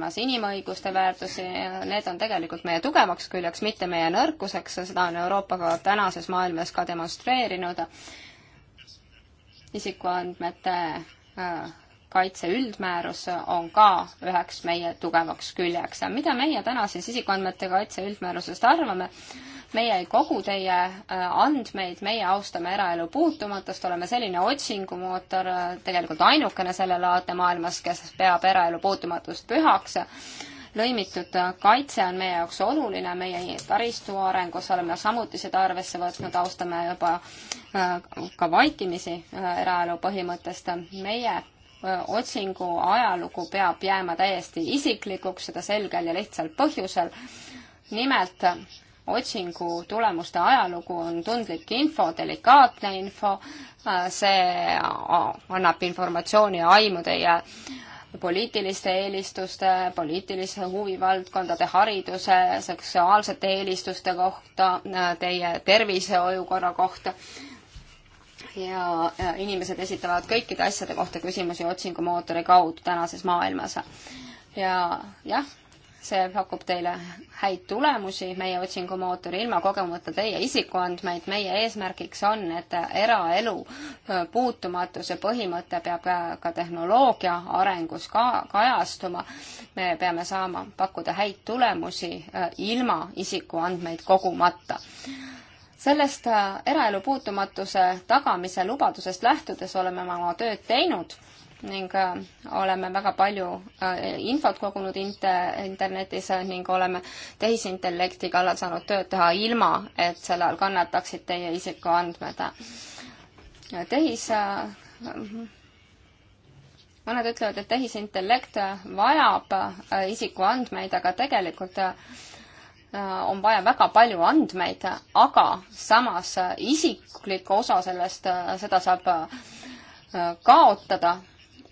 silmas inimõiguste väärtusi, need on tegelikult meie tugevaks küljeks, mitte meie nõrkuseks ja seda on Euroopa ka tänases maailmas ka demonstreerinud isikuandmete äh, kaitse üldmäärus on ka üheks meie tugevaks küljeks. mida meie täna siis isikuandmete kaitse üldmäärusest arvame? meie ei kogu teie äh, andmeid, meie austame eraelu puutumatust, oleme selline otsingumootor, äh, tegelikult ainukene selle laadne maailmas, kes peab eraelu puutumatust pühaks lõimitud kaitse on meie jaoks oluline, meie taristu arengus oleme samuti seda arvesse võtnud, austame juba äh, ka vaikimisi eraelu põhimõttest. meie otsingu ajalugu peab jääma täiesti isiklikuks, seda selgel ja lihtsal põhjusel. nimelt otsingu tulemuste ajalugu on tundlik info, delikaatne info, see annab informatsiooni aimude ja poliitiliste eelistuste, poliitilise huvivaldkondade, hariduse, seksuaalsete eelistuste kohta, teie terviseolukorra kohta ja inimesed esitavad kõikide asjade kohta küsimusi otsingumootori kaudu tänases maailmas. ja jah, see pakub teile häid tulemusi, meie otsingumootori ilma kogemata teie isikuandmeid, meie eesmärgiks on, et eraelu puutumatuse põhimõte peab ka tehnoloogia arengus ka kajastuma. me peame saama pakkuda häid tulemusi ilma isikuandmeid kogumata sellest äh, eraelu puutumatuse tagamise lubadusest lähtudes oleme me oma tööd teinud ning äh, oleme väga palju äh, infot kogunud inter-, internetis ning oleme tehisintellekti kallal saanud tööd teha ilma, et selle all kannataksid teie isikuandmed. tehis, mõned ütlevad, et tehisintellekt vajab isikuandmeid, aga tegelikult Äh, on vaja väga palju andmeid, aga samas äh, isiklik osa sellest, äh, seda saab kaotada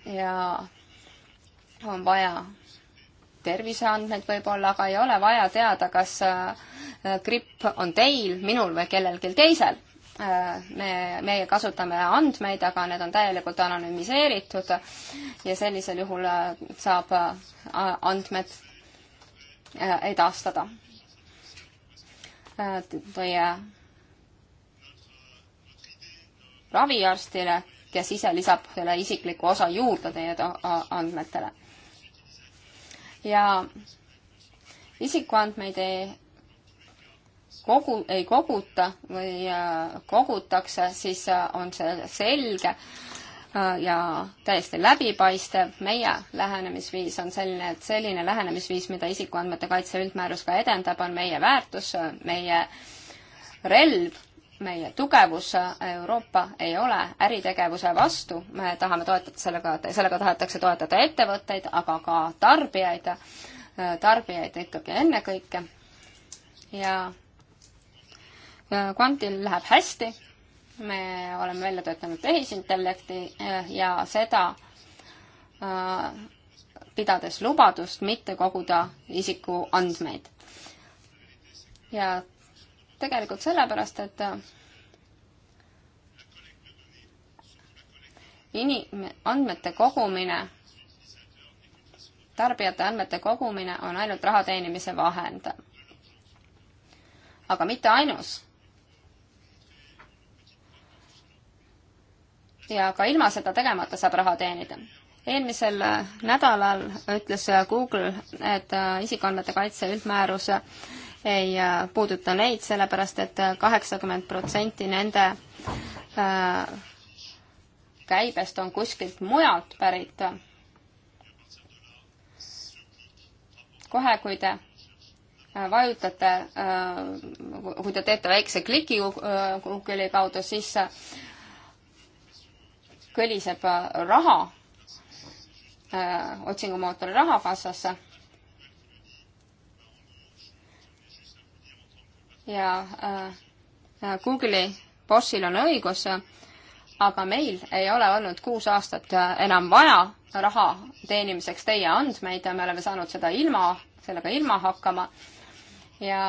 ja on vaja terviseandmeid võib-olla, aga ei ole vaja teada, kas gripp on teil, minul või kellelgi teisel. me, meie kasutame andmeid, aga need on täielikult anonüümiseeritud ja sellisel juhul saab andmed edastada või äh, raviarstile, kes ise lisab selle isikliku osa juurde teie andmetele. ja isikuandmeid ei kogu, ei koguta või äh, kogutakse, siis äh, on see selge Äh, ja täiesti läbipaistev. meie lähenemisviis on selline, et selline lähenemisviis, mida isikuandmete kaitse üldmäärus ka edendab, on meie väärtus, meie relv, meie tugevus. Euroopa ei ole äritegevuse vastu, me tahame toetada sellega, sellega tahetakse toetada ettevõtteid, aga ka tarbijaid, tarbijaid ikkagi ennekõike. ja kvantil läheb hästi me oleme välja töötanud tehisintellekti eh, ja seda eh, pidades lubadust mitte koguda isikuandmeid. ja tegelikult sellepärast, et eh, inim-, andmete kogumine, tarbijate andmete kogumine on ainult raha teenimise vahend. aga mitte ainus ja ka ilma seda tegemata saab raha teenida. eelmisel nädalal ütles Google, et äh, isikuandmete kaitse üldmäärus ei äh, puuduta neid, sellepärast et kaheksakümmend protsenti nende äh, käibest on kuskilt mujalt pärit. kohe, kui te vajutate, kui te teete väikse kliki Google'i kaudu, siis kõliseb äh, raha äh, otsingumootori rahakassasse. ja äh, Google'i bossil on õigus, aga meil ei ole olnud kuus aastat äh, enam vaja raha teenimiseks teie andmeid ja me oleme saanud seda ilma, sellega ilma hakkama. ja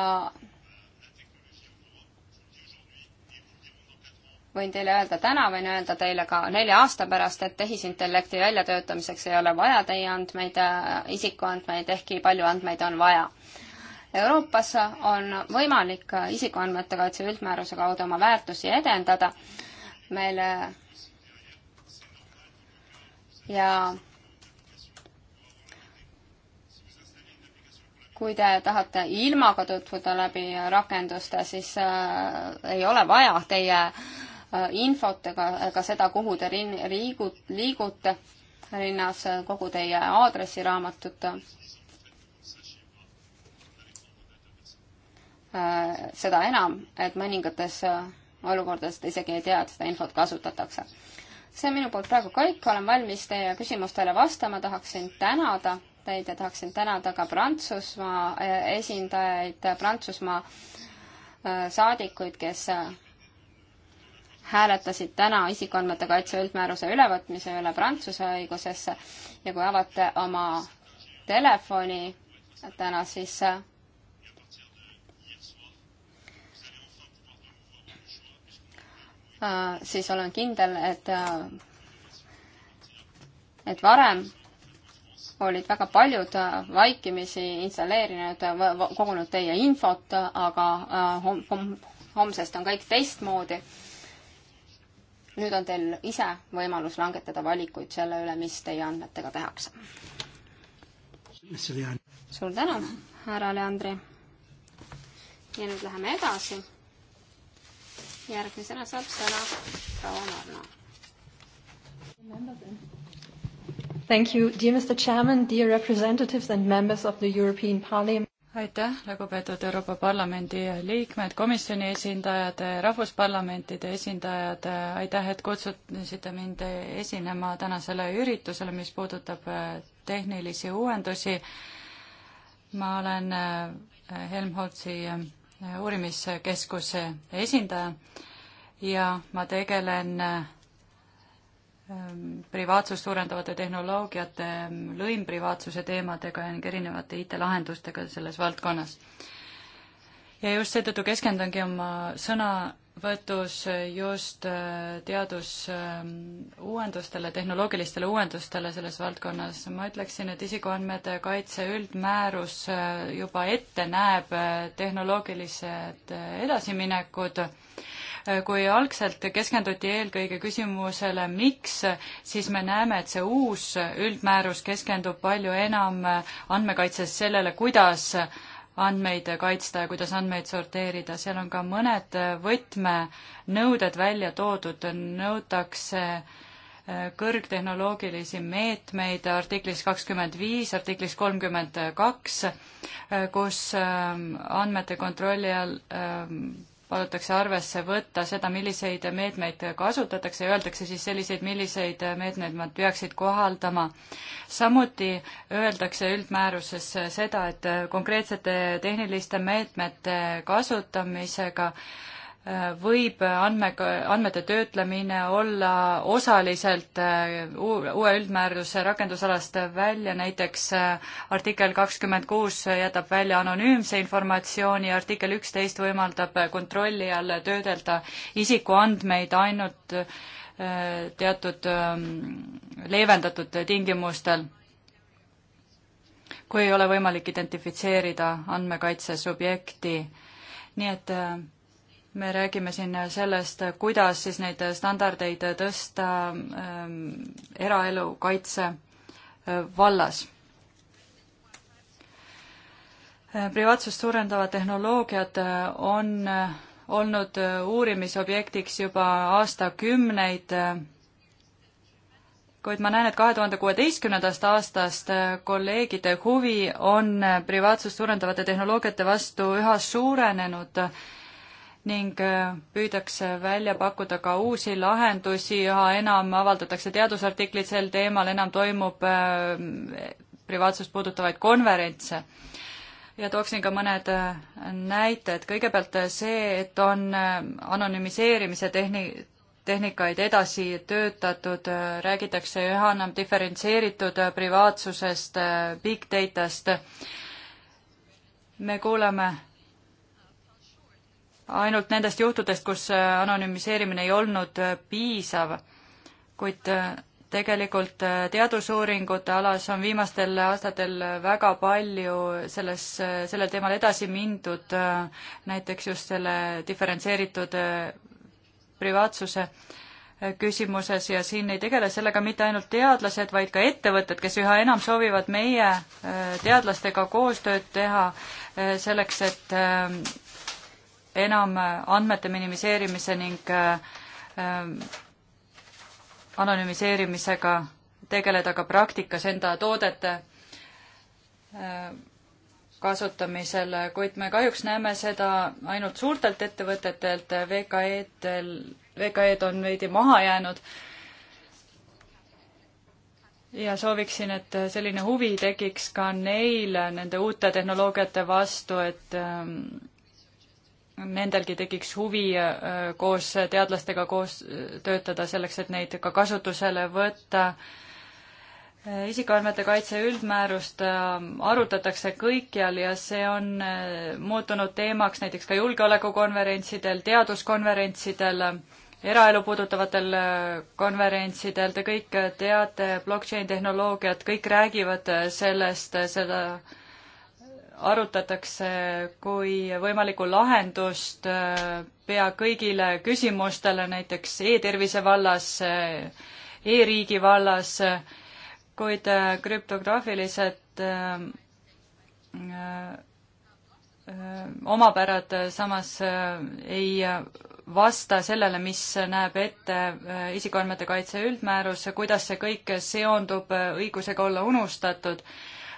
võin teile öelda täna, võin öelda teile ka nelja aasta pärast, et tehisintellekti väljatöötamiseks ei ole vaja teie andmeid, äh, isikuandmeid, ehkki palju andmeid on vaja. Euroopas on võimalik isikuandmete kaitse üldmääruse kaudu oma väärtusi edendada. meil ja kui te tahate ilmaga tutvuda läbi rakenduste, siis äh, ei ole vaja teie äh, Äh, infot ega ka seda, kuhu te rin-, liigut-, liigute linnas, äh, kogu teie aadressiraamatut. Äh, seda enam, et mõningates olukordades te isegi ei tea, et seda infot kasutatakse. see on minu poolt praegu kõik, olen valmis teie küsimustele vastama, tahaksin tänada teid ja tahaksin tänada ka Prantsusmaa esindajaid, Prantsusmaa saadikuid, kes hääletasid täna isikuandmete kaitse üldmääruse ülevõtmise üle Prantsuse õigusesse ja kui avate oma telefoni täna, siis äh, siis olen kindel, et äh, et varem olid väga paljud äh, vaikimisi installeerinud, kogunud teie infot, aga homsest on kõik teistmoodi nüüd on teil ise võimalus langetada valikuid selle üle, mis teie andmetega tehakse. suur tänu, härra Leandri. ja nüüd läheme edasi. järgmisena saab sõna proua Marno. Thank you, dear Mr Chairman, dear representatives and members of the European Parliament aitäh, lugupeetud Euroopa Parlamendi liikmed, komisjoni esindajad, rahvusparlamentide esindajad, aitäh, et kutsusite mind esinema tänasele üritusele, mis puudutab tehnilisi uuendusi. ma olen Helmholtzi uurimiskeskuse esindaja ja ma tegelen Ähm, privaatsust suurendavate tehnoloogiate ähm, lõim privaatsuse teemadega ning erinevate IT-lahendustega selles valdkonnas. ja just seetõttu keskendungi oma sõnavõtus just äh, teadusuuendustele, ähm, tehnoloogilistele uuendustele selles valdkonnas. ma ütleksin, et isikuandmete kaitse üldmäärus äh, juba ette näeb äh, tehnoloogilised edasiminekud, kui algselt keskenduti eelkõige küsimusele, miks, siis me näeme, et see uus üldmäärus keskendub palju enam andmekaitses sellele, kuidas andmeid kaitsta ja kuidas andmeid sorteerida, seal on ka mõned võtmenõuded välja toodud, nõutakse äh, kõrgtehnoloogilisi meetmeid artiklis kakskümmend viis, artiklis kolmkümmend kaks, äh, kus ähm, andmete kontrolli all ähm, palutakse arvesse võtta seda, milliseid meetmeid kasutatakse ja öeldakse siis selliseid, milliseid meetmeid nad peaksid kohaldama. samuti öeldakse üldmääruses seda, et konkreetsete tehniliste meetmete kasutamisega äh, võib andme, andmete töötlemine olla osaliselt äh, uue üldmääruse rakendusalast välja, näiteks äh, artikkel kakskümmend kuus jätab välja anonüümse informatsiooni, artikkel üksteist võimaldab kontrolli all töödelda isikuandmeid ainult äh, teatud ähm, leevendatud tingimustel, kui ei ole võimalik identifitseerida andmekaitse subjekti. nii et me räägime siin sellest, kuidas siis neid standardeid tõsta ähm, eraelu kaitse äh, vallas äh,. privaatsust suurendavad tehnoloogiad äh, on äh, olnud äh, uurimisobjektiks juba aastakümneid äh, kuid ma näen, et kahe tuhande kuueteistkümnendast aastast äh, kolleegide huvi on äh, privaatsust suurendavate tehnoloogiate vastu üha suurenenud äh, ning äh, püüdakse välja pakkuda ka uusi lahendusi, üha enam avaldatakse teadusartikleid sel teemal, enam toimub äh, privaatsust puudutavaid konverentse. ja tooksin ka mõned äh, näited, kõigepealt see, et on anonüümiseerimise tehni-, tehnikaid edasi töötatud, räägitakse üha enam diferentseeritud privaatsusest, big datast, me kuuleme ainult nendest juhtudest, kus äh, anonüümiseerimine ei olnud äh, piisav, kuid äh, tegelikult teadusuuringute alas on viimastel aastatel väga palju selles, sellel teemal edasi mindud, näiteks just selle diferentseeritud privaatsuse küsimuses ja siin ei tegele sellega mitte ainult teadlased, vaid ka ettevõtted, kes üha enam soovivad meie teadlastega koostööd teha selleks, et enam äh, andmete minimiseerimise ning äh, äh, anonüümiseerimisega tegeleda ka praktikas enda toodete kasutamisel, kuid me kahjuks näeme seda ainult suurtelt ettevõtetelt, VKE-del, VKE-d on veidi maha jäänud. ja sooviksin, et selline huvi tekiks ka neil nende uute tehnoloogiate vastu, et ähm, nendelgi tekiks huvi äh, koos teadlastega koos äh, töötada selleks, et neid ka kasutusele võtta. Äh, isikuandmete kaitse üldmäärust arutatakse kõikjal ja see on muutunud teemaks näiteks ka julgeolekukonverentsidel, teaduskonverentsidel, eraelu puudutavatel konverentsidel, te kõik teate blockchain tehnoloogiat, kõik räägivad sellest, seda arutatakse kui võimalikku lahendust äh, pea kõigile küsimustele, näiteks e-tervise vallas e, e-riigi vallas, kuid äh, krüptograafilised omapärad samas ei vasta sellele, mis näeb ette isikuandmete kaitse üldmäärus, kuidas see kõik seondub õigusega olla unustatud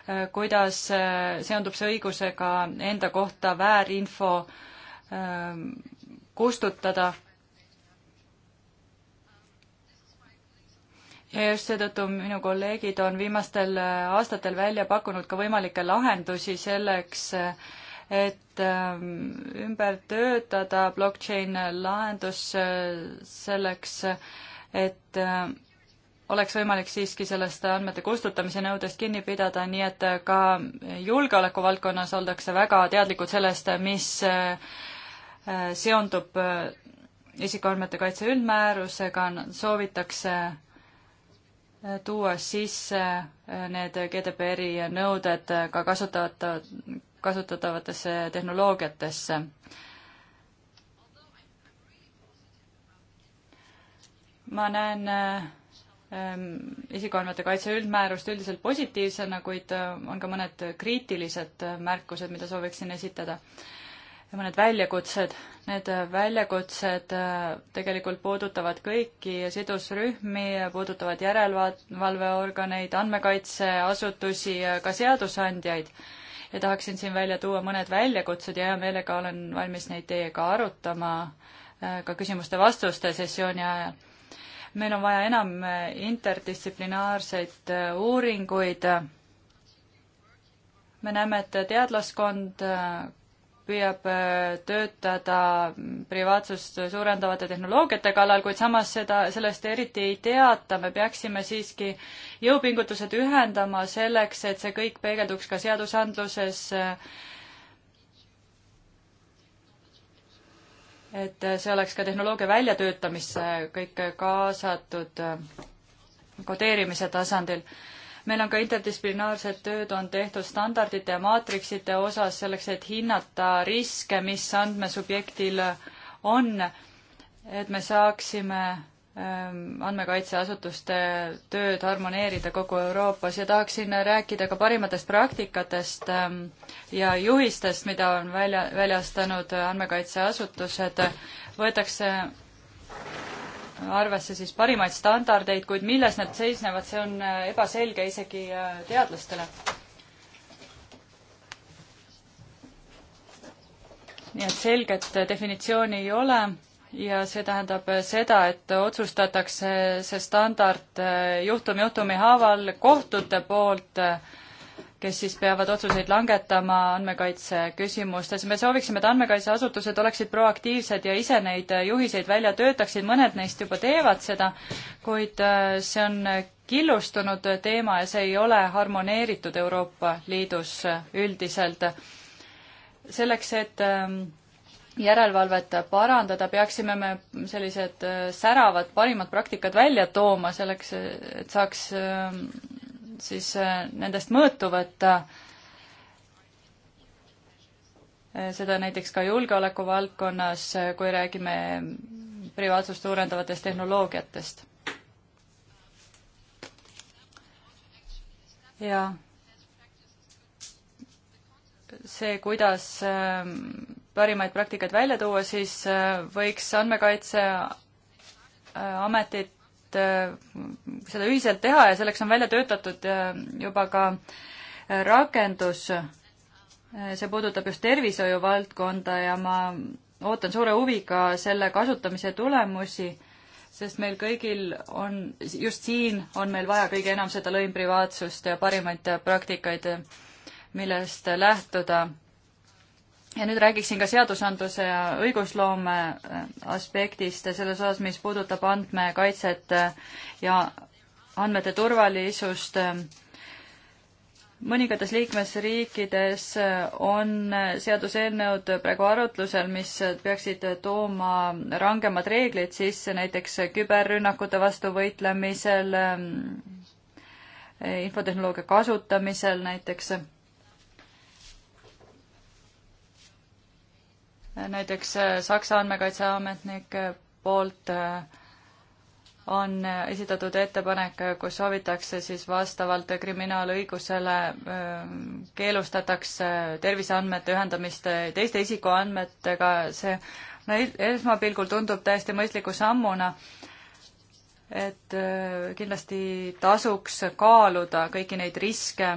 Äh, kuidas äh, seondub see õigusega enda kohta väärinfo ähm, kustutada. ja just seetõttu minu kolleegid on viimastel äh, aastatel välja pakkunud ka võimalikke lahendusi selleks, et ähm, ümber töötada blockchain lahendus selleks, et oleks võimalik siiski sellest andmete kustutamise nõudest kinni pidada, nii et ka julgeoleku valdkonnas oldakse väga teadlikud sellest, mis äh, seondub äh, isikuandmete kaitse üldmäärusega, soovitakse äh, tuua sisse need GDPR-i nõuded ka kasutavata, kasutatavatesse tehnoloogiatesse ma näen Ehm, isikuandmete kaitse üldmäärust üldiselt positiivsena, kuid äh, on ka mõned kriitilised äh, märkused, mida sooviksin esitada. ja mõned väljakutsed. Need äh, väljakutsed tegelikult puudutavad kõiki sidusrühmi, puudutavad järelevalveorganeid, andmekaitseasutusi, ka seadusandjaid. ja tahaksin siin välja tuua mõned väljakutsed ja hea meelega olen valmis neid teiega arutama ka küsimuste-vastuste sessiooni ajal meil on vaja enam eh, interdistsiplinaarseid eh, uuringuid. me näeme, et teadlaskond eh, püüab töötada privaatsust suurendavate tehnoloogiate kallal, kuid samas seda, sellest eriti ei teata, me peaksime siiski jõupingutused ühendama selleks, et see kõik peegelduks ka seadusandluses äh, et see oleks ka tehnoloogia väljatöötamisse kõik kaasatud äh, kodeerimise tasandil. meil on ka interdistsiplinaarset tööd, on tehtud standardite ja maatriksite osas selleks, et hinnata riske, mis andmesubjektil on, et me saaksime Ähm, andmekaitseasutuste tööd harmoneerida kogu Euroopas ja tahaksin rääkida ka parimatest praktikatest ähm, ja juhistest, mida on välja, väljastanud andmekaitseasutused. võetakse arvesse siis parimaid standardeid, kuid milles need seisnevad, see on äh, ebaselge isegi äh, teadlastele. nii et selget äh, definitsiooni ei ole ja see tähendab seda, et otsustatakse see standard juhtum juhtumi haaval kohtute poolt, kes siis peavad otsuseid langetama andmekaitse küsimustes. me sooviksime, et andmekaitseasutused oleksid proaktiivsed ja ise neid juhiseid välja töötaksid, mõned neist juba teevad seda, kuid see on killustunud teema ja see ei ole harmoneeritud Euroopa Liidus üldiselt. selleks, et ähm, järelevalvet parandada, peaksime me sellised äh, säravad parimad praktikad välja tooma selleks, et saaks ähm, siis äh, nendest mõõtu võtta. Äh, seda näiteks ka julgeoleku valdkonnas, kui räägime privaatsust suurendavatest tehnoloogiatest. ja see, kuidas ähm, parimaid praktikaid välja tuua, siis äh, võiks Andmekaitseametit äh, seda ühiselt teha ja selleks on välja töötatud äh, juba ka rakendus. see puudutab just tervishoiu valdkonda ja ma ootan suure huviga selle kasutamise tulemusi, sest meil kõigil on, just siin on meil vaja kõige enam seda lõimprivaatsust ja parimaid praktikaid, millest lähtuda ja nüüd räägiksin ka seadusandluse ja õigusloome äh, aspektist selles osas, mis puudutab andmekaitset äh, ja andmete turvalisust. Äh, mõningates liikmesriikides on seaduseelnõud praegu arutlusel, mis peaksid tooma rangemad reeglid sisse näiteks küberrünnakute vastu võitlemisel, ähm, infotehnoloogia kasutamisel näiteks näiteks äh, Saksa andmekaitseametnike äh, poolt äh, on esitatud ettepanek, kus soovitakse siis vastavalt kriminaalõigusele keelustatakse terviseandmete ühendamist teiste isikuandmetega, see no e-, esmapilgul tundub täiesti mõistliku sammuna, et kindlasti tasuks kaaluda kõiki neid riske,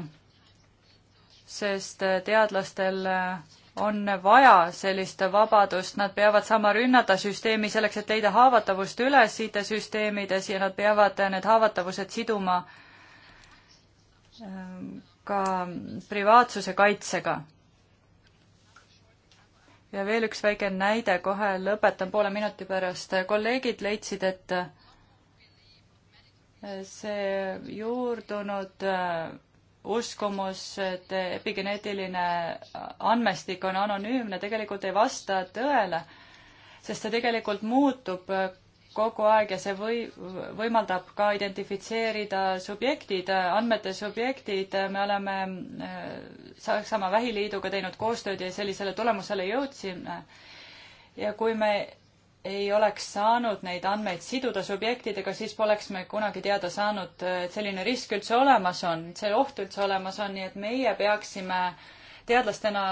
sest teadlastel äh, on vaja sellist vabadust, nad peavad saama rünnata süsteemi selleks, et leida haavatavust üles IT-süsteemides ja nad peavad need haavatavused siduma ähm, ka privaatsuse kaitsega. ja veel üks väike näide, kohe lõpetan poole minuti pärast. kolleegid leidsid, et see juurdunud äh, uskumus, et epigeneetiline andmestik on anonüümne, tegelikult ei vasta tõele, sest see tegelikult muutub kogu aeg ja see või, võimaldab ka identifitseerida subjektid, andmete subjektid, me oleme äh, Saksamaa Vähiliiduga teinud koostööd ja sellisele tulemusele jõudsime. ja kui me ei oleks saanud neid andmeid siduda subjektidega, siis poleks me kunagi teada saanud, et selline risk üldse olemas on, see oht üldse olemas on, nii et meie peaksime teadlastena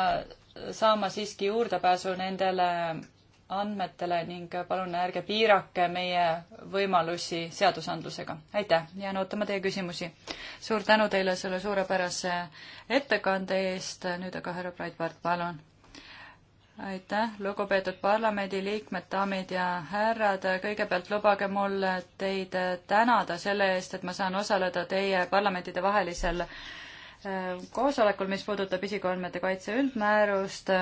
saama siiski juurdepääsu nendele andmetele ning palun ärge piirake meie võimalusi seadusandlusega. aitäh, jään ootama teie küsimusi. suur tänu teile selle suurepärase ettekande eest, nüüd aga härra Breitbart, palun aitäh, lugupeetud parlamendiliikmed, daamid ja härrad, kõigepealt lubage mul teid tänada selle eest, et ma saan osaleda teie parlamentide vahelisel äh, koosolekul, mis puudutab isikuandmete kaitse üldmäärust.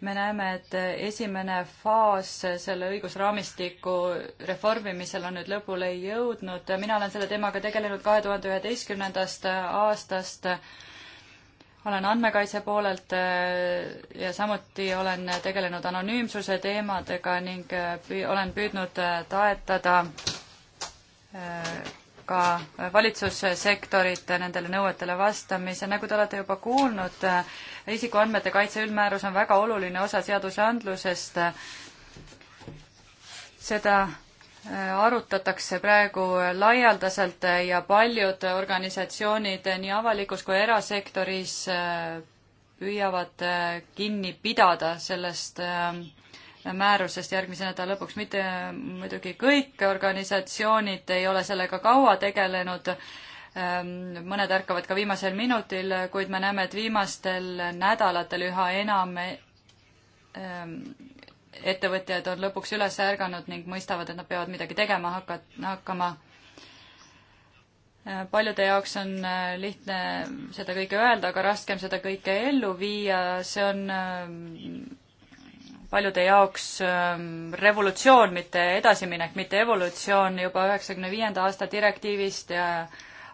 me näeme, et esimene faas selle õigusraamistiku reformimisel on nüüd lõpule jõudnud. mina olen selle teemaga tegelenud kahe tuhande üheteistkümnendast aastast olen andmekaitse poolelt äh, ja samuti olen tegelenud anonüümsuse teemadega ning äh, püü-, olen püüdnud äh, toetada ka valitsussektorit nendele nõuetele vastamise, nagu te olete juba kuulnud, isikuandmete kaitse üldmäärus on väga oluline osa seadusandlusest, seda arutatakse praegu laialdaselt ja paljud organisatsioonid nii avalikus kui erasektoris äh, püüavad äh, kinni pidada sellest äh, määrusest järgmise nädala lõpuks, mitte muidugi kõik organisatsioonid ei ole sellega kaua tegelenud, ähm, mõned ärkavad ka viimasel minutil, kuid me näeme, et viimastel nädalatel üha enam ähm, ettevõtjad on lõpuks üles ärganud ning mõistavad, et nad peavad midagi tegema hakka-, hakkama. paljude jaoks on äh, lihtne seda kõike öelda, aga raskem seda kõike ellu viia, see on ähm, paljude jaoks ähm, revolutsioon, mitte edasiminek, mitte evolutsioon juba üheksakümne viienda aasta direktiivist ja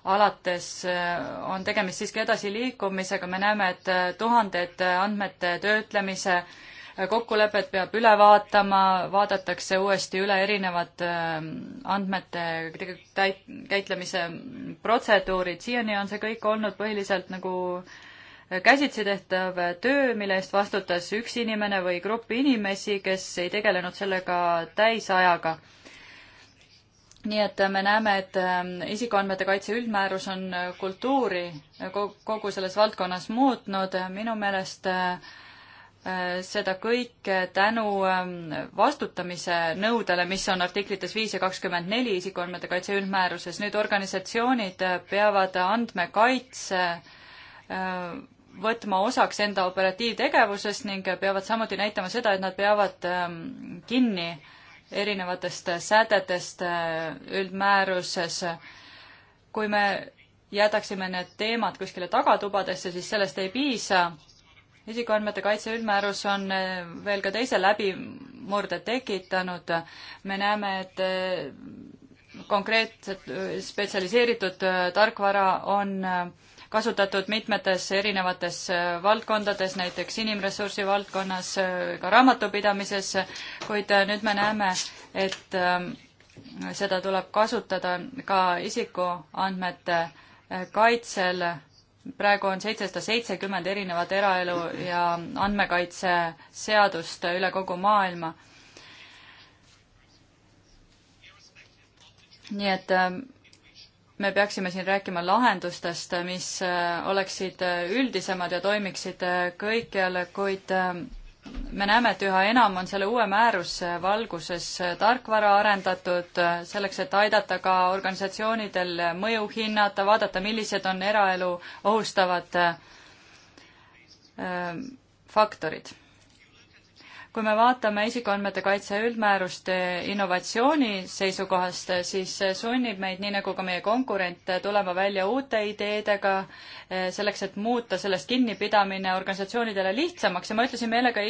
alates äh, on tegemist siiski edasiliikumisega, me näeme, et äh, tuhanded andmete töötlemise äh, kokkulepet peab üle vaatama, vaadatakse uuesti üle erinevad ähm, andmete täit-, käitlemise protseduurid, siiani on see kõik olnud põhiliselt nagu äh, käsitsi tehtav töö, mille eest vastutas üks inimene või grupp inimesi, kes ei tegelenud sellega täisajaga. nii et me näeme, et ähm, isikuandmete kaitse üldmäärus on äh, kultuuri äh, kogu selles valdkonnas muutnud, minu meelest äh, Äh, seda kõike tänu ähm, vastutamise nõudele, mis on artiklites viis ja kakskümmend neli isikuandmete kaitse üldmääruses. nüüd organisatsioonid äh, peavad andmekaitse äh, võtma osaks enda operatiivtegevusest ning peavad samuti näitama seda, et nad peavad ähm, kinni erinevatest sätetest üldmääruses. kui me jätaksime need teemad kuskile tagatubadesse, siis sellest ei piisa isikuandmete kaitse üldmäärus on eh, veel ka teise läbimurde tekitanud. me näeme, et eh, konkreetset eh, spetsialiseeritud tarkvara on kasutatud mitmetes erinevates valdkondades, näiteks inimressursi valdkonnas, ka raamatupidamises, kuid nüüd me näeme, et seda tuleb kasutada ka isikuandmete kaitsel praegu on seitsesada seitsekümmend erinevat eraelu ja andmekaitseseadust üle kogu maailma. nii et ähm, me peaksime siin rääkima lahendustest, mis äh, oleksid äh, üldisemad ja toimiksid äh, kõikjal, kuid ähm, me näeme, et üha enam on selle uue määruse valguses tarkvara arendatud selleks, et aidata ka organisatsioonidel mõju hinnata, vaadata, millised on eraelu ohustavad äh, faktorid kui me vaatame isikuandmete kaitse üldmäärust innovatsiooni seisukohast, siis see sunnib meid, nii nagu ka meie konkurente, tulema välja uute ideedega eh, selleks, et muuta sellest kinnipidamine organisatsioonidele lihtsamaks ja ma ütlesin meelega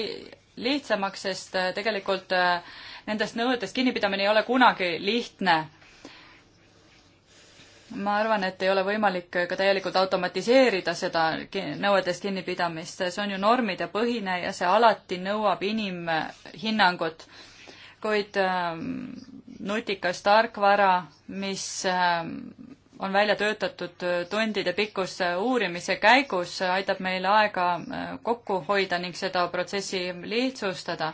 lihtsamaks, sest eh, tegelikult eh, nendest nõuetest kinnipidamine ei ole kunagi lihtne ma arvan, et ei ole võimalik ka täielikult automatiseerida seda nõuetest kinnipidamist, see on ju normide põhine ja see alati nõuab inimhinnangut. kuid äh, nutikas tarkvara, mis äh, on välja töötatud äh, tundide pikkuse uurimise käigus, aitab meil aega äh, kokku hoida ning seda protsessi lihtsustada.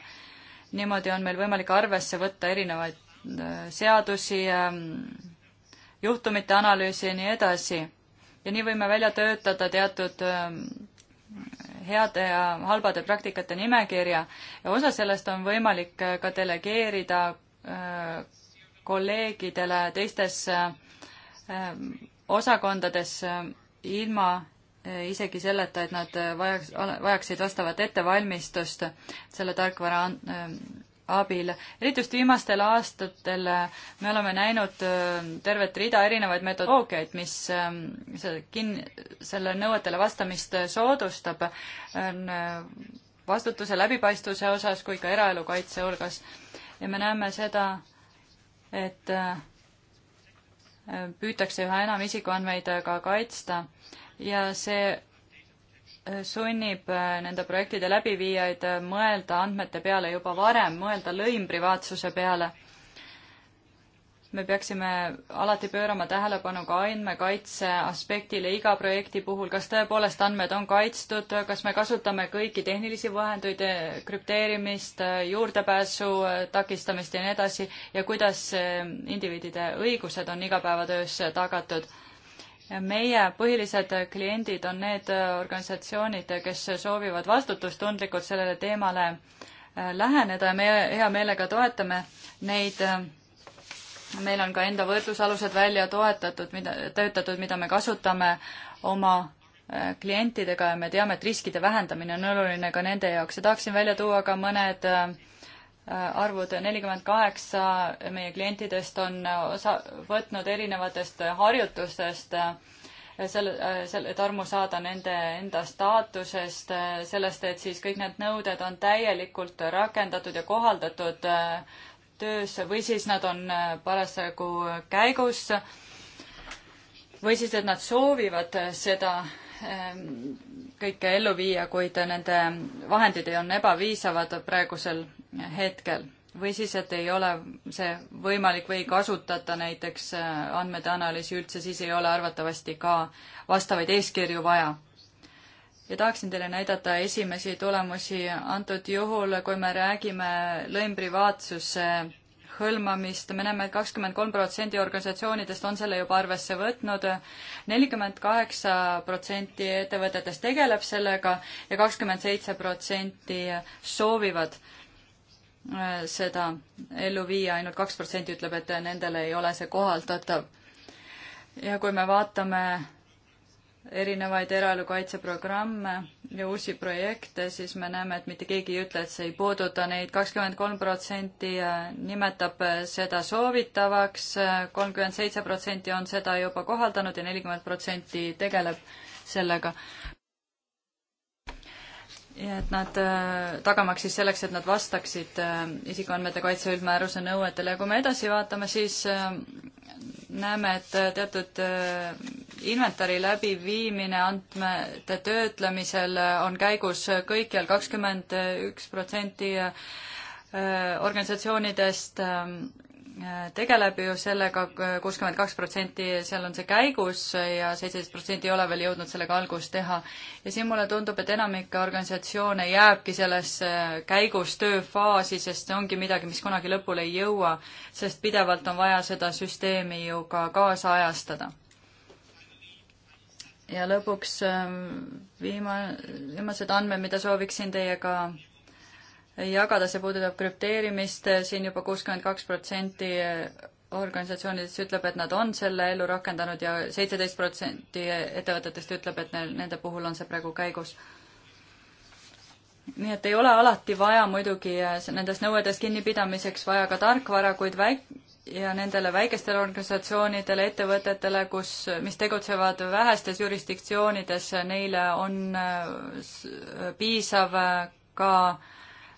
niimoodi on meil võimalik arvesse võtta erinevaid äh, seadusi äh,, juhtumite analüüsi ja nii edasi. ja nii võime välja töötada teatud ähm, heade ja halbade praktikate nimekirja ja osa sellest on võimalik äh, ka delegeerida äh, kolleegidele teistes ähm, osakondades äh, ilma isegi selleta, et nad vajaks, vajaksid vastavat ettevalmistust selle tarkvara ähm, abil. eriti just viimastel aastatel äh, me oleme näinud äh, tervet rida erinevaid metodoloogiaid, mis ähm, selle kin-, selle nõuetele vastamist äh, soodustab, on vastutuse läbipaistvuse osas kui ka eraelu kaitse hulgas. ja me näeme seda, et püütakse üha enam isikuandmeid ka kaitsta ja see sunnib äh, nende projektide läbiviijaid äh, mõelda andmete peale juba varem, mõelda lõimprivaatsuse peale. me peaksime alati pöörama tähelepanu ka andmekaitse aspektile iga projekti puhul, kas tõepoolest andmed on kaitstud, kas me kasutame kõiki tehnilisi vahendeid, äh, krüpteerimist, juurdepääsu takistamist ja nii edasi ja kuidas indiviidide õigused on igapäevatöös tagatud meie põhilised kliendid on need organisatsioonid, kes soovivad vastutustundlikult sellele teemale äh, läheneda ja me hea meelega toetame neid. meil on ka enda võrdlusalused välja toetatud, mida, töötatud, mida me kasutame oma äh, klientidega ja me teame, et riskide vähendamine on oluline ka nende jaoks ja tahaksin välja tuua ka mõned äh, Äh, arvud, nelikümmend kaheksa meie klientidest on äh, osa, võtnud erinevatest äh, harjutustest selle, selle, et armu saada nende enda staatusest, sellest, et siis kõik need nõuded on täielikult rakendatud ja kohaldatud töös või siis nad on parasjagu käigus või siis, et nad soovivad seda ähm, kõike ellu viia, kuid nende vahendid on ebaviisavad praegusel hetkel või siis, et ei ole see võimalik või ei kasutata näiteks äh, andmete analüüsi üldse, siis ei ole arvatavasti ka vastavaid eeskirju vaja. ja tahaksin teile näidata esimesi tulemusi antud juhul, kui me räägime lõimprivaatsuse hõlmamist, me näeme et, et kakskümmend kolm protsendi organisatsioonidest on selle juba arvesse võtnud, nelikümmend kaheksa protsenti ettevõtetest tegeleb sellega ja kakskümmend seitse protsenti soovivad äh, Äh, seda ellu viia, ainult kaks protsenti ütleb, et nendele ei ole see kohaldatav. ja kui me vaatame erinevaid eraelu kaitseprogramme ja uusi projekte, siis me näeme, et mitte keegi ei ütle, et see ei puuduta neid, kakskümmend kolm protsenti äh, nimetab äh, seda soovitavaks, kolmkümmend seitse protsenti on seda juba kohaldanud ja nelikümmend protsenti tegeleb sellega ja et nad äh, tagamaks siis selleks, et nad vastaksid äh, isikuandmete kaitse üldmääruse nõuetele ja kui me edasi vaatame, siis äh, näeme, et teatud inventari läbiviimine andmete töötlemisel on käigus kõikjal kakskümmend üks protsenti organisatsioonidest tegeleb ju sellega kuuskümmend kaks protsenti, seal on see käigus ja seitseteist protsenti ei ole veel jõudnud sellega algust teha. ja siin mulle tundub, et enamik organisatsioone jääbki sellesse käigus tööfaasi, sest see ongi midagi, mis kunagi lõpule ei jõua, sest pidevalt on vaja seda süsteemi ju ka kaasajastada. ja lõpuks ähm, viima-, viimased andmed, mida sooviksin teiega jagada, see puudutab krüpteerimist, siin juba kuuskümmend kaks protsenti organisatsioonidest ütleb, et nad on selle ellu rakendanud ja seitseteist protsenti ettevõtetest ütleb, et neil, nende puhul on see praegu käigus. nii et ei ole alati vaja muidugi äh, nendest nõuetest kinnipidamiseks vaja ka tarkvara, kuid väik-, ja nendele väikestele organisatsioonidele, ettevõtetele, kus, mis tegutsevad vähestes jurisdiktsioonides, neile on äh, piisav äh, ka äh,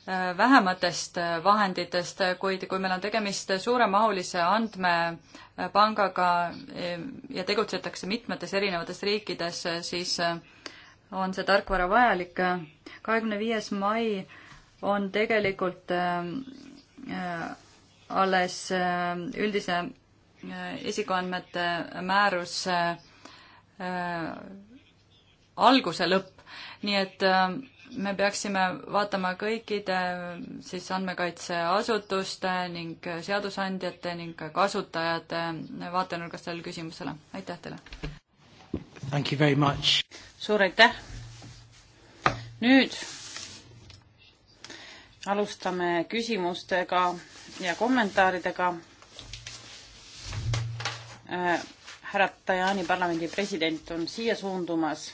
Äh, vähematest äh, vahenditest, äh, kuid kui meil on tegemist suuremahulise andmepangaga ja tegutsetakse mitmetes erinevates riikides, siis on see tarkvara vajalik. kahekümne viies mai on tegelikult alles üldise isikuandmete määruse alguse lõpp, nii et äh, me peaksime vaatama kõikide siis andmekaitseasutuste ning seadusandjate ning kasutajate vaatenurgast sellele küsimusele. aitäh teile! suur aitäh! nüüd alustame küsimustega ja kommentaaridega. Äh, härra Tajani parlamendi president on siia suundumas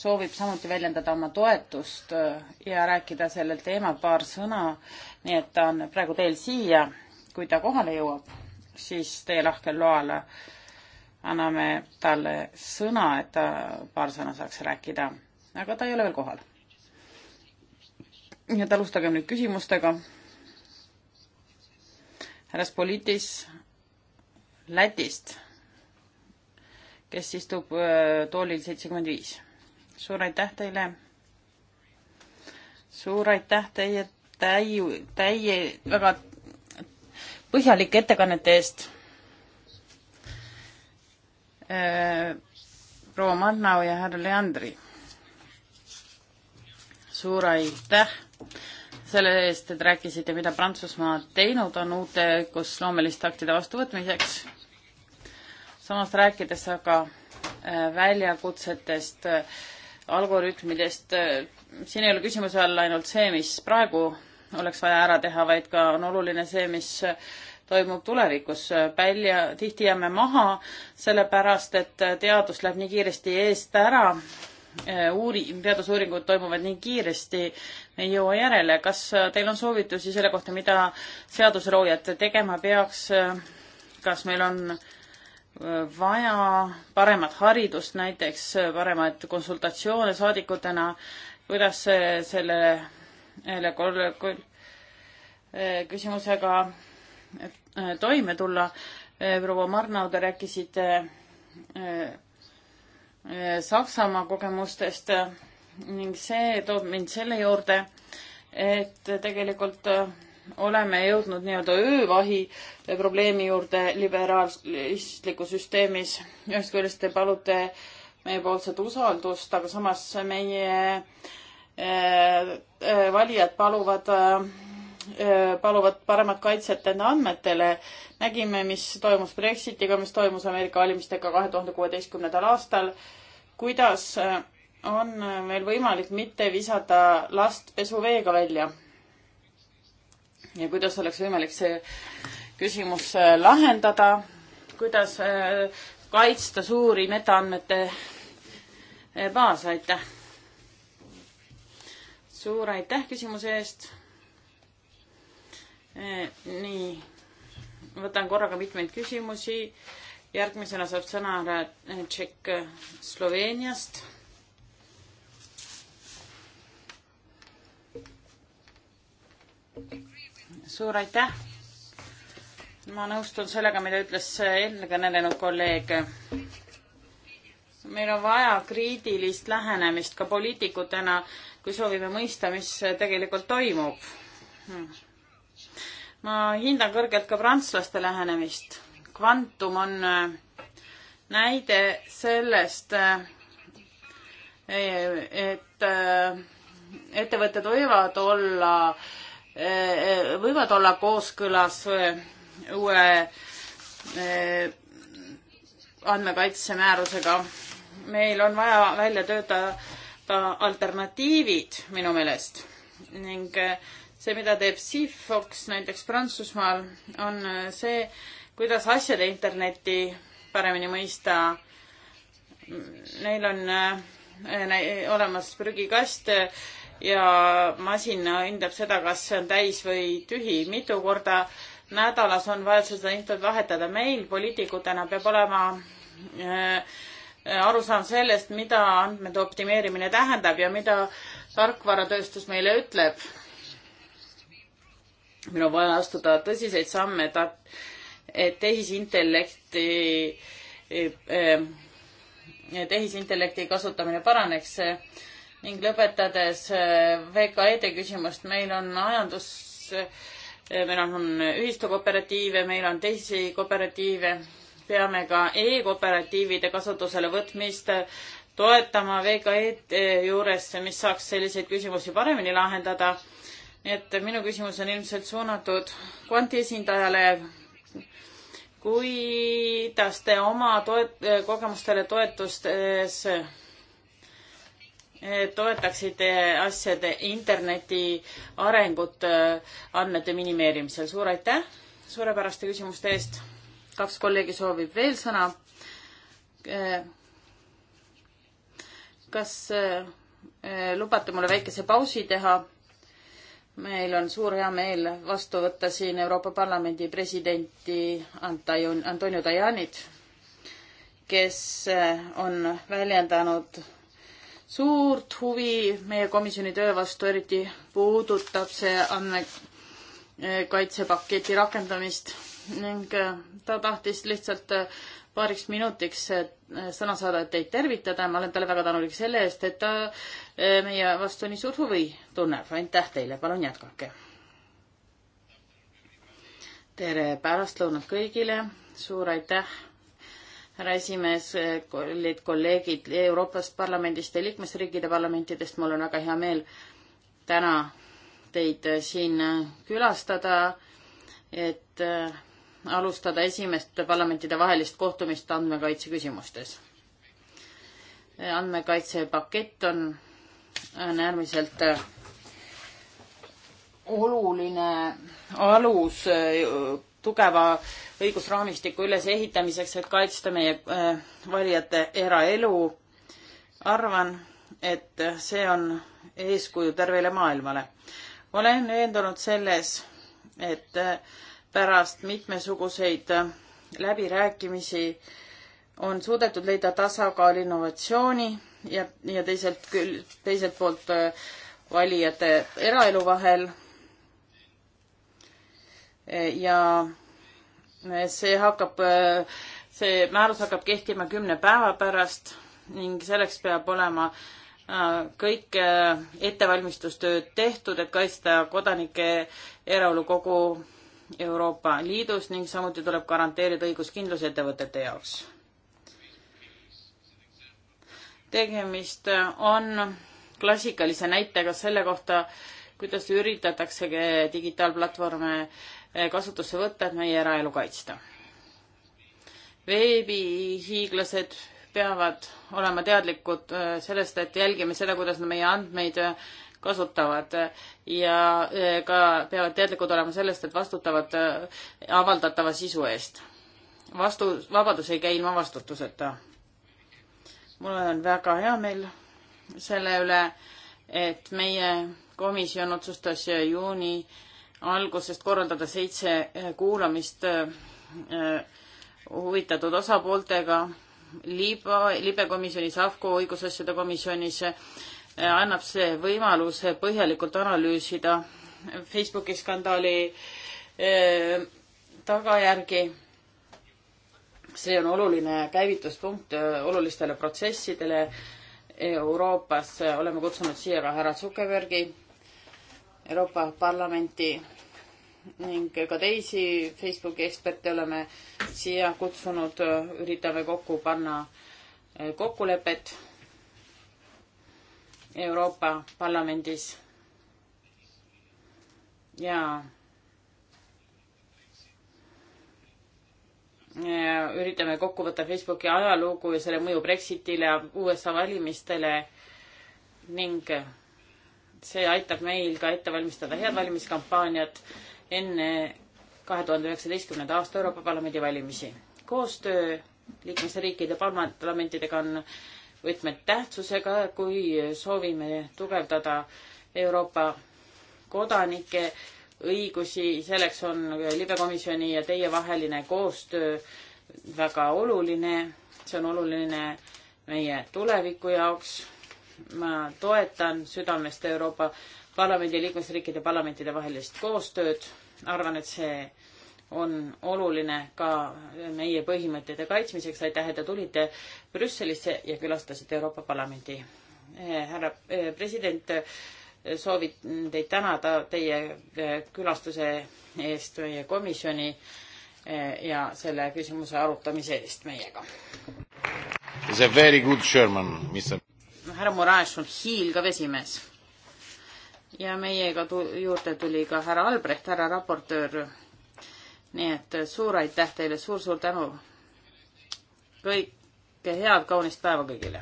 soovib samuti väljendada oma toetust äh, ja rääkida sellel teemal paar sõna, nii et ta on praegu teel siia. kui ta kohale jõuab, siis teie lahkel loal anname talle sõna, et ta paar sõna saaks rääkida, aga ta ei ole veel kohal. nii et alustagem nüüd küsimustega. härra Spolitis Lätist, kes istub äh, toolil seitsekümmend viis suur aitäh teile. suur aitäh teie täi-, täie, väga põhjalike ettekannete eest. Äh, proua Mannau ja härra Leandri. suur aitäh selle eest, et rääkisite, mida Prantsusmaa teinud on uute õigusloomeliste aktide vastuvõtmiseks. samas rääkides aga äh, väljakutsetest äh, algoritmidest, äh, siin ei ole küsimuse all ainult see, mis praegu oleks vaja ära teha, vaid ka on oluline see, mis äh, toimub tulevikus. välja, tihti jääme maha, sellepärast et äh, teadus läheb nii kiiresti eest ära, uuri-, teadusuuringud toimuvad nii kiiresti, me ei jõua järele. kas teil on soovitusi selle kohta, mida seadusloojad tegema peaks? kas meil on äh, vaja paremat haridust, näiteks paremaid konsultatsioone saadikutena, kuidas selle, selle eh, küsimusega eh, toime tulla. Eh, proua Marnau, te rääkisite Saksamaa kogemustest ning see toob mind selle juurde, et tegelikult äh, oleme jõudnud nii-öelda öövahi probleemi juurde liberaalistlikus süsteemis. ühest küljest te palute meiepoolset usaldust, aga samas meie eh, eh, valijad paluvad, eh, paluvad paremat kaitset enda andmetele. nägime, mis toimus Brexitiga, mis toimus Ameerika valimistega kahe tuhande kuueteistkümnendal aastal. kuidas on meil võimalik mitte visada last pesuveega välja? ja kuidas oleks võimalik see küsimus äh, lahendada, kuidas äh, kaitsta suuri metaandmete äh, baas, aitäh! suur aitäh küsimuse eest! nii, võtan korraga mitmeid küsimusi. järgmisena saab sõna härra Tšekk Sloveeniast suur aitäh. ma nõustun sellega, mida ütles eelkõnelenud kolleeg. meil on vaja kriitilist lähenemist ka poliitikutena, kui soovime mõista, mis tegelikult toimub. ma hindan kõrgelt ka prantslaste lähenemist. kvantum on äh, näide sellest, äh, et äh, ettevõtted võivad olla äh, Eh, võivad olla kooskõlas eh, uue eh, andmekaitsemäärusega. meil on vaja välja töötada alternatiivid minu meelest ning see, mida teeb Sifox näiteks Prantsusmaal, on see, kuidas asjade internetti paremini mõista. Neil on äh, olemas prügikast äh, ja masin hindab seda, kas see on täis või tühi. mitu korda nädalas on vaja seda infot vahetada. meil poliitikutena peab olema äh, arusaam sellest, mida andmete optimeerimine tähendab ja mida tarkvaratööstus meile ütleb. meil on vaja astuda tõsiseid samme, et tehisintellekti äh, äh, tehisintellekti kasutamine paraneks ning lõpetades äh, VKE-de küsimust, meil on majandus, äh, meil on ühistukooperatiive, meil on teisi kooperatiive, peame ka e-kooperatiivide kasutusele võtmist toetama VKE-d äh, juures, mis saaks selliseid küsimusi paremini lahendada. nii et minu küsimus on ilmselt suunatud kvanti esindajale kuidas te oma toet-, kogemustele toetustes toetaksid asjade interneti arengut äh, andmete minimeerimisel. suur aitäh suurepäraste küsimuste eest. kaks kolleegi soovib veel sõna. Äh, kas äh, lubate mulle väikese pausi teha? meil on suur heameel vastu võtta siin Euroopa Parlamendi presidenti Antonio Tajanit, kes on väljendanud suurt huvi meie komisjoni töö vastu, eriti puudutab see andmekaitsepaketi rakendamist ning äh, ta tahtis lihtsalt äh, paariks minutiks äh, sõna saada, et teid tervitada ja ma olen talle väga tänulik selle eest, et ta meie vastu nii suurt huvi tunneb. aitäh teile, palun jätkake. tere pärastlõunat kõigile, suur aitäh härra esimees, kallid kolleegid Euroopast Parlamendist ja liikmesriikide parlamentidest, mul on väga hea meel täna teid siin külastada, et äh, alustada esimest parlamentidevahelist kohtumist andmekaitse küsimustes. andmekaitsepakett on, on äärmiselt äh, oluline alus äh, tugeva õigusraamistiku ülesehitamiseks, et kaitsta meie äh, valijate eraelu. arvan, et see on eeskuju tervele maailmale. olen veendunud selles, et äh, pärast mitmesuguseid äh, läbirääkimisi on suudetud leida tasakaal innovatsiooni ja, ja teiselt küll, teiselt poolt valijate eraelu vahel ja see hakkab, äh, see määrus hakkab kehtima kümne päeva pärast ning selleks peab olema äh, kõik äh, ettevalmistustööd tehtud, et kaitsta kodanike eraolu kogu Euroopa Liidus ning samuti tuleb garanteerida õiguskindlus ettevõtete jaoks. tegemist on klassikalise näitega selle kohta, kuidas üritatakse digitaalplatvorme äh, Eh, kasutusse võtta, et meie eraelu kaitsta. veebihiiglased peavad olema teadlikud eh, sellest, et jälgime seda, kuidas nad meie andmeid eh, kasutavad ja ka peavad teadlikud olema sellest, et vastutavad avaldatava sisu eest. vastu, vabadus ei käi ilma vastutuseta. mul on väga hea meel selle üle, et meie komisjon otsustas juuni algusest korraldada seitse eh, kuulamist eh, eh, huvitatud osapooltega liiba, libekomisjonis, AFCO õigusasjade komisjonis annab see võimaluse põhjalikult analüüsida Facebooki skandaali tagajärgi. see on oluline käivituspunkt olulistele protsessidele Euroopas. oleme kutsunud siia ka härra Zuckerbergi Euroopa Parlamenti ning ka teisi Facebooki eksperte oleme siia kutsunud, üritame kokku panna eh, kokkulepet Euroopa Parlamendis ja eh, üritame kokku võtta Facebooki ajalugu ja selle mõju Brexitile, USA valimistele ning see aitab meil ka ette valmistada head valimiskampaaniat enne kahe tuhande üheksateistkümnenda aasta Euroopa Parlamendi valimisi. koostöö liikmesriikide parlamentidega on võtmetähtsusega, kui soovime tugevdada Euroopa kodanike õigusi, selleks on libekomisjoni ja teie vaheline koostöö väga oluline, see on oluline meie tuleviku jaoks ma toetan südamest Euroopa Parlamendi liikmesriikide parlamentide vahelist koostööd, arvan, et see on oluline ka meie põhimõtete kaitsmiseks, aitäh, et te tulite Brüsselisse ja külastasite Euroopa Parlamendi. Eh, härra eh, president, soovin teid tänada teie eh, külastuse eest meie komisjoni ja selle küsimuse arutamise eest meiega. He is a very good Sherman, Mr härra Moraes on hiilgav esimees. ja meiega tu-, juurde tuli ka härra Albrecht, härra raportöör. nii et äh, suur aitäh teile suur,, suur-suur tänu. kõike head, kaunist päeva kõigile.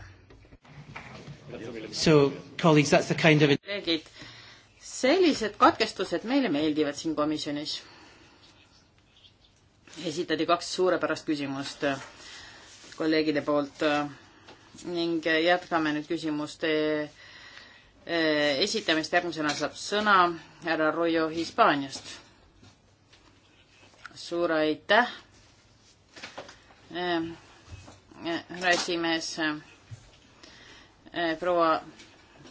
So colleagues, that's the kind of kolleegid, sellised katkestused meile meeldivad siin komisjonis. esitati kaks suurepärast küsimust äh, kolleegide poolt äh, ning äh, jätkame nüüd küsimuste äh, esitamist. järgmisena saab sõna härra Rojo Hispaaniast. suur aitäh, äh, härra esimees. proua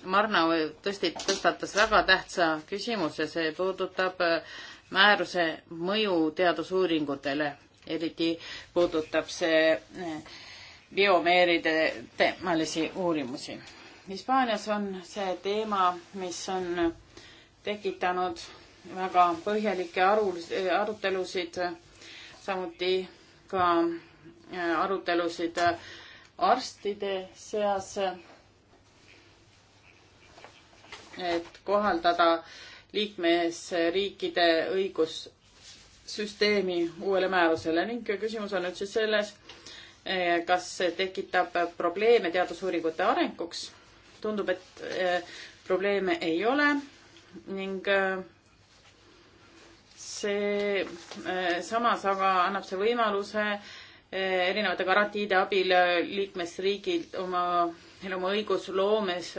Marnau tõesti tõstatas väga tähtsa küsimuse, see puudutab määruse mõju teadusuuringutele, eriti puudutab see äh, biomeeride teemalisi uurimusi. Hispaanias on see teema, mis on tekitanud väga põhjalikke aru, arutelusid, samuti ka äh, arutelusid äh, arstide seas, et kohaldada liikmesriikide õigussüsteemi uuele määrusele ning küsimus on nüüd siis selles, Eh, kas see tekitab probleeme teadusuuringute arenguks. tundub, et eh, probleeme ei ole ning eh, see samas aga annab see võimaluse erinevate garantiide abil liikmesriigid oma, neil oma õigusloomes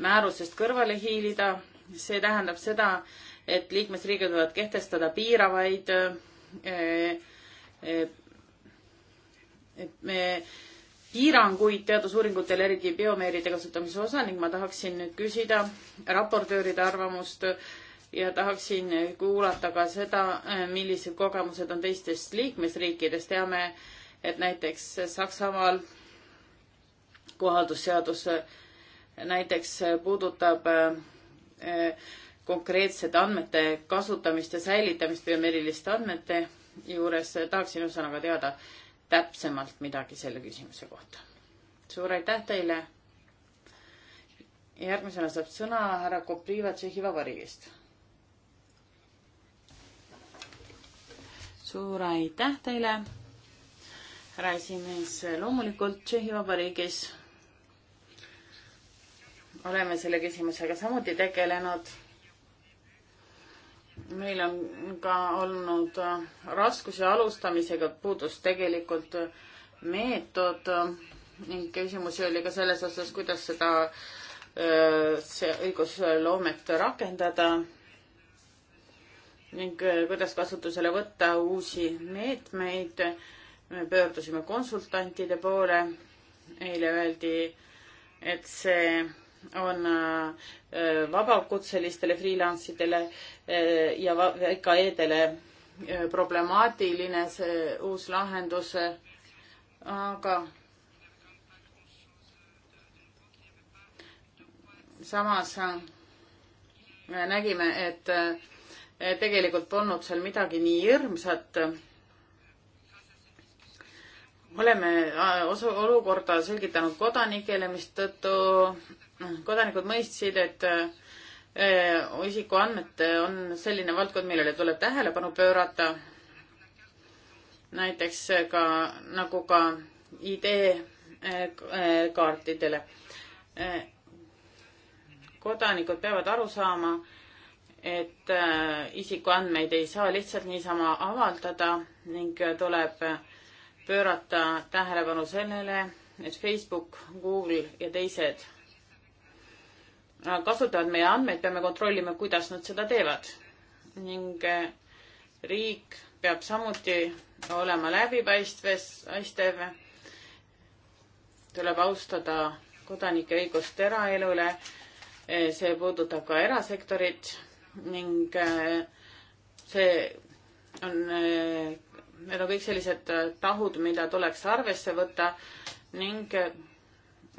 määrusest kõrvale hiilida. see tähendab seda, et liikmesriigid võivad kehtestada piiravaid et me piiranguid teadusuuringutel, eriti biomeeride kasutamise osa ning ma tahaksin nüüd küsida raportööride arvamust ja tahaksin kuulata ka seda, millised kogemused on teistest liikmesriikidest. teame, et näiteks Saksamaal kohaldusseadus äh, näiteks puudutab äh, konkreetsete andmete kasutamist ja säilitamist biomeeriliste andmete juures. tahaksin ühesõnaga teada, täpsemalt midagi selle küsimuse kohta. suur aitäh teile. järgmisena saab sõna härra Kopriva Tšehhi Vabariigist. suur aitäh teile, härra esimees, loomulikult Tšehhi Vabariigis oleme selle küsimusega samuti tegelenud meil on ka olnud äh, raskusi alustamisega, puudus tegelikult äh, meetod äh, ning küsimusi oli ka selles osas, kuidas seda, see õigusloomet rakendada ning kuidas kasutusele võtta uusi meetmeid. me pöördusime konsultantide poole. eile öeldi, et see on äh, vabakutselistele freelance idele äh, ja VKE-dele äh, problemaatiline see uus lahendus, aga samas nägime, et tegelikult polnud seal midagi nii hirmsat. oleme osa olukorda selgitanud kodanikele, mistõttu kodanikud mõistsid, et äh, isikuandmed on selline valdkond, millele tuleb tähelepanu pöörata. näiteks ka nagu ka ID-kaartidele. Äh, äh, kodanikud peavad aru saama, et isikuandmeid ei saa lihtsalt niisama avaldada ning tuleb pöörata tähelepanu sellele, et Facebook, Google ja teised Äh, kasutavad meie andmeid, peame kontrollima, kuidas nad seda teevad. ning äh, riik peab samuti olema läbipaistvev, tuleb austada kodanike õigust eraelule, äh, see puudutab ka erasektorit ning see on, need on kõik sellised tahud, mida tuleks arvesse võtta ning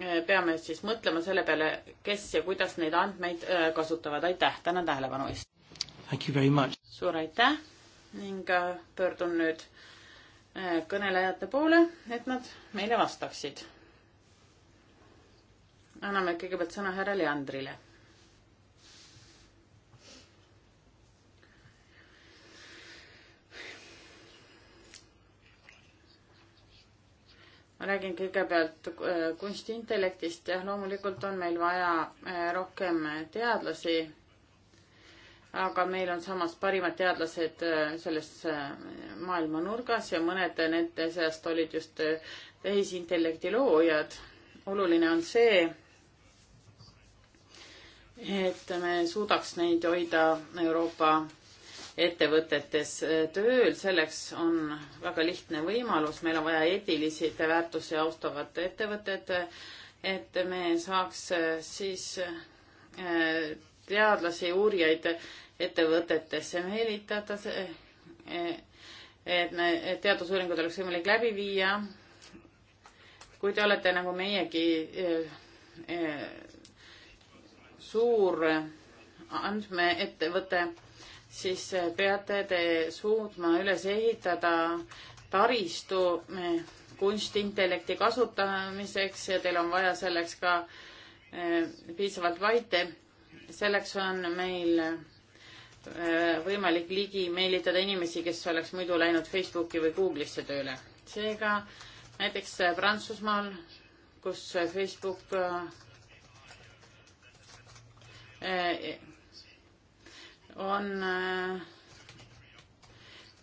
Äh, peame siis mõtlema selle peale, kes ja kuidas neid andmeid äh, kasutavad. aitäh, tänan tähelepanu eest. suur aitäh ning äh, pöördun nüüd kõnelejate poole, et nad meile vastaksid. anname kõigepealt sõna härra Leandrile ma räägin kõigepealt äh, kunstiintellektist, jah, loomulikult on meil vaja äh, rohkem äh, teadlasi, aga meil on samas parimad teadlased selles maailma nurgas ja mõned nende seast olid just tehisintellekti loojad. oluline on see, et me suudaks neid hoida Euroopa ettevõtetes tööl, selleks on väga lihtne võimalus, meil on vaja eetilisi väärtusi austavat ettevõtet, et me saaks äh, siis äh, teadlasi, uurijaid ettevõtetesse meelitada, äh, et me, et teadusuuringud oleks võimalik läbi viia. kui te olete nagu meiegi suur andmeettevõte siis eh, peate te suutma üles ehitada taristu eh, kunstintellekti kasutamiseks ja teil on vaja selleks ka eh, piisavalt vaite. selleks on meil võimalik ligi meelitada inimesi, kes oleks muidu läinud Facebooki või Google'isse tööle. seega näiteks Prantsusmaal, kus Facebook on äh,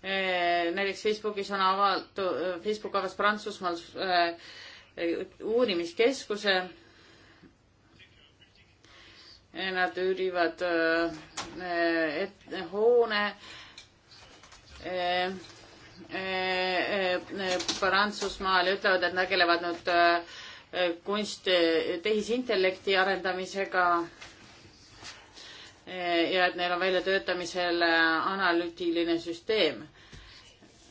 äh, näiteks Facebookis on avatud, äh, Facebook avas Prantsusmaal uurimiskeskuse. Nad üürivad et, hoone Prantsusmaal ja ütlevad, et tegelevad nüüd kunst, tehisintellekti arendamisega ja et neil on väljatöötamisel äh, analüütiline süsteem.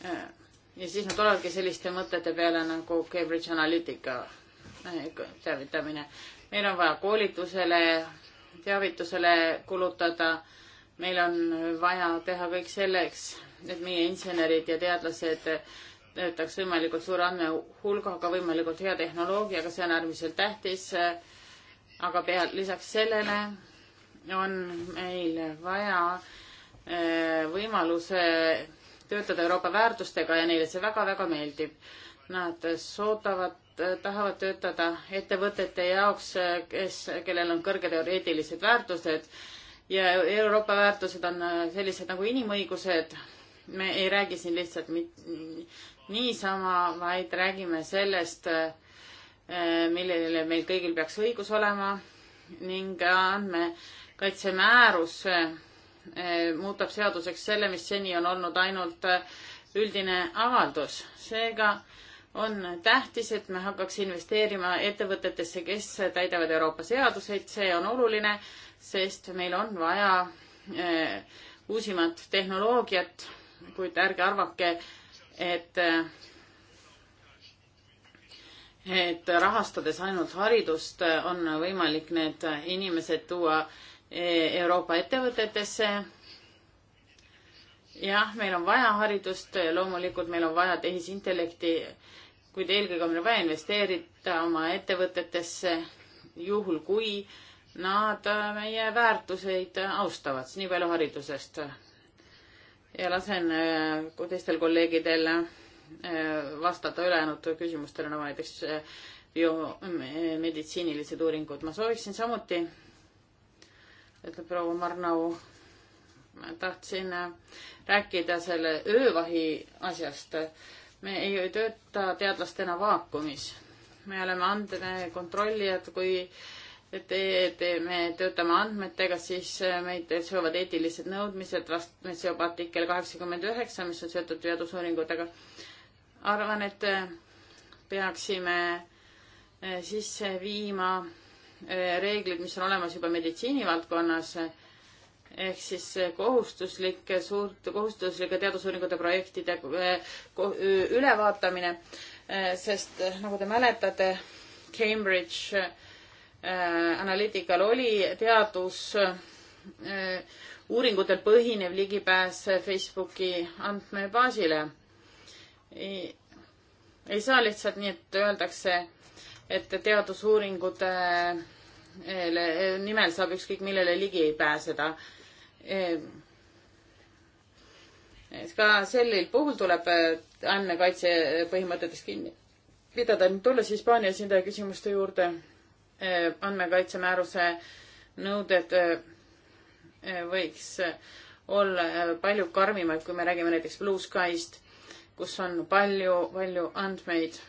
Äh, ja siis nad olevadki selliste mõtete peale nagu Cambridge Analytica äh, teavitamine. meil on vaja koolitusele, teavitusele kulutada, meil on vaja teha kõik selleks, et meie insenerid ja teadlased töötaks võimalikult suure andmehulgaga, võimalikult hea tehnoloogiaga, see on äärmiselt tähtis. aga pea, lisaks sellele on meil vaja eh, võimaluse töötada Euroopa väärtustega ja neile see väga-väga meeldib. Nad soodavad, tahavad töötada ettevõtete jaoks, kes, kellel on kõrged teoreetilised väärtused ja Euroopa väärtused on sellised nagu inimõigused. me ei räägi siin lihtsalt mit, niisama, vaid räägime sellest, eh, millele meil kõigil peaks õigus olema ning andme äh, kaitsemäärus eh, muudab seaduseks selle, mis seni on olnud ainult eh, üldine avaldus. seega on tähtis, et me hakkaks investeerima ettevõtetesse, kes täidavad Euroopa seaduseid, see on oluline, sest meil on vaja äh, uusimat tehnoloogiat, kuid ärge arvake, et et rahastades ainult haridust, on võimalik need inimesed tuua äh, Eh, Euroopa ettevõtetesse. jah, meil on vaja haridust, loomulikult meil on vaja tehisintellekti, kuid eelkõige on meil vaja investeerida oma ettevõtetesse, juhul kui nad äh, meie väärtuseid austavad, nii palju haridusest. ja lasen äh, teistel kolleegidel äh, vastata ülejäänud küsimustele, nagu näiteks biomeditsiinilised uuringud. ma sooviksin samuti ütleb proua Marnau. ma tahtsin äh, rääkida selle öövahi asjast. me ei tööta teadlastena vaakumis. me oleme andenekontrollijad, kui te, te, me töötame andmetega, siis äh, meid seovad eetilised nõudmised, vast-, meid seob artikkel kaheksakümmend üheksa, mis on seotud teadusuuringutega. arvan, et äh, peaksime sisse viima reeglid, mis on olemas juba meditsiinivaldkonnas, ehk siis kohustuslike, suurt, kohustuslike teadusuuringute projektide eh, ülevaatamine, eh, sest eh, nagu te mäletate, Cambridge Analytical oli teadus uuringutel põhinev ligipääs Facebooki andmebaasile. ei saa lihtsalt nii, et öeldakse, et teadusuuringute eh, nimel saab ükskõik millele ligi pääseda. Eh, ka sellel puhul tuleb eh, andmekaitse põhimõtetest kinni pidada. nüüd tulles Hispaania esindaja küsimuste juurde, andmekaitsemääruse nõuded võiks olla palju karmimad, kui me räägime näiteks Blue Skyst, kus on palju, palju andmeid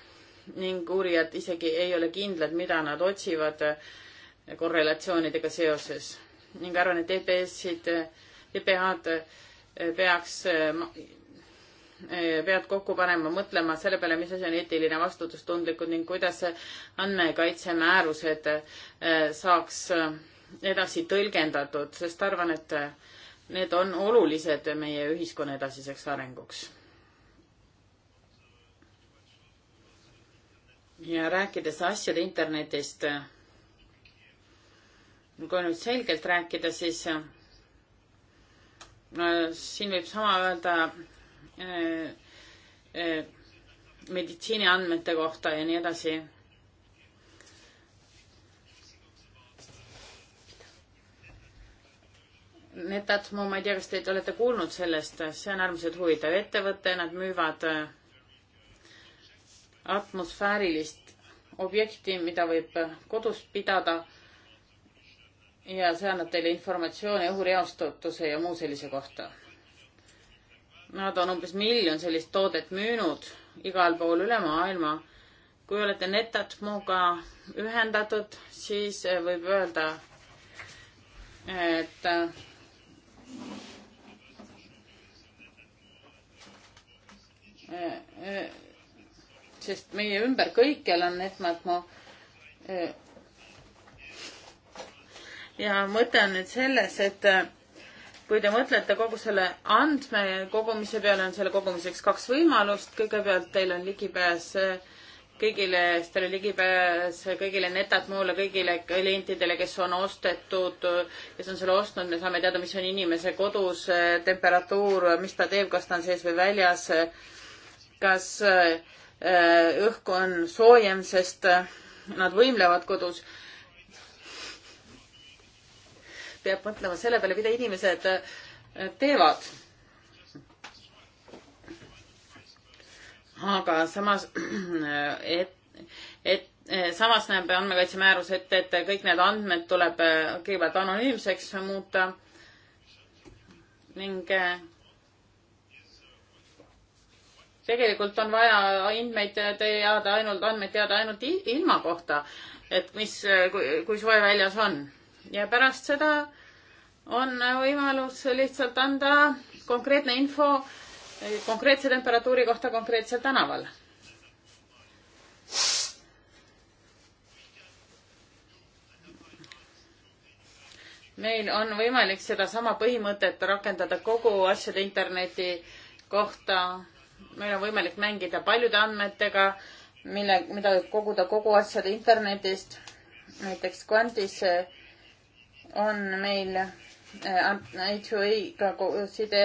ning uurijad isegi ei ole kindlad, mida nad otsivad korrelatsioonidega seoses ning arvan, et EPS-id, EPA-d eh, peaks, eh, pead kokku panema, mõtlema selle peale, mis asi on eetiline vastutustundlikkus ning kuidas andmekaitsemäärused eh, saaks edasi tõlgendatud, sest arvan, et need on olulised meie ühiskonna edasiseks arenguks ja rääkides asjade internetist, kui nüüd selgelt rääkida, siis no, siin võib sama öelda eh, eh, meditsiiniandmete kohta ja nii edasi. Netatmo, ma ei tea, kas te olete kuulnud sellest, see on äärmiselt huvitav ettevõte, nad müüvad eh, atmosfäärilist objekti, mida võib kodus pidada ja see annab teile informatsiooni õhureostutuse ja muu sellise kohta. Nad on umbes miljon sellist toodet müünud igal pool üle maailma. kui olete Netatmuga ühendatud, siis eh, võib öelda, et äh, äh, sest meie ümber kõikjal on esmatmo. Eh, ja mõte on nüüd selles, et eh, kui te mõtlete kogu selle andmekogumise peale, on selle kogumiseks kaks võimalust. kõigepealt teil on ligipääs eh, kõigile, siis teil on ligipääs kõigile netatmoole, kõigile klientidele, kes on ostetud, kes on selle ostnud, me saame teada, mis on inimese kodus temperatuur, mis ta teeb, kas ta on sees või väljas, kas äh, Äh, õhk on soojem, sest äh, nad võimlevad kodus. peab mõtlema selle peale, mida inimesed äh, teevad. aga samas, et, et samas näeb andmekaitse määrus ette, et kõik need andmed tuleb kõigepealt anonüümseks muuta ning tegelikult on vaja andmeid teada ainult, andmeid teada ainult ilma kohta, et mis, kui soe väljas on. ja pärast seda on võimalus lihtsalt anda konkreetne info konkreetse temperatuuri kohta konkreetsel tänaval. meil on võimalik sedasama põhimõtet rakendada kogu asjade interneti kohta meil on võimalik mängida paljude andmetega, mille, mida võib koguda kogu asjade internetist. näiteks Quantis eh, on meil H2I-ga eh, side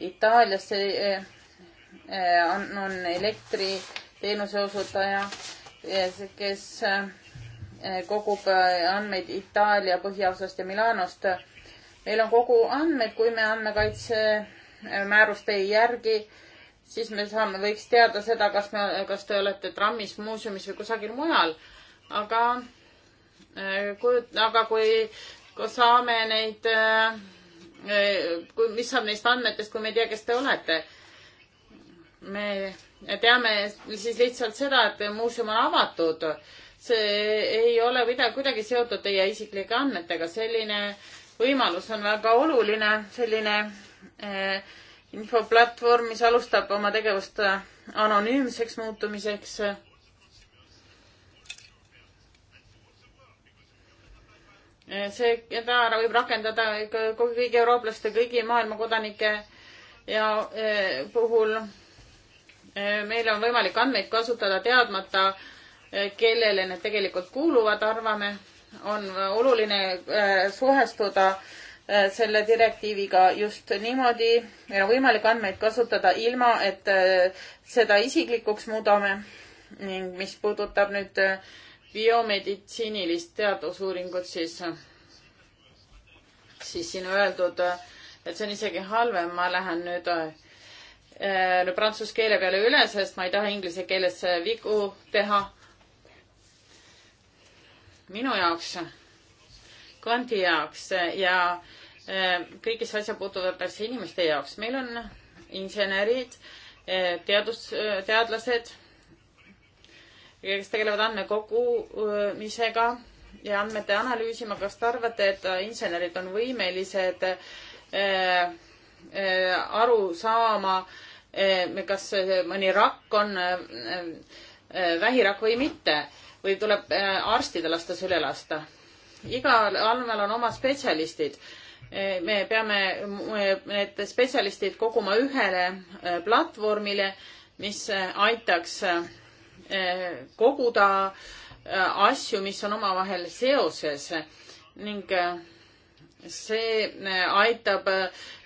Itaaliasse eh, on, on elektriteenuse osutaja, kes kogub andmeid Itaalia põhjaosast ja Milanost. meil on kogu andmed, kui me andmekaitse määrust ei järgi siis me saame, võiks teada seda, kas me, kas te olete trammis, muuseumis või kusagil mujal. aga äh, kui, aga kui, kui saame neid, äh, äh, kui, mis saab neist andmetest, kui me ei tea, kes te olete? me teame siis lihtsalt seda, et muuseum on avatud. see ei ole midagi, kuidagi seotud teie isiklike andmetega, selline võimalus on väga oluline, selline äh, infoplatvorm, mis alustab oma tegevust anonüümseks muutumiseks. see, seda võib rakendada kõigi eurooplaste, kõigi maailma kodanike ja e, puhul e, meil on võimalik andmeid kasutada teadmata, e, kellele need tegelikult kuuluvad, arvame, on oluline suhestuda äh, Äh, selle direktiiviga just niimoodi, meil on võimalik andmeid kasutada ilma, et äh, seda isiklikuks muudame ning mis puudutab nüüd äh, biomeditsiinilist teadusuuringut, siis, siis siin öeldud, et see on isegi halvem, ma lähen nüüd äh, prantsuse keele peale üle, sest ma ei taha inglise keeles vigu teha. minu jaoks Kanti jaoks eh, ja eh, kõigis asja puutuvates inimeste jaoks. meil on insenerid, eh, teadus, teadlased, kes tegelevad andmekogumisega ja andmete analüüsima. kas te arvate, et insenerid on võimelised aru saama, kas mõni rakk on vähirakk või mitte või tuleb arstidel lasta see üle lasta? igal andmel on oma spetsialistid. me peame need spetsialistid koguma ühele e, platvormile, mis e, aitaks e, koguda asju, mis on omavahel seoses ning see aitab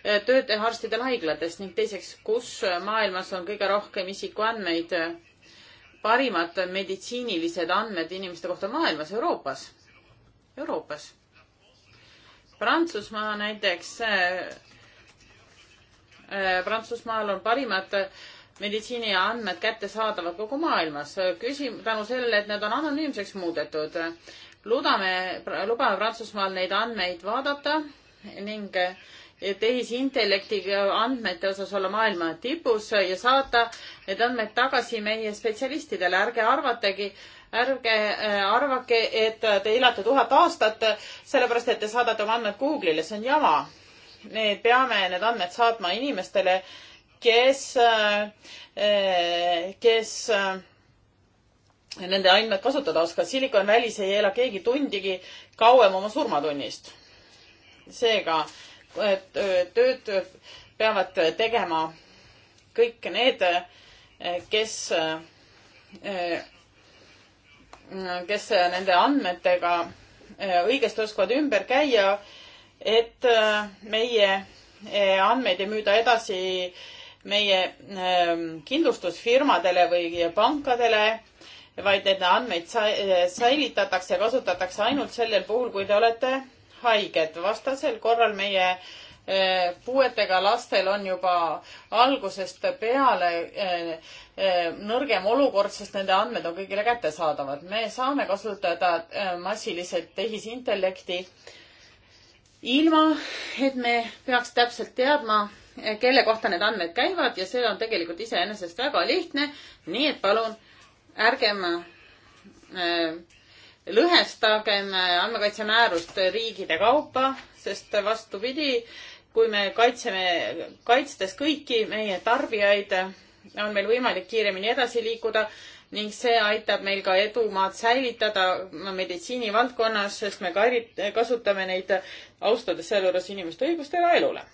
tööd teha arstidel haiglates ning teiseks, kus maailmas on kõige rohkem isikuandmeid, parimad meditsiinilised andmed inimeste kohta maailmas, Euroopas? Euroopas. Prantsusmaa näiteks, eh, Prantsusmaal on parimad meditsiiniandmed kättesaadavad kogu maailmas. küsim-, tänu sellele, et need on anonüümseks muudetud, lubame, lubame Prantsusmaal neid andmeid vaadata ning eh, tehisintellekti andmete osas olla maailma tipus ja saata need andmed tagasi meie spetsialistidele. ärge arvategi, ärge äh, arvake, et te elate tuhat aastat, sellepärast et te saadate oma andmed Google'ile, see on jama. me peame need andmed saatma inimestele, kes, äh, äh, kes nende andmed kasutada oskavad. Silicon Valley's ei ela keegi tundigi kauem oma surmatunnist. seega tööd peavad tegema kõik need, kes kes nende andmetega äh, õigesti oskavad ümber käia, et äh, meie äh, andmeid ei müüda edasi meie ähm, kindlustusfirmadele või pankadele, vaid need andmeid säilitatakse ja kasutatakse ainult sellel puhul, kui te olete haiged. vastasel korral meie Eh, puuetega lastel on juba algusest peale eh, eh, nõrgem olukord, sest nende andmed on kõigile kättesaadavad. me saame kasutada massiliselt tehisintellekti ilma, et me peaks täpselt teadma, kelle kohta need andmed käivad ja see on tegelikult iseenesest väga lihtne. nii et palun ärgem lõhestagem andmekaitse määrust riigide kaupa, sest vastupidi, kui me kaitseme, kaitstes kõiki meie tarbijaid, on meil võimalik kiiremini edasi liikuda ning see aitab meil ka edumaad säilitada meditsiinivaldkonnas, sest me kasutame neid, austades sealjuures inimeste õigust eraelule.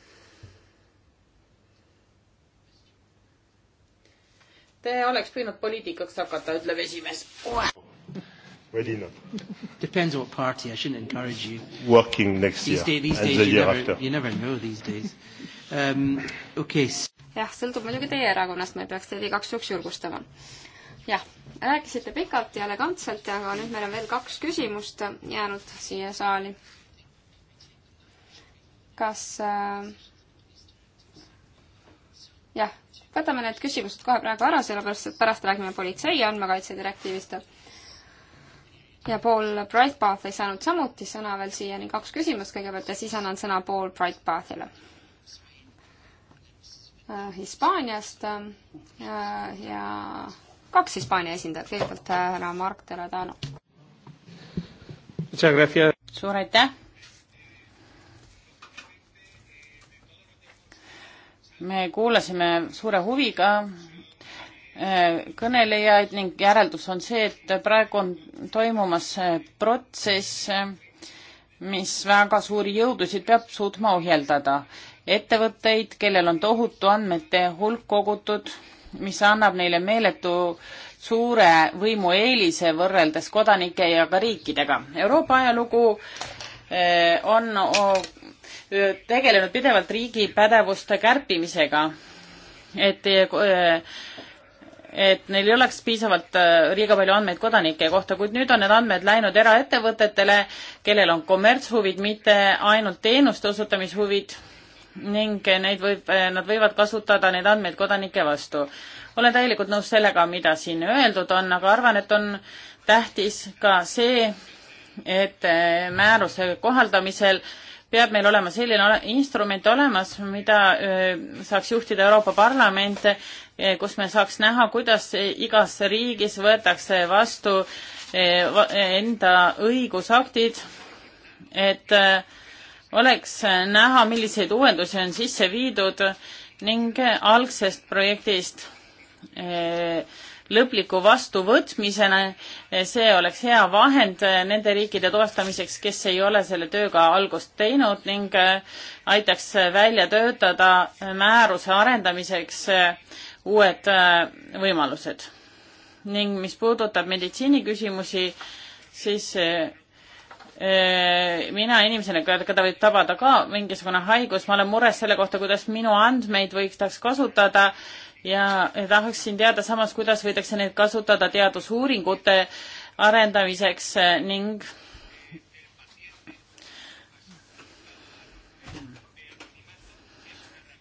Te oleks võinud poliitikaks hakata, ütleb esimees. Medina. Depends what party. I shouldn't encourage you. Working next these year. Day, these and days, the you, year never, after. you never know these days um,. Okay. jah, sõltub muidugi teie erakonnast, ma ei peaks teid igaks juhuks julgustama. jah, rääkisite pikalt ja elegantselt, aga nüüd meil on veel kaks küsimust jäänud siia saali. kas äh, jah, võtame need küsimused kohe praegu ära, sellepärast et pärast räägime politsei andmekaitse direktiivist ja Paul Brightpath ei saanud samuti sõna veel siiani, kaks küsimust kõigepealt ja siis annan sõna Paul Brightpathile. Äh, Hispaaniast äh, ja kaks Hispaania esindajat, kõigepealt äh, härra Mark Teledano. suur aitäh! me kuulasime suure huviga Äh, kõnelejaid ning järeldus on see, et praegu on toimumas äh, protsess, äh, mis väga suuri jõudusid peab suutma ohjeldada. ettevõtteid, kellel on tohutu andmete hulk kogutud, mis annab neile meeletu suure võimueelise võrreldes kodanike ja ka riikidega. Euroopa ajalugu on tegelenud pidevalt riigi pädevuste kärpimisega, et et neil ei oleks piisavalt äh, liiga palju andmeid kodanike kohta, kuid nüüd on need andmed läinud eraettevõtetele, kellel on kommertshuvid, mitte ainult teenuste osutamishuvid ning neid võib, äh, nad võivad kasutada neid andmeid kodanike vastu. olen täielikult nõus sellega, mida siin öeldud on, aga arvan, et on tähtis ka see, et äh, määruse kohaldamisel peab meil olema selline instrument olemas, mida saaks juhtida Euroopa Parlament Eh, kus me saaks näha, kuidas igas riigis võetakse vastu eh, eh, enda õigusaktid, et oleks näha, milliseid uuendusi on sisse viidud ning algsest projektist lõpliku vastuvõtmisena, see oleks hea vahend nende riikide tuvastamiseks, kes ei ole selle tööga algust teinud ning aitaks välja töötada määruse arendamiseks äh, uued äh, võimalused. ning mis puudutab meditsiiniküsimusi, siis äh, äh, mina inimesena, keda võib tabada ka mingisugune haigus, ma olen mures selle kohta, kuidas minu andmeid võiks kasutada ja tahaksin teada samas, kuidas võidakse neid kasutada teadusuuringute arendamiseks ning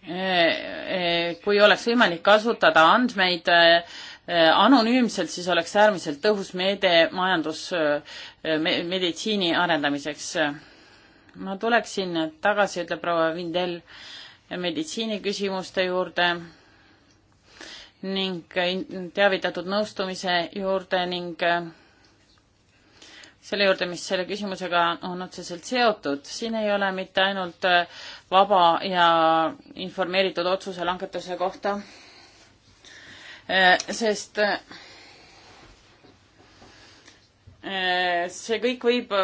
Eh, eh, kui oleks võimalik kasutada andmeid eh, anonüümselt, siis oleks äärmiselt tõhus meede majandus me,, meditsiini arendamiseks. ma tuleksin tagasi, ütleb proua Vindel, meditsiiniküsimuste juurde ning teavitatud nõustumise juurde ning äh, selle juurde, mis selle küsimusega on otseselt seotud. siin ei ole mitte ainult äh, vaba ja informeeritud otsuse langetuse kohta, äh, sest äh, see kõik võib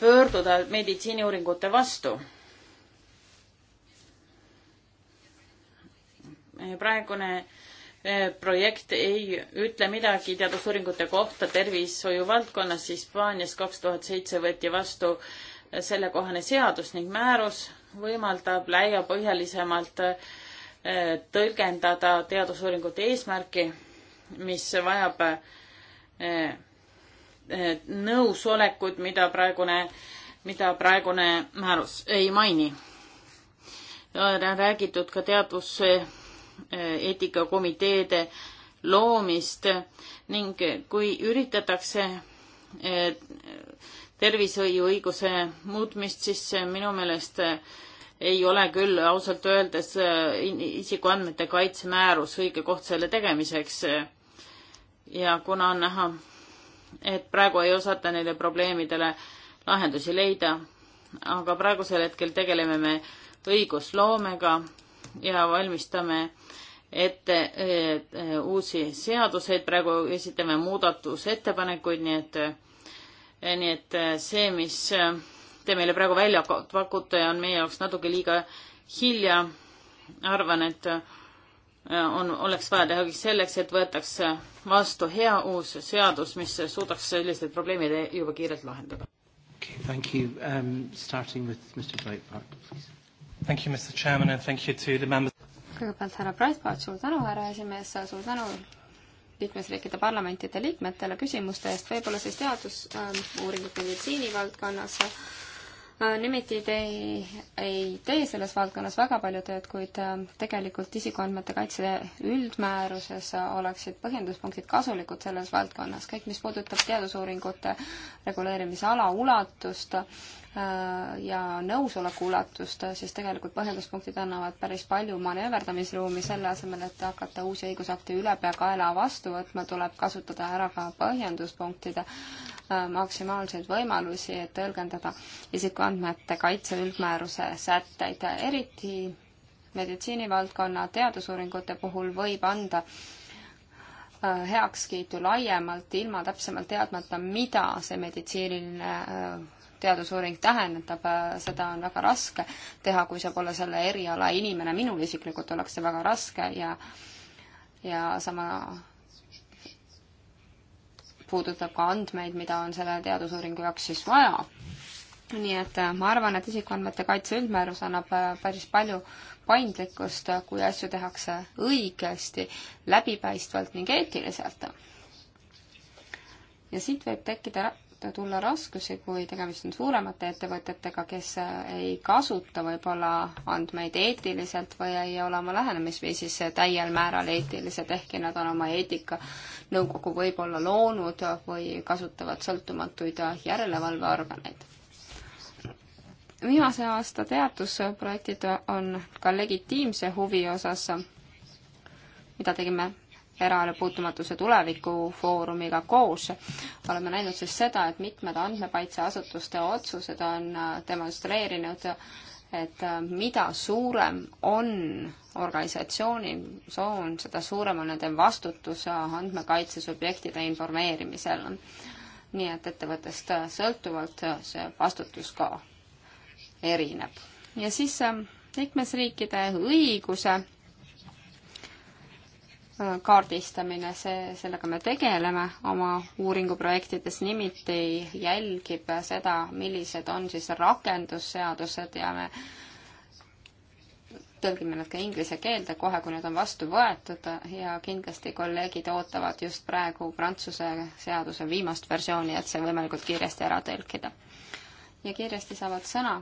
pöörduda meditsiiniuuringute vastu. praegune äh, Eh, projekt ei ütle midagi teadusuuringute kohta tervishoiu valdkonnas. Hispaanias kaks tuhat seitse võeti vastu sellekohane seadus ning määrus võimaldab laiapõhjalisemalt eh, tõlgendada teadusuuringute eesmärki, mis vajab eh, nõusolekut, mida praegune, mida praegune määrus ei maini. on räägitud ka teaduse eetikakomiteede loomist ning kui üritatakse eh, tervishoiuõiguse muutmist, siis minu meelest ei ole küll ausalt öeldes eh, isikuandmete kaitsemäärus õige koht selle tegemiseks. ja kuna on näha, et praegu ei osata neile probleemidele lahendusi leida, aga praegusel hetkel tegeleme me õigusloomega ja valmistame ette et, eh, uusi seaduseid, praegu esitame muudatusettepanekuid, nii et, eh, nii et eh, see, mis te meile praegu välja pakute, on meie jaoks natuke liiga hilja. arvan, et on, oleks vaja tehagi selleks, et võetaks vastu hea uus seadus, mis suudaks sellised probleemid juba kiirelt lahendada. Okay, thank you. Um, starting with Mr. Breitbart, please. Thank you, Mr Chairman and thank you to the members. kõigepealt härra Breitbart, suur tänu, härra esimees, suur tänu liikmesriikide parlamentide liikmetele küsimuste eest, võib-olla siis teadusuuringud äh, meditsiinivaldkonnas äh, nimeti te ei, ei tee selles valdkonnas väga palju tööd, kuid äh, tegelikult isikuandmete kaitse üldmääruses oleksid põhjenduspunktid kasulikud selles valdkonnas. kõik, mis puudutab teadusuuringute reguleerimise ala ulatust, Äh, ja nõusoleku ulatust, siis tegelikult põhjenduspunktid annavad päris palju manööverdamisruumi, selle asemel, et hakata uusi õigusakte ülepeakaela vastu võtma, tuleb kasutada ära ka põhjenduspunktide äh, maksimaalseid võimalusi, et tõlgendada isikuandmete kaitse üldmääruse sätteid, eriti meditsiinivaldkonna teadusuuringute puhul võib anda äh, heakskiitu laiemalt, ilma täpsemalt teadmata, mida see meditsiiniline teadusuuring tähendab, äh, seda on väga raske teha, kui sa pole selle eriala inimene, minul isiklikult oleks see väga raske ja ja sama puudutab ka andmeid, mida on selle teadusuuringu jaoks siis vaja. nii et äh, ma arvan, et isikuandmete kaitse üldmäärus annab äh, päris palju paindlikkust, kui asju tehakse õigesti, läbipaistvalt ning eetiliselt. ja siit võib tekkida võivad tulla raskusi, kui tegemist on suuremate ettevõtetega, kes ei kasuta võib-olla andmeid eetiliselt või ei ole oma lähenemisviisis täiel määral eetilised, ehkki nad on oma eetikanõukogu võib-olla loonud või kasutavad sõltumatuid järelevalveorganeid viimase aasta teadusprojektid on ka legitiimse huvi osas, mida tegime eraelu puutumatuse tulevikufoorumiga koos. oleme näinud siis seda, et mitmed andmekaitseasutuste otsused on äh, demonstreerinud, et äh, mida suurem on organisatsiooni soon, seda suurem on nende vastutus andmekaitsesubjektide informeerimisel. nii et ettevõttest äh, sõltuvalt see vastutus ka erineb. ja siis liikmesriikide õiguse Äh, kaardistamine, see, sellega me tegeleme oma uuringuprojektides, nimiti jälgib seda, millised on siis rakendusseadused ja me tõlgime nad ka inglise keelde kohe, kui need on vastu võetud ja kindlasti kolleegid ootavad just praegu Prantsuse seaduse viimast versiooni, et see võimalikult kiiresti ära tõlkida. ja kiiresti saavad sõna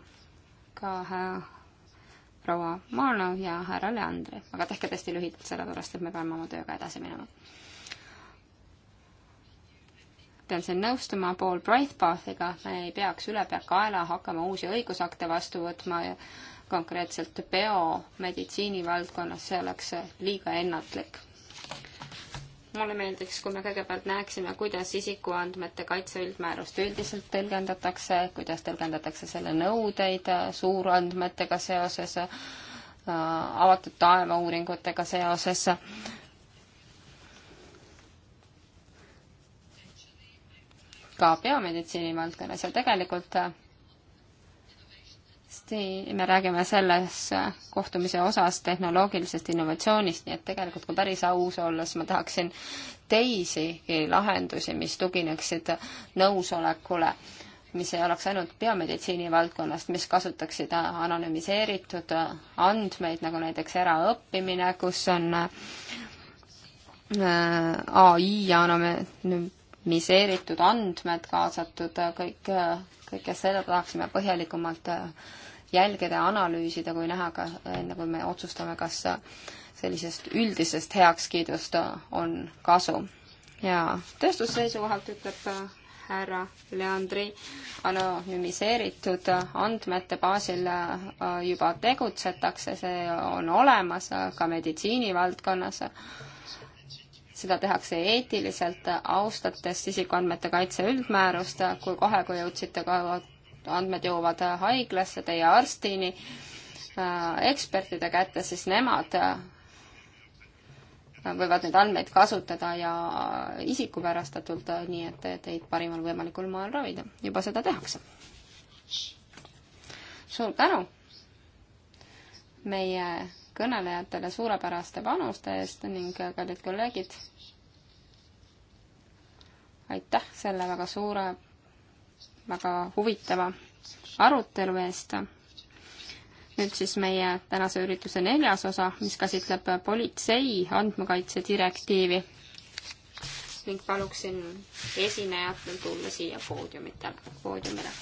ka äh, proua Marno ja härra Leandri, aga tehke tõesti lühidalt, sellepärast et me peame oma tööga edasi minema. pean siin nõustuma Paul Breitbarthiga, me ei peaks ülepeakaela hakkama uusi õigusakte vastu võtma ja konkreetselt biomeditsiini valdkonnas, see oleks liiga ennatlik mulle meeldiks, kui me kõigepealt näeksime, kuidas isikuandmete kaitse üldmäärust üldiselt tõlgendatakse, kuidas tõlgendatakse selle nõudeid äh, suurandmetega seoses, äh, avatud taeva uuringutega seoses. ka biomeditsiini valdkonnas ja tegelikult äh, kindlasti me räägime selles kohtumise osas tehnoloogilisest innovatsioonist, nii et tegelikult kui päris aus olla, siis ma tahaksin teisigi lahendusi, mis tugineksid nõusolekule, mis ei oleks ainult biomeditsiini valdkonnast, mis kasutaksid anonüümiseeritud andmeid, nagu näiteks eraõppimine, kus on äh, ai anonüümiseeritud andmed kaasatud, kõik kõike seda tahaksime põhjalikumalt äh, jälgida, analüüsida, kui näha ka, enne kui me otsustame, kas sellisest üldisest heakskiidust on kasu. ja tööstusseisukohalt ütleb äh, härra Leandri anonüümiseeritud andmete baasil äh, juba tegutsetakse, see on olemas ka meditsiinivaldkonnas. seda tehakse eetiliselt, austates isikuandmete kaitse üldmäärust, kui kohe, kui jõudsite ka andmed jõuavad haiglasse, teie arstini, äh, ekspertide kätte, siis nemad äh, võivad neid andmeid kasutada ja isikupärastatult, äh, nii et teid parimal võimalikul moel ravida. juba seda tehakse. suur tänu meie kõnelejatele suurepäraste panuste eest ning kallid kolleegid, aitäh selle väga suure väga huvitava arutelu eest. nüüd siis meie tänase ürituse neljas osa, mis käsitleb politsei andmekaitse direktiivi ning paluksin esinejatel tulla siia poodiumitele, poodiumile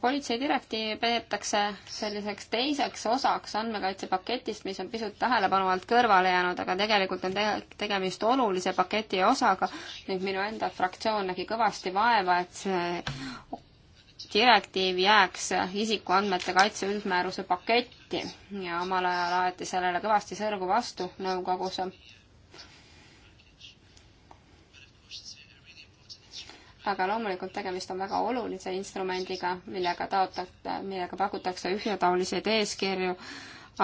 politseidirektiivi peetakse selliseks teiseks osaks andmekaitsepaketist, mis on pisut tähelepanu alt kõrvale jäänud, aga tegelikult on te tegemist olulise paketi osaga ning minu enda fraktsioon nägi kõvasti vaeva, et see direktiiv jääks isikuandmete kaitse üldmääruse paketti ja omal ajal aeti sellele kõvasti sõrgu vastu nõukogus aga loomulikult tegemist on väga olulise instrumendiga, millega taotlete, millega pakutakse ühetaoliseid eeskirju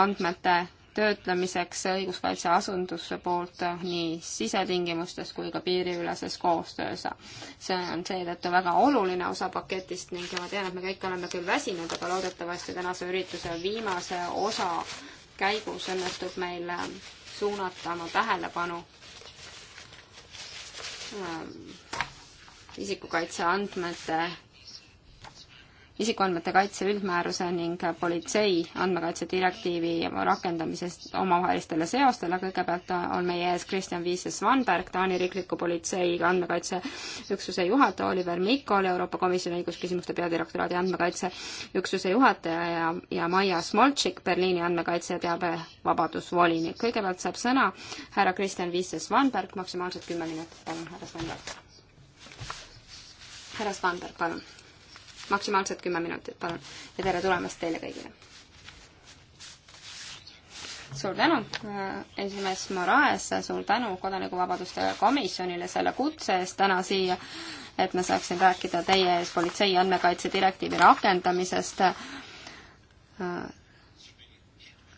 andmete töötlemiseks õiguskaitseasunduse poolt nii sisetingimustes kui ka piiriüleses koostöös. see on seetõttu väga oluline osa paketist ning ma tean, et me kõik oleme küll väsinud, aga loodetavasti tänase ürituse viimase osa käigus õnnestub meil suunata oma tähelepanu ähm, isikukaitse andmete, isikuandmete kaitse üldmääruse ning politsei andmekaitse direktiivi rakendamisest omavahelistele seostele. kõigepealt on meie ees Kristjan Viises Vanberg, Taani riikliku politsei andmekaitseüksuse juhataja, Oliver Mikol, Euroopa Komisjoni õigusküsimuste peadirektoraadi andmekaitseüksuse juhataja ja, ja Maia Smoltšik, Berliini andmekaitse ja teabevabadusvolinik. kõigepealt saab sõna härra Kristjan Viises Vanberg, maksimaalselt kümme minutit, palun, härra Vanberg härra Svanberg, palun. maksimaalselt kümme minutit, palun. ja tere tulemast teile kõigile. suur tänu, äh, esimees Moraes, suur tänu Kodanikuvabaduste Komisjonile selle kutse eest täna siia, et ma saaksin rääkida teie ees politsei andmekaitse direktiivi rakendamisest äh,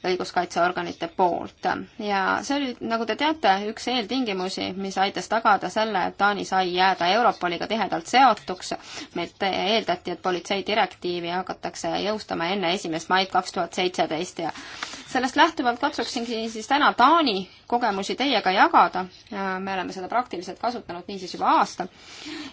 õiguskaitseorganite poolt. ja see oli, nagu te teate, üks eeltingimusi, mis aitas tagada selle, et Taani sai jääda Europoliga tihedalt seotuks. meilt eeldati, et politseidirektiivi hakatakse jõustama enne esimest maid kaks tuhat seitseteist ja sellest lähtuvalt katsuksingi siis täna Taani kogemusi teiega jagada. me oleme seda praktiliselt kasutanud niisiis juba aasta.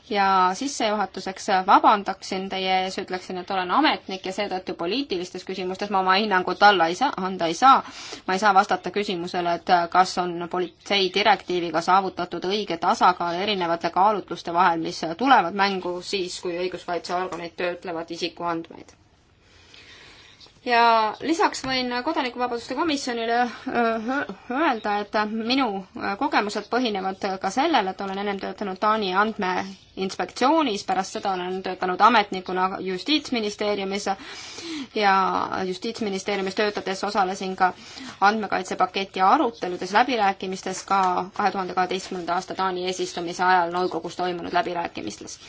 ja sissejuhatuseks vabandaksin teie ees, ütleksin, et olen ametnik ja seetõttu poliitilistes küsimustes ma oma hinnangut alla ei saa, anda ei saa. ma ei saa vastata küsimusele, et kas on politsei direktiiviga saavutatud õige tasakaal erinevate kaalutluste vahel, mis tulevad mängu siis, kui õiguskaitseorganid töötlevad isikuandmeid ja lisaks võin Kodanikuvabaduste komisjonile öelda, et minu kogemused põhinevad ka sellel, et olen ennem töötanud Taani andmeinspektsioonis, pärast seda olen töötanud ametnikuna Justiitsministeeriumis ja Justiitsministeeriumis töötades osalesin ka andmekaitsepaketi aruteludes, läbirääkimistes ka kahe tuhande kaheteistkümnenda aasta Taani eesistumise ajal nõukogus toimunud läbirääkimistes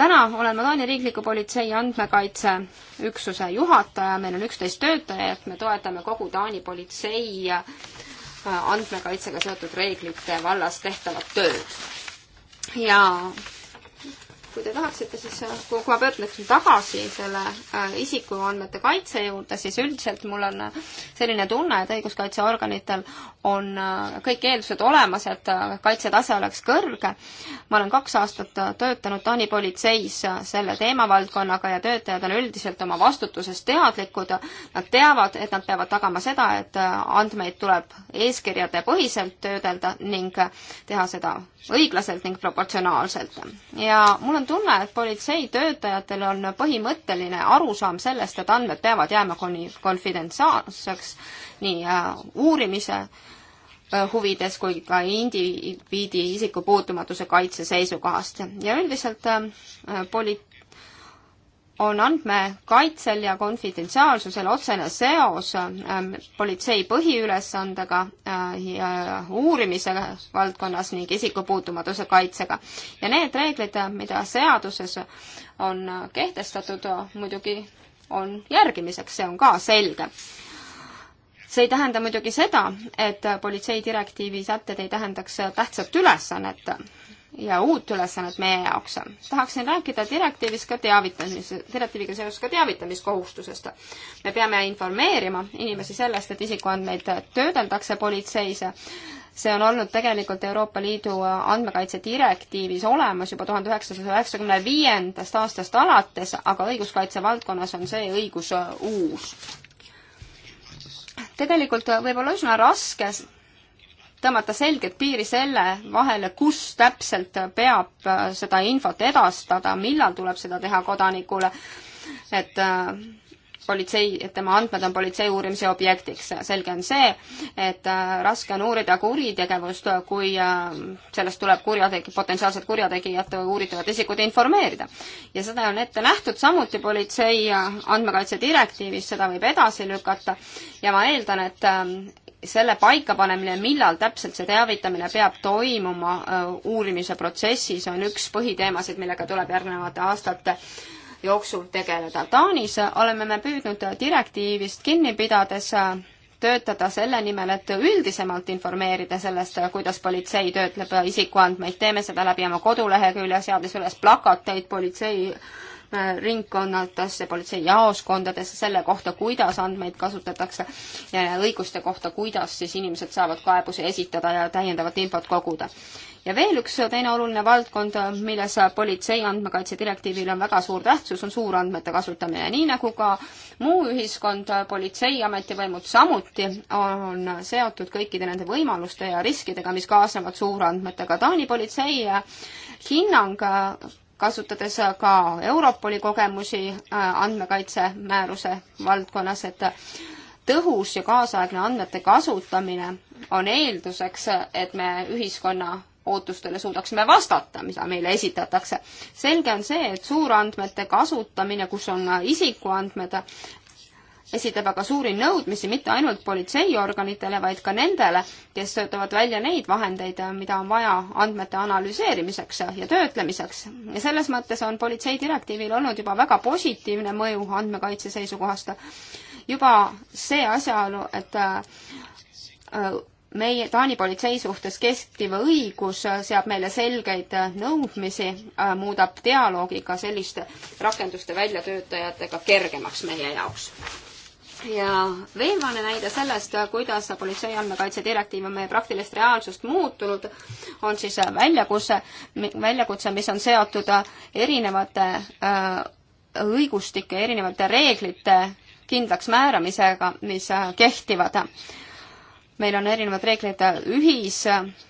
täna olen ma Taani riikliku politsei andmekaitseüksuse juhataja, meil on üksteist töötajat, me toetame kogu Taani politsei äh, andmekaitsega seotud reeglite vallas tehtavat tööd. ja kui te tahaksite, siis äh, kui ma pöörduksin tagasi selle äh, isikuandmete kaitse juurde, siis üldiselt mul on äh, selline tunne, et õiguskaitseorganitel on kõik eeldused olemas, et kaitsetase oleks kõrge. ma olen kaks aastat töötanud Taani politseis selle teemavaldkonnaga ja töötajad on üldiselt oma vastutusest teadlikud. Nad teavad, et nad peavad tagama seda, et andmeid tuleb eeskirjade põhiselt töödelda ning teha seda õiglaselt ning proportsionaalselt. ja mul on on tunne, et politseitöötajatel on põhimõtteline arusaam sellest, et andmed peavad jääma konfidentsiaalseks nii äh, uurimise äh, huvides kui ka indiviidi isikupuutumatuse kaitse seisukohast ja üldiselt äh, poli-, on andmekaitsel ja konfidentsiaalsusel otsene seos ähm, politsei põhiülesandega äh, ja uurimise valdkonnas ning isikupuutumatuse kaitsega. ja need reeglid, mida seaduses on kehtestatud, muidugi on järgimiseks, see on ka selge. see ei tähenda muidugi seda, et politseidirektiivi sätted ei tähendaks tähtsat ülesannet ja uut ülesannet meie jaoks. tahaksin rääkida direktiivis ka teavitamise, direktiiviga seoses ka teavitamiskohustusest. me peame informeerima inimesi sellest, et isikuandmeid töödeldakse politseis. see on olnud tegelikult Euroopa Liidu andmekaitse direktiivis olemas juba tuhande üheksasaja üheksakümne viiendast aastast alates, aga õiguskaitse valdkonnas on see õigus uus. tegelikult võib olla üsna raske tõmmata selget piiri selle vahele, kus täpselt peab äh, seda infot edastada, millal tuleb seda teha kodanikule, et äh, politsei, et tema andmed on politsei uurimise objektiks. selge on see, et äh, raske on uurida kuritegevust, kui sellest tuleb kurjategi-, potentsiaalset kurjategijat või uuritavat isikut informeerida. ja seda on ette nähtud samuti politsei andmekaitse direktiivis, seda võib edasi lükata ja ma eeldan, et selle paikapanemine, millal täpselt see teavitamine peab toimuma äh, uurimise protsessis, on üks põhiteemasid, millega tuleb järgnevate aastate jooksul tegeleda. Taanis oleme me püüdnud direktiivist kinni pidades töötada selle nimel, et üldisemalt informeerida sellest, kuidas politsei töötleb isikuandmeid, teeme seda läbi oma kodulehekülje, seades üles plakateid politsei Äh, ringkonnatesse, politseijaoskondadesse selle kohta, kuidas andmeid kasutatakse, õiguste kohta, kuidas siis inimesed saavad kaebusi esitada ja täiendavat infot koguda. ja veel üks teine oluline valdkond, milles politsei andmekaitse direktiivil on väga suur tähtsus, on suurandmete kasutamine. nii nagu ka muu ühiskond, politsei, ametivõimud samuti on seotud kõikide nende võimaluste ja riskidega, mis kaasnevad suurandmetega. Taani politsei hinnang kasutades ka Europoli kogemusi äh, andmekaitse määruse valdkonnas, et tõhus ja kaasaegne andmete kasutamine on eelduseks, et me ühiskonna ootustele suudaksime vastata, mida meile esitatakse. selge on see, et suurandmete kasutamine, kus on isikuandmed, esitab aga suuri nõudmisi mitte ainult politseiorganitele, vaid ka nendele, kes töötavad välja neid vahendeid, mida on vaja andmete analüseerimiseks ja töötlemiseks. ja selles mõttes on politseidirektiivil olnud juba väga positiivne mõju andmekaitse seisukohast. juba see asjaolu, et äh, meie Taani politsei suhtes kehtiv õigus seab meile selgeid nõudmisi, äh, muudab dialoogi ka selliste rakenduste väljatöötajatega kergemaks meie jaoks ja veelvane näide sellest, kuidas politsei andmekaitse direktiiv on meie praktilist reaalsust muutunud, on siis väljakutse, väljakutse, mis on seotud erinevate äh, õigustike, erinevate reeglite kindlaks määramisega, mis äh, kehtivad. meil on erinevad reeglid ühis-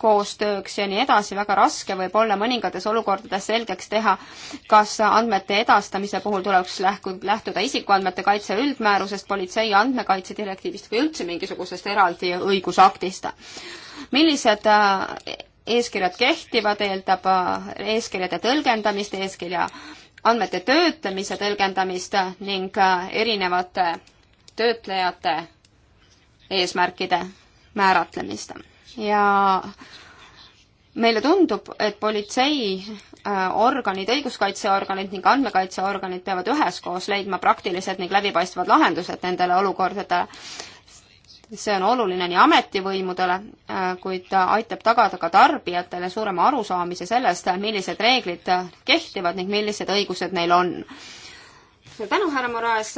koostööks ja nii edasi, väga raske võib olla mõningates olukordades selgeks teha, kas andmete edastamise puhul tuleks lähtu, lähtuda isikuandmete kaitse üldmäärusest, politsei andmekaitse direktiivist või üldse mingisugusest eraldi õigusaktist. millised äh, eeskirjad kehtivad, eeldab äh, eeskirjade tõlgendamist, eeskirja andmete töötlemise tõlgendamist ning äh, erinevate töötlejate eesmärkide määratlemist ja meile tundub, et politseiorganid, äh, õiguskaitseorganid ning andmekaitseorganid peavad üheskoos leidma praktilised ning läbipaistvad lahendused nendele olukordadele. see on oluline nii ametivõimudele, äh, kuid ta aitab tagada ka tarbijatele suurema arusaamise sellest, millised reeglid kehtivad ning millised õigused neil on suur tänu, härra Moraes,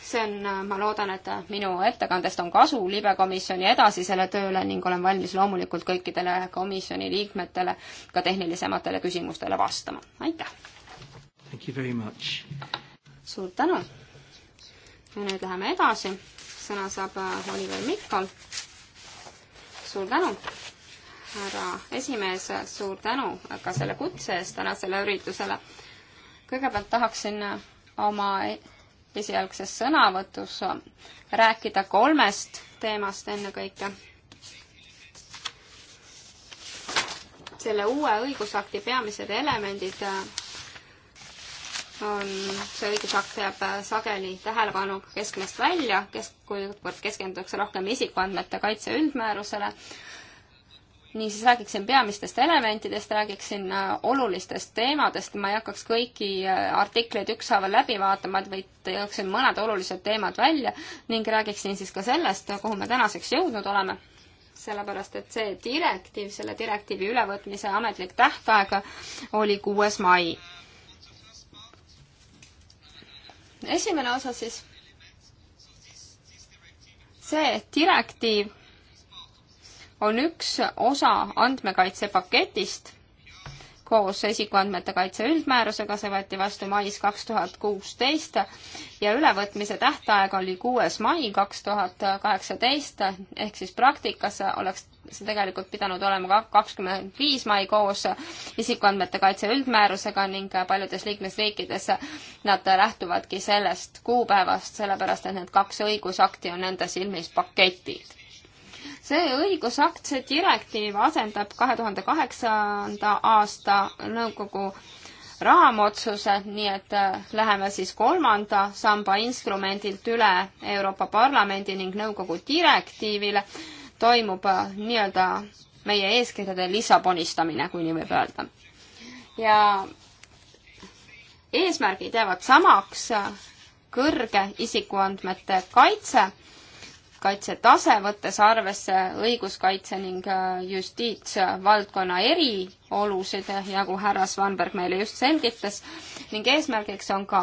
see on, ma loodan, et minu ettekandest on kasu libekomisjoni edasisele tööle ning olen valmis loomulikult kõikidele komisjoni liikmetele, ka tehnilisematele küsimustele vastama, aitäh! suur tänu! ja nüüd läheme edasi, sõna saab Oliver Mikkal. suur tänu! härra esimees, suur tänu ka selle kutse eest tänasele üritusele. kõigepealt tahaksin oma esialgses sõnavõtus rääkida kolmest teemast ennekõike. selle uue õigusakti peamised elemendid äh, on, see õigusakt jääb äh, sageli tähelepanu keskmest välja, kesk, kuivõrd keskendutakse rohkem isikuandmete kaitse üldmäärusele, niisiis räägiksin peamistest elementidest, räägiksin äh, olulistest teemadest, ma ei hakkaks kõiki äh, artikleid ükshaaval läbi vaatama, vaid jooksin mõned olulised teemad välja ning räägiksin siis ka sellest, kuhu me tänaseks jõudnud oleme. sellepärast, et see direktiiv, selle direktiivi ülevõtmise ametlik tähtaeg oli kuues mai. esimene osa siis, see direktiiv on üks osa andmekaitsepaketist koos isikuandmete kaitse üldmäärusega, see võeti vastu mais kaks tuhat kuusteist ja ülevõtmise tähtaeg oli kuues mai kaks tuhat kaheksateist, ehk siis praktikas oleks see tegelikult pidanud olema kakskümmend viis mai koos isikuandmete kaitse üldmäärusega ning paljudes liikmesriikides nad lähtuvadki sellest kuupäevast, sellepärast et need kaks õigusakti on nende silmis paketid see õigusakt, see direktiiv asendab kahe tuhande kaheksanda aasta nõukogu raamotsuse, nii et äh, läheme siis kolmanda samba instrumendilt üle Euroopa Parlamendi ning nõukogu direktiivile, toimub äh, nii-öelda meie eeskirjade lissabonistamine, kui nii võib öelda. ja eesmärgid jäävad samaks, äh, kõrge isikuandmete kaitse kaitsetase, võttes arvesse õiguskaitse ning äh, justiitsvaldkonna eriolusid, nagu härra Svanberg meile just selgitas, ning eesmärgiks on ka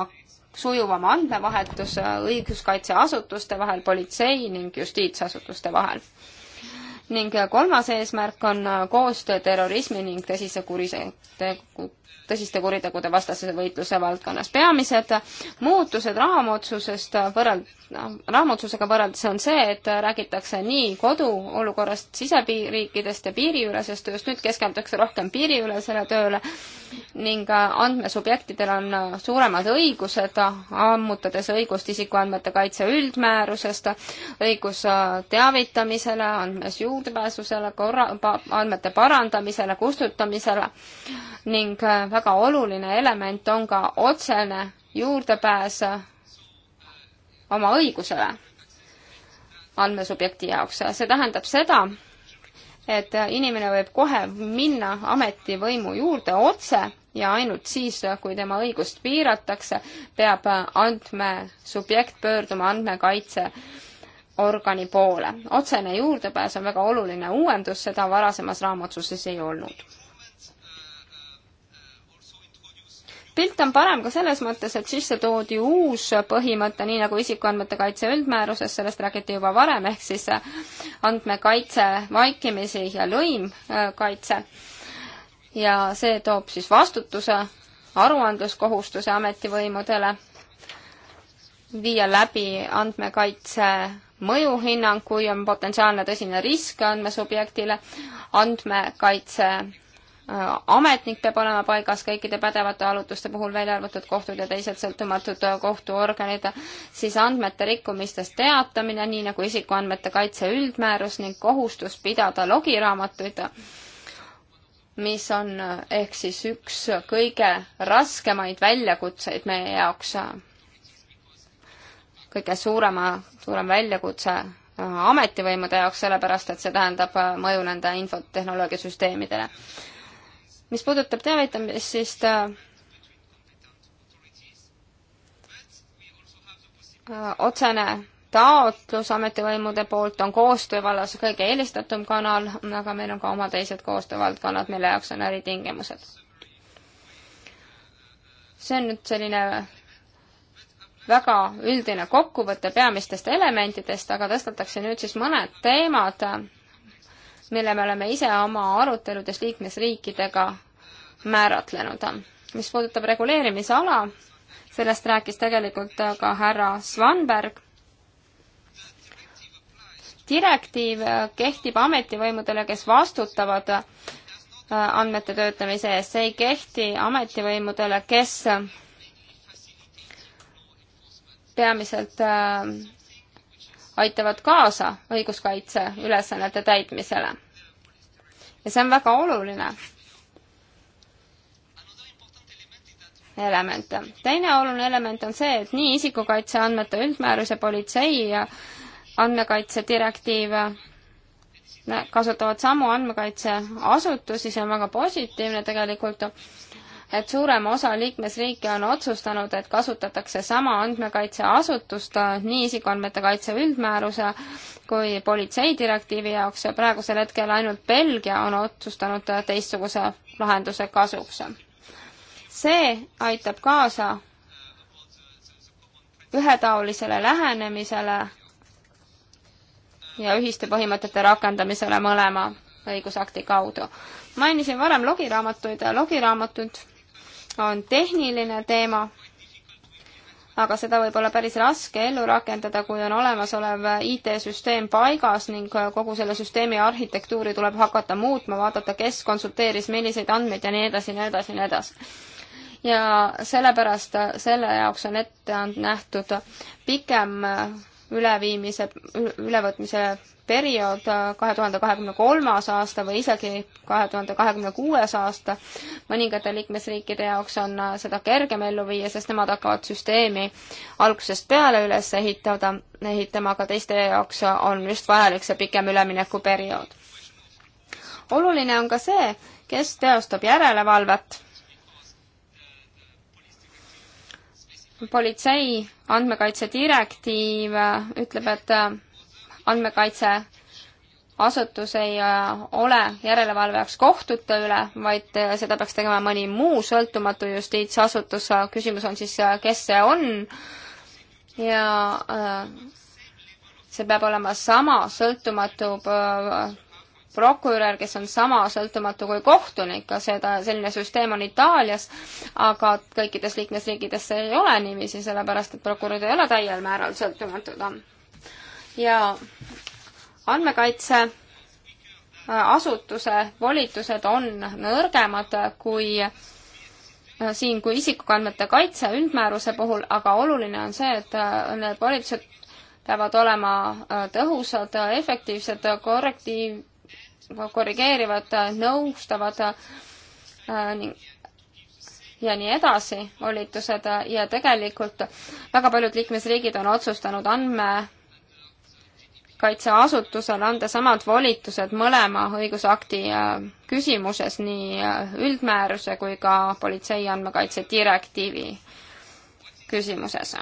sujuvam andmevahetus äh, õiguskaitseasutuste vahel, politsei ning justiitsasutuste vahel. ning äh, kolmas eesmärk on koostöö terrorismi ning tõsise kuritegu, tõsiste kuritegude vastase võitluse valdkonnas. peamised muutused raamotsusest võrreld-, noh, raamotsusega võrreldes on see, et räägitakse nii koduolukorrast, sisepiirriikidest ja piiriülesest tööst, nüüd keskendutakse rohkem piiriülesele tööle ning andmesubjektidel on suuremad õigused, ammutades õigust isikuandmete kaitse üldmäärusest, õigus teavitamisele, andmes juurdepääsusele, korra, andmete parandamisele, kustutamisele ning väga oluline element on ka otsene juurdepääs oma õigusele andmesubjekti jaoks. see tähendab seda, et inimene võib kohe minna ametivõimu juurde otse ja ainult siis, kui tema õigust piiratakse, peab andmesubjekt pöörduma andmekaitseorgani poole. otsene juurdepääs on väga oluline uuendus, seda varasemas raamotsuses ei olnud pilt on parem ka selles mõttes, et sisse toodi uus põhimõte, nii nagu isikuandmete kaitse üldmääruses, sellest räägiti juba varem, ehk siis äh, andmekaitse vaikimisi ja lõimkaitse. Äh, ja see toob siis vastutuse aruandluskohustuse ametivõimudele viia läbi andmekaitse mõjuhinnang, kui on potentsiaalne tõsine risk andmesubjektile, andmekaitse ametnik peab olema paigas kõikide pädevate allutuste puhul, välja arvatud kohtud ja teised sõltumatud äh, kohtuorganid, siis andmete rikkumistest teatamine, nii nagu isikuandmete kaitse üldmäärus ning kohustus pidada logiraamatuid, mis on äh, ehk siis üks kõige raskemaid väljakutseid meie jaoks, äh, kõige suurema, suurem väljakutse ametivõimude jaoks, sellepärast et see tähendab mõju nende infotehnoloogiasüsteemidele mis puudutab teavitamist, siis ta äh, otsene taotlus ametivõimude poolt on koostöö vallas kõige eelistatum kanal, aga meil on ka oma teised koostöövaldkonnad, mille jaoks on äritingimused. see on nüüd selline väga üldine kokkuvõte peamistest elementidest, aga tõstatakse nüüd siis mõned teemad, mille me oleme ise oma aruteludes liikmesriikidega määratlenud. mis puudutab reguleerimisala, sellest rääkis tegelikult ka härra Svanberg. direktiiv kehtib ametivõimudele, kes vastutavad äh, andmete töötlemise eest, see ei kehti ametivõimudele, kes peamiselt äh, aitavad kaasa õiguskaitse ülesannete täitmisele. ja see on väga oluline element. teine oluline element on see, et nii isikukaitseandmete üldmääruse politsei ja andmekaitse direktiiv kasutavad samu andmekaitseasutusi, see on väga positiivne tegelikult, et suurem osa liikmesriike on otsustanud, et kasutatakse sama andmekaitseasutust nii isikuandmete kaitse üldmääruse kui politsei direktiivi jaoks ja praegusel hetkel ainult Belgia on otsustanud teistsuguse lahenduse kasuks see aitab kaasa ühetaolisele lähenemisele ja ühiste põhimõtete rakendamisele mõlema õigusakti kaudu. mainisin varem logiraamatuid ja logiraamatud on tehniline teema, aga seda võib olla päris raske ellu rakendada, kui on olemasolev IT-süsteem paigas ning kogu selle süsteemi arhitektuuri tuleb hakata muutma, vaadata, kes konsulteeris milliseid andmeid ja nii edasi ja nii edasi ja nii edasi ja sellepärast selle jaoks on ette nähtud pikem äh, üleviimise, ülevõtmise periood äh, kahe tuhande kahekümne kolmas aasta või isegi kahe tuhande kahekümne kuues aasta. mõningate liikmesriikide jaoks on äh, seda kergem ellu viia, sest nemad hakkavad süsteemi algusest peale üles ehitada, ehitama, aga teiste jaoks on just vajalik see pikem üleminekuperiood. oluline on ka see, kes teostab järelevalvet politsei andmekaitse direktiiv äh, ütleb, et äh, andmekaitse asutus ei äh, ole järelevalvajaks kohtute üle, vaid seda peaks tegema mõni muu sõltumatu justiitsasutus, küsimus on siis, kes see on ja see peab olema sama sõltumatu prokurör, kes on sama sõltumatu kui kohtunik, seda, selline süsteem on Itaalias, aga kõikides liikmesriikides see ei ole niiviisi, sellepärast et prokurörid ei ole täiel määral sõltumatud. ja andmekaitse äh, asutuse volitused on nõrgemad kui äh, siin kui isikuandmete kaitse üldmääruse puhul, aga oluline on see, et äh, need volitused peavad olema tõhusad, efektiivsed, korrektiiv, korrigeerivad, nõustavad äh, ja nii edasi volitused ja tegelikult väga paljud liikmesriigid on otsustanud andmekaitseasutusele anda samad volitused mõlema õigusakti äh, küsimuses, nii äh, üldmääruse kui ka politsei andmekaitse direktiivi küsimuses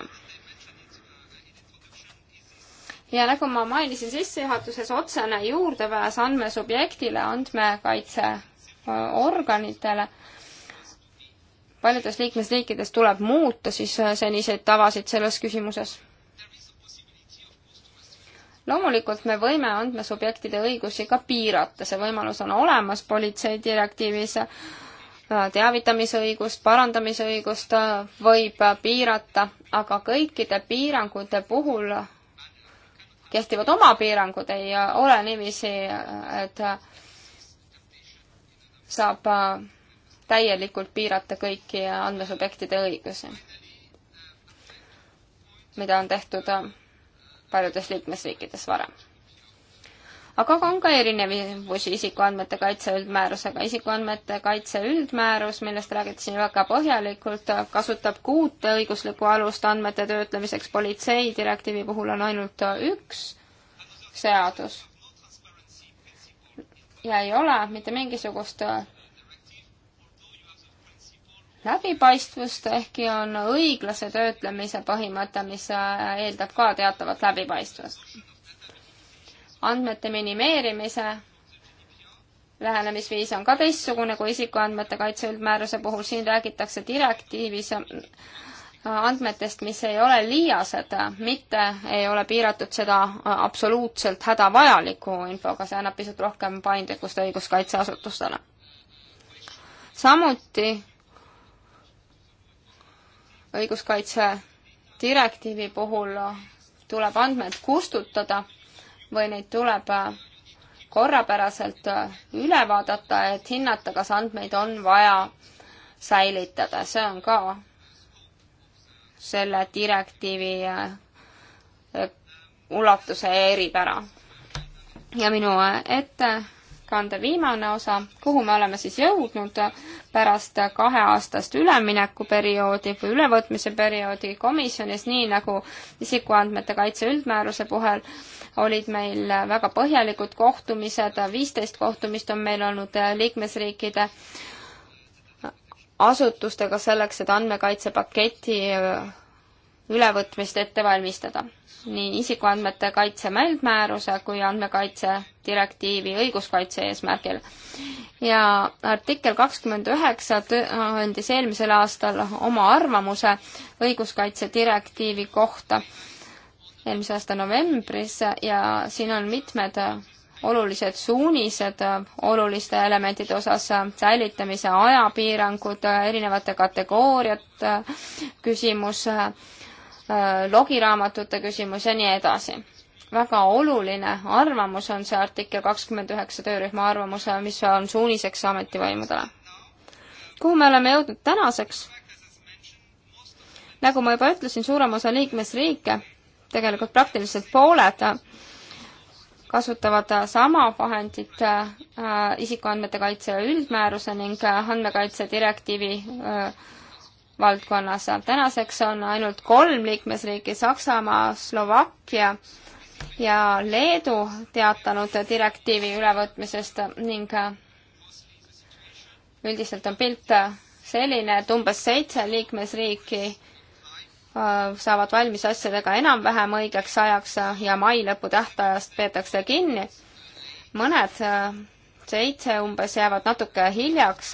ja nagu ma mainisin sissejuhatuses, otsene juurdepääs andmesubjektile, andmekaitseorganitele, paljudes liikmesriikides tuleb muuta siis seniseid tavasid selles küsimuses. loomulikult me võime andmesubjektide õigusi ka piirata, see võimalus on olemas politsei direktiivis, teavitamisõigust, parandamisõigust võib piirata, aga kõikide piirangute puhul kehtivad oma piirangud, ei ole niiviisi, et saab äh, täielikult piirata kõiki andmesubjektide õigusi, mida on tehtud äh, paljudes liikmesriikides varem aga on ka erinevusi isikuandmete kaitse üldmäärusega. isikuandmete kaitse üldmäärus, millest räägiti siin väga põhjalikult, kasutab kuut õiguslikku alust andmete töötlemiseks. politseidirektiivi puhul on ainult üks seadus ja ei ole mitte mingisugust läbipaistvust, ehkki on õiglase töötlemise põhimõte, mis eeldab ka teatavat läbipaistvust andmete minimeerimise lähenemisviis on ka teistsugune kui isikuandmete kaitse üldmääruse puhul, siin räägitakse direktiivis äh, andmetest, mis ei ole liiased, mitte ei ole piiratud seda äh, absoluutselt hädavajaliku infoga, see annab pisut rohkem paindlikkust õiguskaitseasutustele. samuti õiguskaitse direktiivi puhul tuleb andmed kustutada või neid tuleb äh, korrapäraselt äh, üle vaadata, et hinnata, kas andmeid on vaja säilitada, see on ka selle direktiivi äh, ulatuse eripära. ja minu ette aruande viimane osa, kuhu me oleme siis jõudnud pärast kaheaastast üleminekuperioodi või ülevõtmise perioodi komisjonis, nii nagu isikuandmete kaitse üldmääruse puhul olid meil väga põhjalikud kohtumised, viisteist kohtumist on meil olnud liikmesriikide asutustega selleks, et andmekaitsepaketi ülevõtmist ette valmistada. nii isikuandmete kaitse määruse kui andmekaitse direktiivi õiguskaitse eesmärgil. ja artikkel kakskümmend üheksa andis eelmisel aastal oma arvamuse õiguskaitse direktiivi kohta eelmise aasta novembris ja siin on mitmed olulised suunised oluliste elementide osas, säilitamise ajapiirangud, erinevate kategooriate küsimus, Äh, logiraamatute küsimus ja nii edasi. väga oluline arvamus on see artikkel kakskümmend üheksa töörühma arvamus, mis on suuniseks ametivõimudele. kuhu me oleme jõudnud tänaseks? nagu ma juba ütlesin, suurem osa liikmesriike, tegelikult praktiliselt pooled, kasutavad sama vahendit äh, isikuandmete kaitse üldmääruse ning andmekaitse direktiivi äh, valdkonnas. tänaseks on ainult kolm liikmesriiki, Saksamaa, Slovakkia ja Leedu teatanud direktiivi ülevõtmisest ning äh, üldiselt on pilt äh, selline, et umbes seitse liikmesriiki äh, saavad valmis asjadega enam-vähem õigeks ajaks ja mai lõpu tähtajast peetakse kinni. mõned seitse umbes jäävad natuke hiljaks,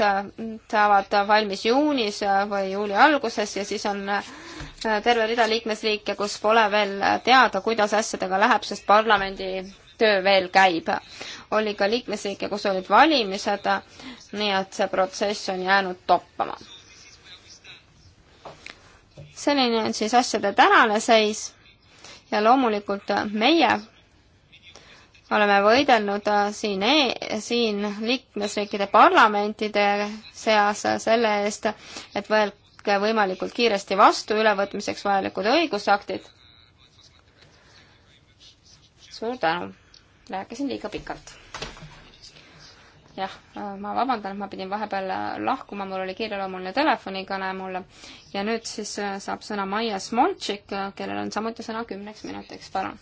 saavad valmis juunis või juuli alguses ja siis on äh, terve rida liikmesriike, kus pole veel teada, kuidas asjadega läheb, sest parlamendi töö veel käib. oli ka liikmesriike, kus olid valimised, nii et see protsess on jäänud toppama. selline on siis asjade tänane seis ja loomulikult meie oleme võidelnud äh, siin e, siin liikmesriikide parlamentide seas selle eest, et võelge võimalikult kiiresti vastu ülevõtmiseks vajalikud õigusaktid. suur tänu, rääkisin liiga pikalt. jah, äh, ma vabandan, et ma pidin vahepeal äh, lahkuma, mul oli kiireloomuline telefonikõne mulle ja nüüd siis saab sõna Maia Smoltšik, kellel on samuti sõna kümneks minutiks, palun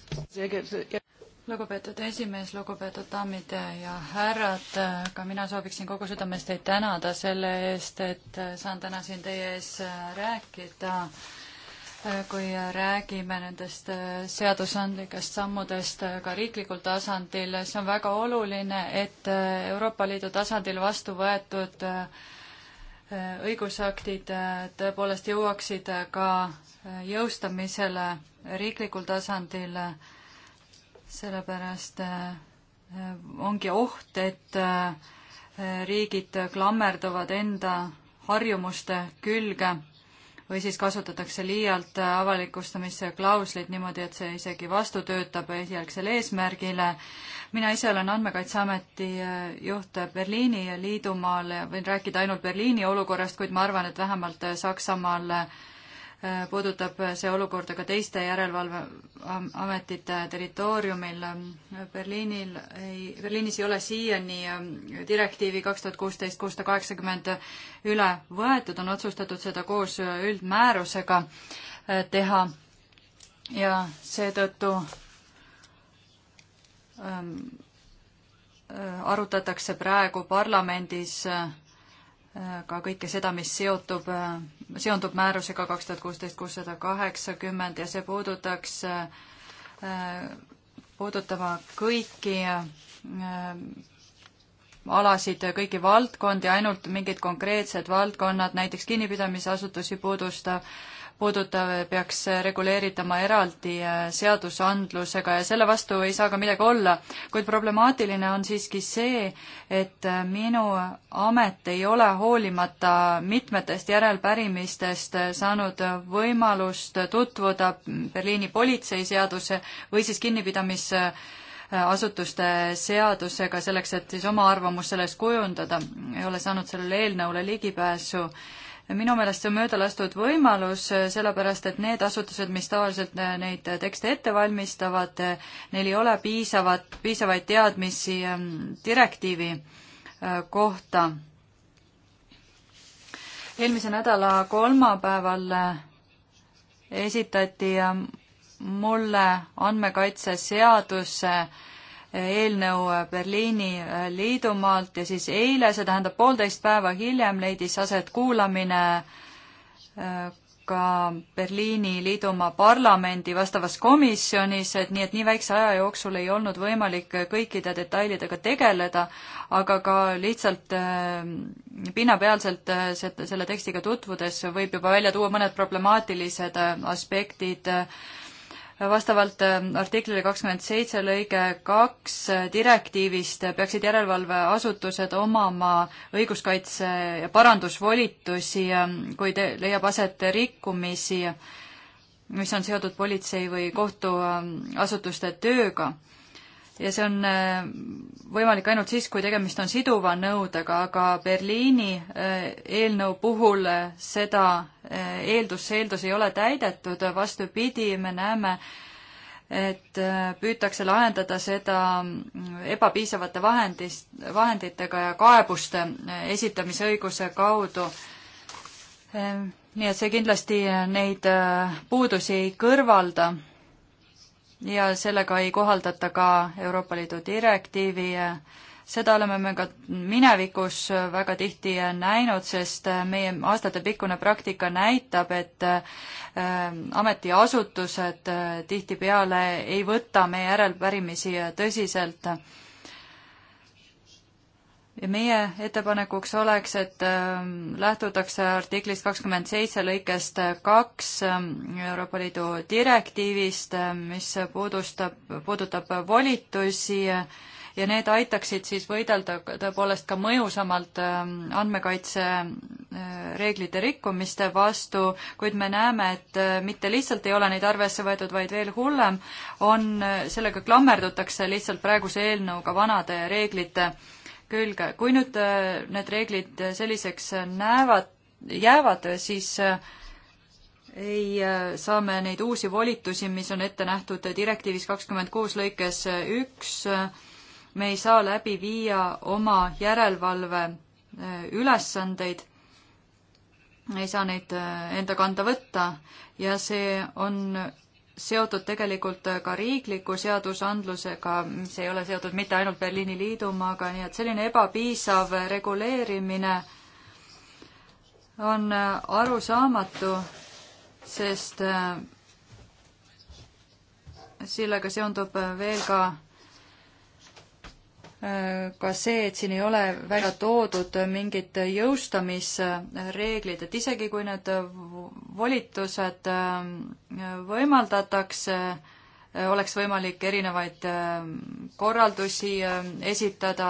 lugupeetud esimees, lugupeetud daamid ja härrad, ka mina sooviksin kogu südamest teid tänada selle eest, et saan täna siin teie ees rääkida, kui räägime nendest seadusandlikest sammudest ka riiklikul tasandil. see on väga oluline, et Euroopa Liidu tasandil vastu võetud õigusaktid tõepoolest jõuaksid ka jõustamisele riiklikul tasandil sellepärast äh, ongi oht, et äh, riigid klammerduvad enda harjumuste külge või siis kasutatakse liialt avalikustamise klauslit niimoodi, et see isegi vastu töötab esialgsele eesmärgile. mina ise olen Andmekaitseameti äh, juht Berliini ja Liidumaal ja võin rääkida ainult Berliini olukorrast, kuid ma arvan, et vähemalt Saksamaal Äh, puudutab see olukorda ka teiste järelevalveametite territooriumil. Berliinil ei, Berliinis ei ole siiani äh, direktiivi kaks tuhat kuusteist kuussada kaheksakümmend üle võetud, on otsustatud seda koos äh, üldmäärusega teha ja seetõttu ähm, arutatakse praegu parlamendis äh, ka kõike seda, mis seotub, seondub määrusega kaks tuhat kuusteist kuussada kaheksakümmend ja see puudutaks, puudutama kõiki alasid, kõiki valdkondi, ainult mingid konkreetsed valdkonnad, näiteks kinnipidamisasutusi puudustav puudutav peaks reguleeritama eraldi äh, seadusandlusega ja selle vastu ei saa ka midagi olla, kuid problemaatiline on siiski see, et äh, minu amet ei ole hoolimata mitmetest järelpärimistest äh, saanud võimalust tutvuda Berliini politseiseaduse või siis kinnipidamise asutuste seadusega selleks, et siis oma arvamust sellest kujundada, ei ole saanud sellele eelnõule ligipääsu minu meelest see on möödalastud võimalus, sellepärast et need asutused, mis tavaliselt äh, neid äh, tekste ette valmistavad, äh, neil ei ole piisavat, piisavaid teadmisi ähm, direktiivi kohta. eelmise nädala kolmapäeval esitati mulle andmekaitseseaduse eelnõu Berliini äh, liidumaalt ja siis eile, see tähendab poolteist päeva hiljem, leidis aset kuulamine äh, ka Berliini liidumaa parlamendi vastavas komisjonis, et nii, et nii väikse aja jooksul ei olnud võimalik kõikide detailidega tegeleda, aga ka lihtsalt äh, pinnapealselt selle tekstiga tutvudes võib juba välja tuua mõned problemaatilised aspektid äh, vastavalt äh, artiklile kakskümmend seitse lõige kaks äh, direktiivist peaksid järelevalveasutused omama õiguskaitse ja parandusvolitusi, ähm, kui te-, leiab aset rikkumisi, mis on seotud politsei või kohtuasutuste tööga ja see on äh, võimalik ainult siis, kui tegemist on siduva nõudega, aga Berliini äh, eelnõu puhul äh, seda eeldus, see eeldus ei ole täidetud, vastupidi, me näeme, et püütakse lahendada seda ebapiisavate vahendist, vahenditega ja kaebuste esitamise õiguse kaudu nii et see kindlasti neid puudusi ei kõrvalda ja sellega ei kohaldata ka Euroopa Liidu direktiivi. seda oleme me ka minevikus väga tihti näinud, sest meie aastatepikkune praktika näitab, et ähm, ametiasutused äh, tihtipeale ei võta meie järelpärimisi tõsiselt ja meie ettepanekuks oleks, et ähm, lähtutakse artiklist kakskümmend seitse lõikest kaks ähm, Euroopa Liidu direktiivist, ähm, mis puudustab, puudutab volitusi ja need aitaksid siis võidelda tõepoolest ka mõjusamalt andmekaitse äh, reeglite rikkumiste vastu, kuid me näeme, et äh, mitte lihtsalt ei ole neid arvesse võetud, vaid veel hullem, on, äh, sellega klammerdutakse lihtsalt praeguse eelnõuga vanade reeglite külge. kui nüüd äh, need reeglid selliseks näevad, jäävad, siis äh, ei äh, saa me neid uusi volitusi, mis on ette nähtud direktiivis kakskümmend kuus lõikes üks, me ei saa läbi viia oma järelevalve ülesandeid, ei saa neid enda kanda võtta ja see on seotud tegelikult äh, ka riikliku seadusandlusega, mis ei ole seotud mitte ainult Berliini liidumaaga, nii et selline ebapiisav reguleerimine on äh, arusaamatu, sest äh, sellega seondub veel ka ka see, et siin ei ole välja toodud mingit jõustamisreeglid, et isegi kui need volitused ähm, võimaldatakse, äh, oleks võimalik erinevaid ähm, korraldusi ähm, esitada,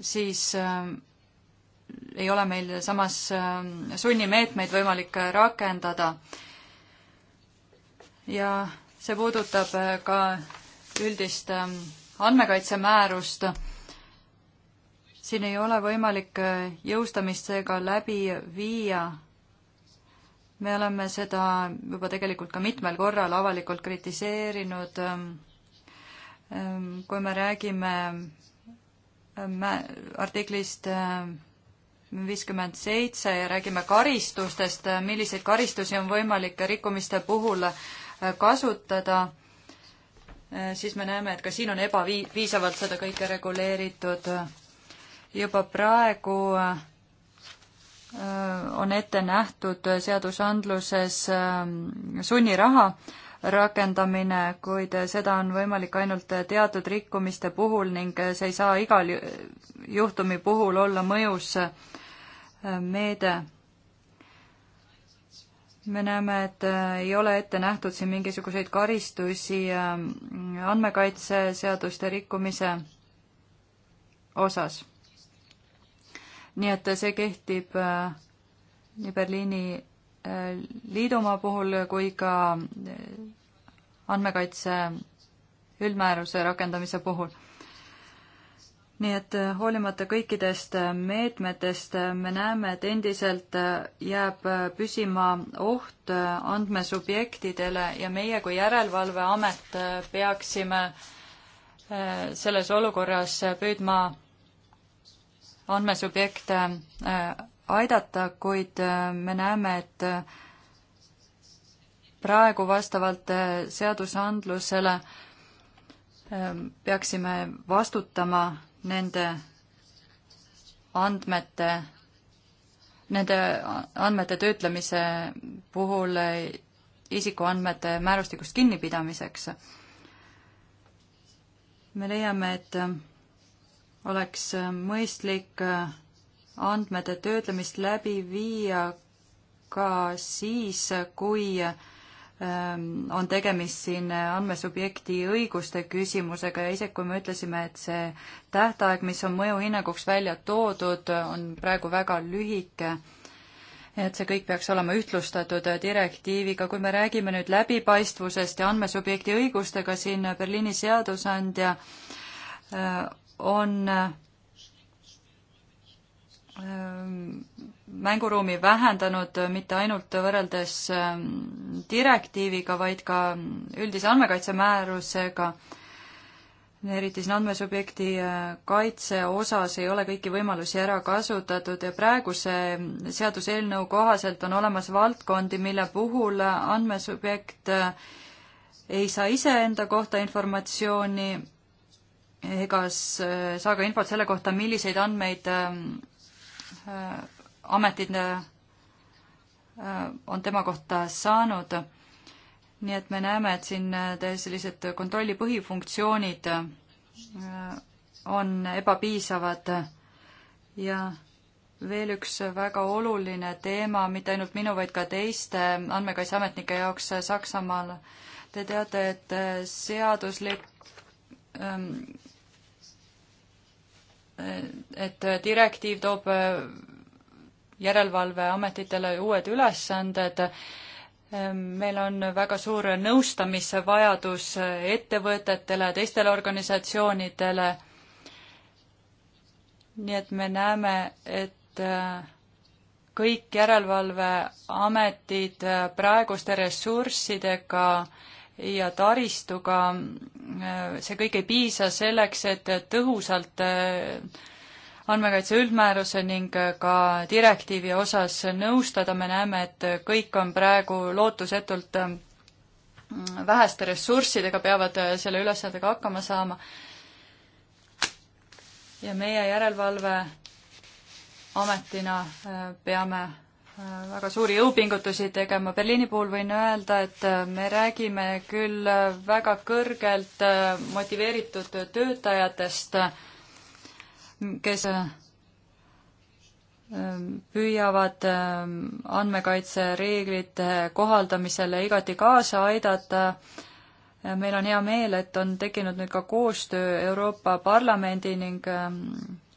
siis ei ole meil samas sunnimeetmeid võimalik rakendada. ja see puudutab äh, ka üldist andmekaitsemäärust. siin ei ole võimalik äh, jõustamist seega läbi viia. me oleme seda juba tegelikult ka mitmel korral avalikult kritiseerinud. Ähm, ähm, kui me räägime äh, artiklist äh, viiskümmend seitse ja räägime karistustest, milliseid karistusi on võimalik rikkumiste puhul kasutada Eh, siis me näeme, et ka siin on ebapiisavalt seda kõike reguleeritud. juba praegu eh, on ette nähtud seadusandluses eh, sunniraha rakendamine, kuid seda on võimalik ainult teatud rikkumiste puhul ning see ei saa igal juhtumi puhul olla mõjus meede me näeme, et äh, ei ole ette nähtud siin mingisuguseid karistusi ähm, andmekaitseseaduste rikkumise osas. nii et see kehtib äh, nii Berliini äh, liidumaa puhul kui ka andmekaitse üldmääruse rakendamise puhul nii et äh, hoolimata kõikidest äh, meetmetest äh, me näeme, et endiselt jääb püsima oht andmesubjektidele ja meie kui Järelevalveamet peaksime selles olukorras püüdma andmesubjekte aidata, kuid me näeme, et praegu vastavalt seadusandlusele peaksime vastutama nende andmete, nende andmete töötlemise puhul isikuandmete määrustikust kinnipidamiseks. me leiame, et oleks mõistlik andmete töötlemist läbi viia ka siis, kui Ehm, on tegemist siin andmesubjekti õiguste küsimusega ja isegi kui me ütlesime, et see tähtaeg, mis on mõjuhinnanguks välja toodud, on praegu väga lühike, et see kõik peaks olema ühtlustatud direktiiviga, kui me räägime nüüd läbipaistvusest ja andmesubjekti õigustega, siin Berliini seadusandja ehm, on ehm, mänguruumi vähendanud äh, mitte ainult võrreldes ähm, direktiiviga, vaid ka äh, üldise andmekaitsemäärusega. eriti siin andmesubjekti äh, kaitse osas ei ole kõiki võimalusi ära kasutatud ja praeguse seaduseelnõu kohaselt on olemas valdkondi, mille puhul andmesubjekt ei saa iseenda kohta informatsiooni ega saa ka infot selle kohta, milliseid andmeid ametid äh, on tema kohta saanud. nii et me näeme, et siin äh, sellised kontrolli põhifunktsioonid äh, on ebapiisavad ja veel üks väga oluline teema, mitte ainult minu, vaid ka teiste andmekaitseametnike jaoks Saksamaal. Te teate, et seaduslik ähm, et direktiiv toob järelevalveametitele uued ülesanded. meil on väga suur nõustamise vajadus ettevõtetele, teistele organisatsioonidele. nii et me näeme, et kõik järelevalveametid praeguste ressurssidega ja taristuga, see kõik ei piisa selleks, et tõhusalt andmekaitse üldmääruse ning äh, ka direktiivi osas nõustada, me näeme, et kõik on praegu lootusetult ähm, väheste ressurssidega, peavad äh, selle ülesandega hakkama saama. ja meie järelevalveametina äh, peame väga suuri jõupingutusi tegema. Berliini puhul võin öelda, et me räägime küll väga kõrgelt motiveeritud töötajatest, kes äh, püüavad äh, andmekaitsereeglite kohaldamisele igati kaasa aidata. meil on hea meel, et on tekkinud nüüd ka koostöö Euroopa Parlamendi ning äh,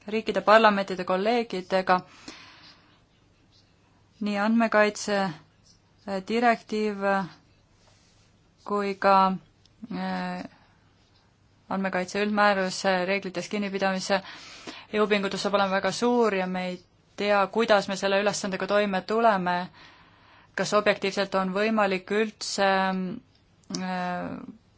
riikide parlamentide kolleegidega. nii andmekaitse direktiiv kui ka andmekaitse üldmääruse reeglitest kinnipidamise äh, jõupingutus saab olema väga suur ja me ei tea, kuidas me selle ülesandega toime tuleme. kas objektiivselt on võimalik üldse, äh,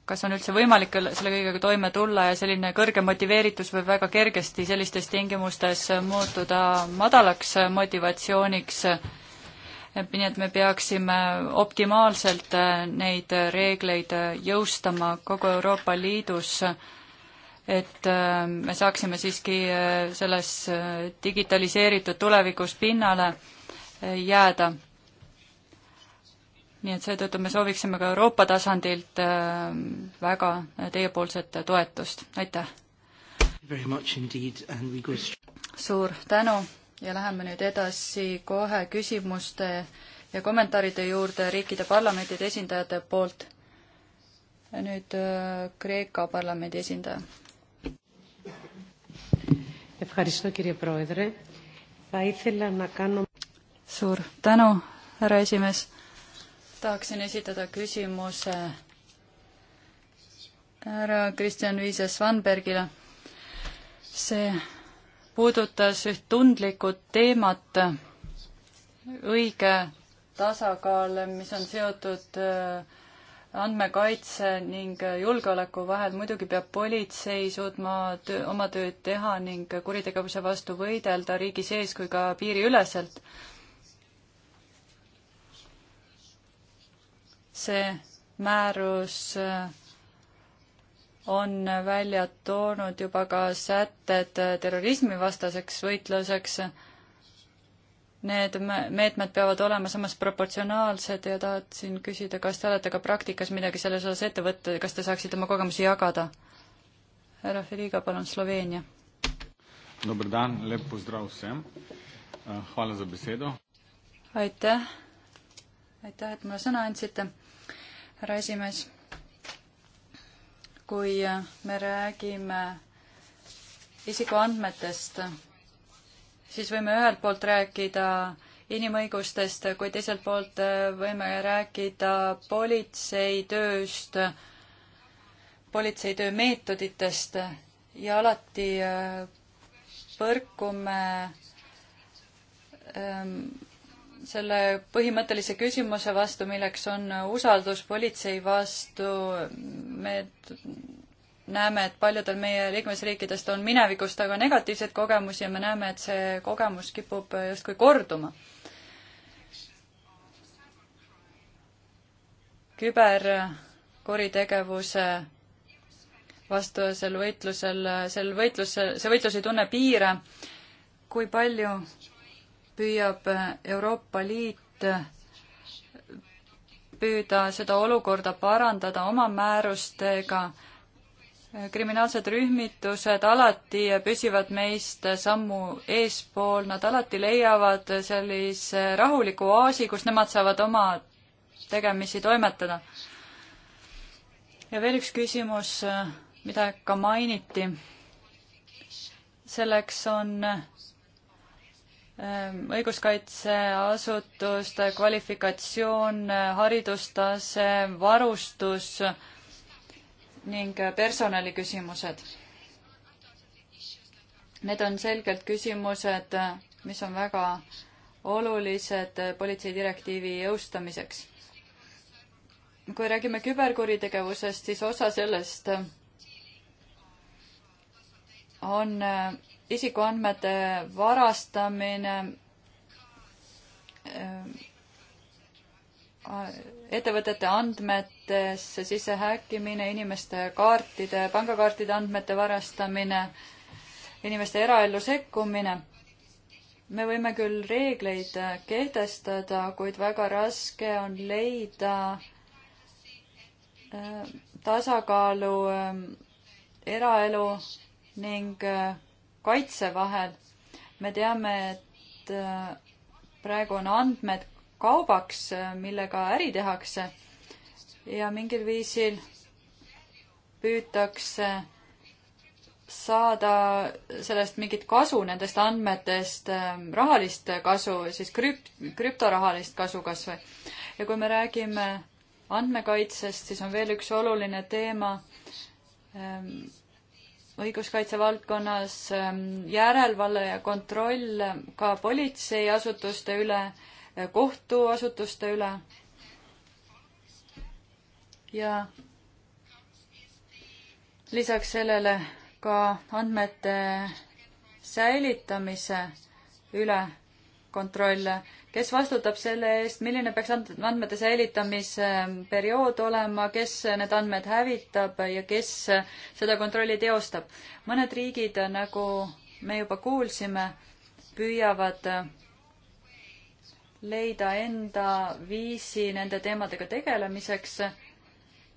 kas on üldse võimalik selle kõigega toime tulla ja selline kõrge motiveeritus võib väga kergesti sellistes tingimustes muutuda madalaks motivatsiooniks et nii, et me peaksime optimaalselt neid reegleid jõustama kogu Euroopa Liidus et äh, me saaksime siiski äh, selles äh, digitaliseeritud tulevikus pinnale jääda. nii et seetõttu me sooviksime ka Euroopa tasandilt väga teiepoolset toetust, aitäh! suur tänu ja läheme nüüd edasi kohe küsimuste ja kommentaaride juurde riikide parlamentide esindajate poolt. nüüd Kreeka parlamendi esindaja suur tänu, härra esimees. tahaksin esitada küsimuse härra Kristjan Viise Svanbergile. see puudutas üht tundlikku teemat, õige tasakaal, mis on seotud äh, andmekaitse ning julgeoleku vahel. muidugi peab politsei suutma töö, oma tööd teha ning kuritegevuse vastu võidelda riigi sees kui ka piiriüleselt. see määrus äh, on välja toonud juba ka sätted äh, terrorismivastaseks võitluseks need meetmed peavad olema samas proportsionaalsed ja tahtsin küsida, kas te olete ka praktikas midagi selles osas ette võtta, kas te saaksite oma kogemusi jagada? härra Feliga, palun, Sloveenia. Dober dan, lep pozdrav vsem. Eh, hvala za besedo. aitäh. aitäh, et mulle sõna andsite, härra esimees. kui me räägime isikuandmetest, siis võime ühelt poolt rääkida inimõigustest, kuid teiselt poolt äh, võime rääkida politseitööst, politseitöö meetoditest ja alati äh, põrkume ähm, selle põhimõttelise küsimuse vastu, milleks on usaldus politsei vastu, me näeme, et paljudel meie liikmesriikidest on minevikust väga negatiivseid kogemusi ja me näeme, et see kogemus kipub justkui korduma. küberkuritegevuse vastasel võitlusel, sel võitlusel, see võitlus ei tunne piire. kui palju püüab Euroopa Liit püüda seda olukorda parandada oma määrustega kriminaalsed rühmitused alati püsivad meist sammu eespool, nad alati leiavad sellise rahuliku oaasi, kus nemad saavad oma tegemisi toimetada. ja veel üks küsimus, mida ka mainiti. selleks on ähm, õiguskaitseasutuste kvalifikatsioon, haridustase, varustus ning äh, personaliküsimused. Need on selgelt küsimused, äh, mis on väga olulised äh, politseidirektiivi jõustamiseks. kui räägime küberkuritegevusest, siis osa sellest on isikuandmete varastamine ettevõtete andmetesse sisehäkkimine, inimeste kaartide, pangakaartide andmete varastamine, inimeste eraellu sekkumine. me võime küll reegleid kehtestada, kuid väga raske on leida äh, tasakaalu äh, eraelu ning äh, kaitse vahel. me teame, et praegu on andmed kaubaks, millega äri tehakse ja mingil viisil püütakse saada sellest mingit kasu, nendest andmetest rahalist kasu, siis krüpt-, krüptorahalist kasu kas või. ja kui me räägime andmekaitsest, siis on veel üks oluline teema ehm, õiguskaitse valdkonnas ehm, järelevalve ja kontroll ka politseiasutuste üle kohtuasutuste üle. ja lisaks sellele ka andmete säilitamise üle kontrolle, kes vastutab selle eest, milline peaks andmete säilitamise ähm, periood olema, kes need andmed hävitab ja kes äh, seda kontrolli teostab. mõned riigid, nagu me juba kuulsime, püüavad äh, leida enda viisi nende teemadega tegelemiseks,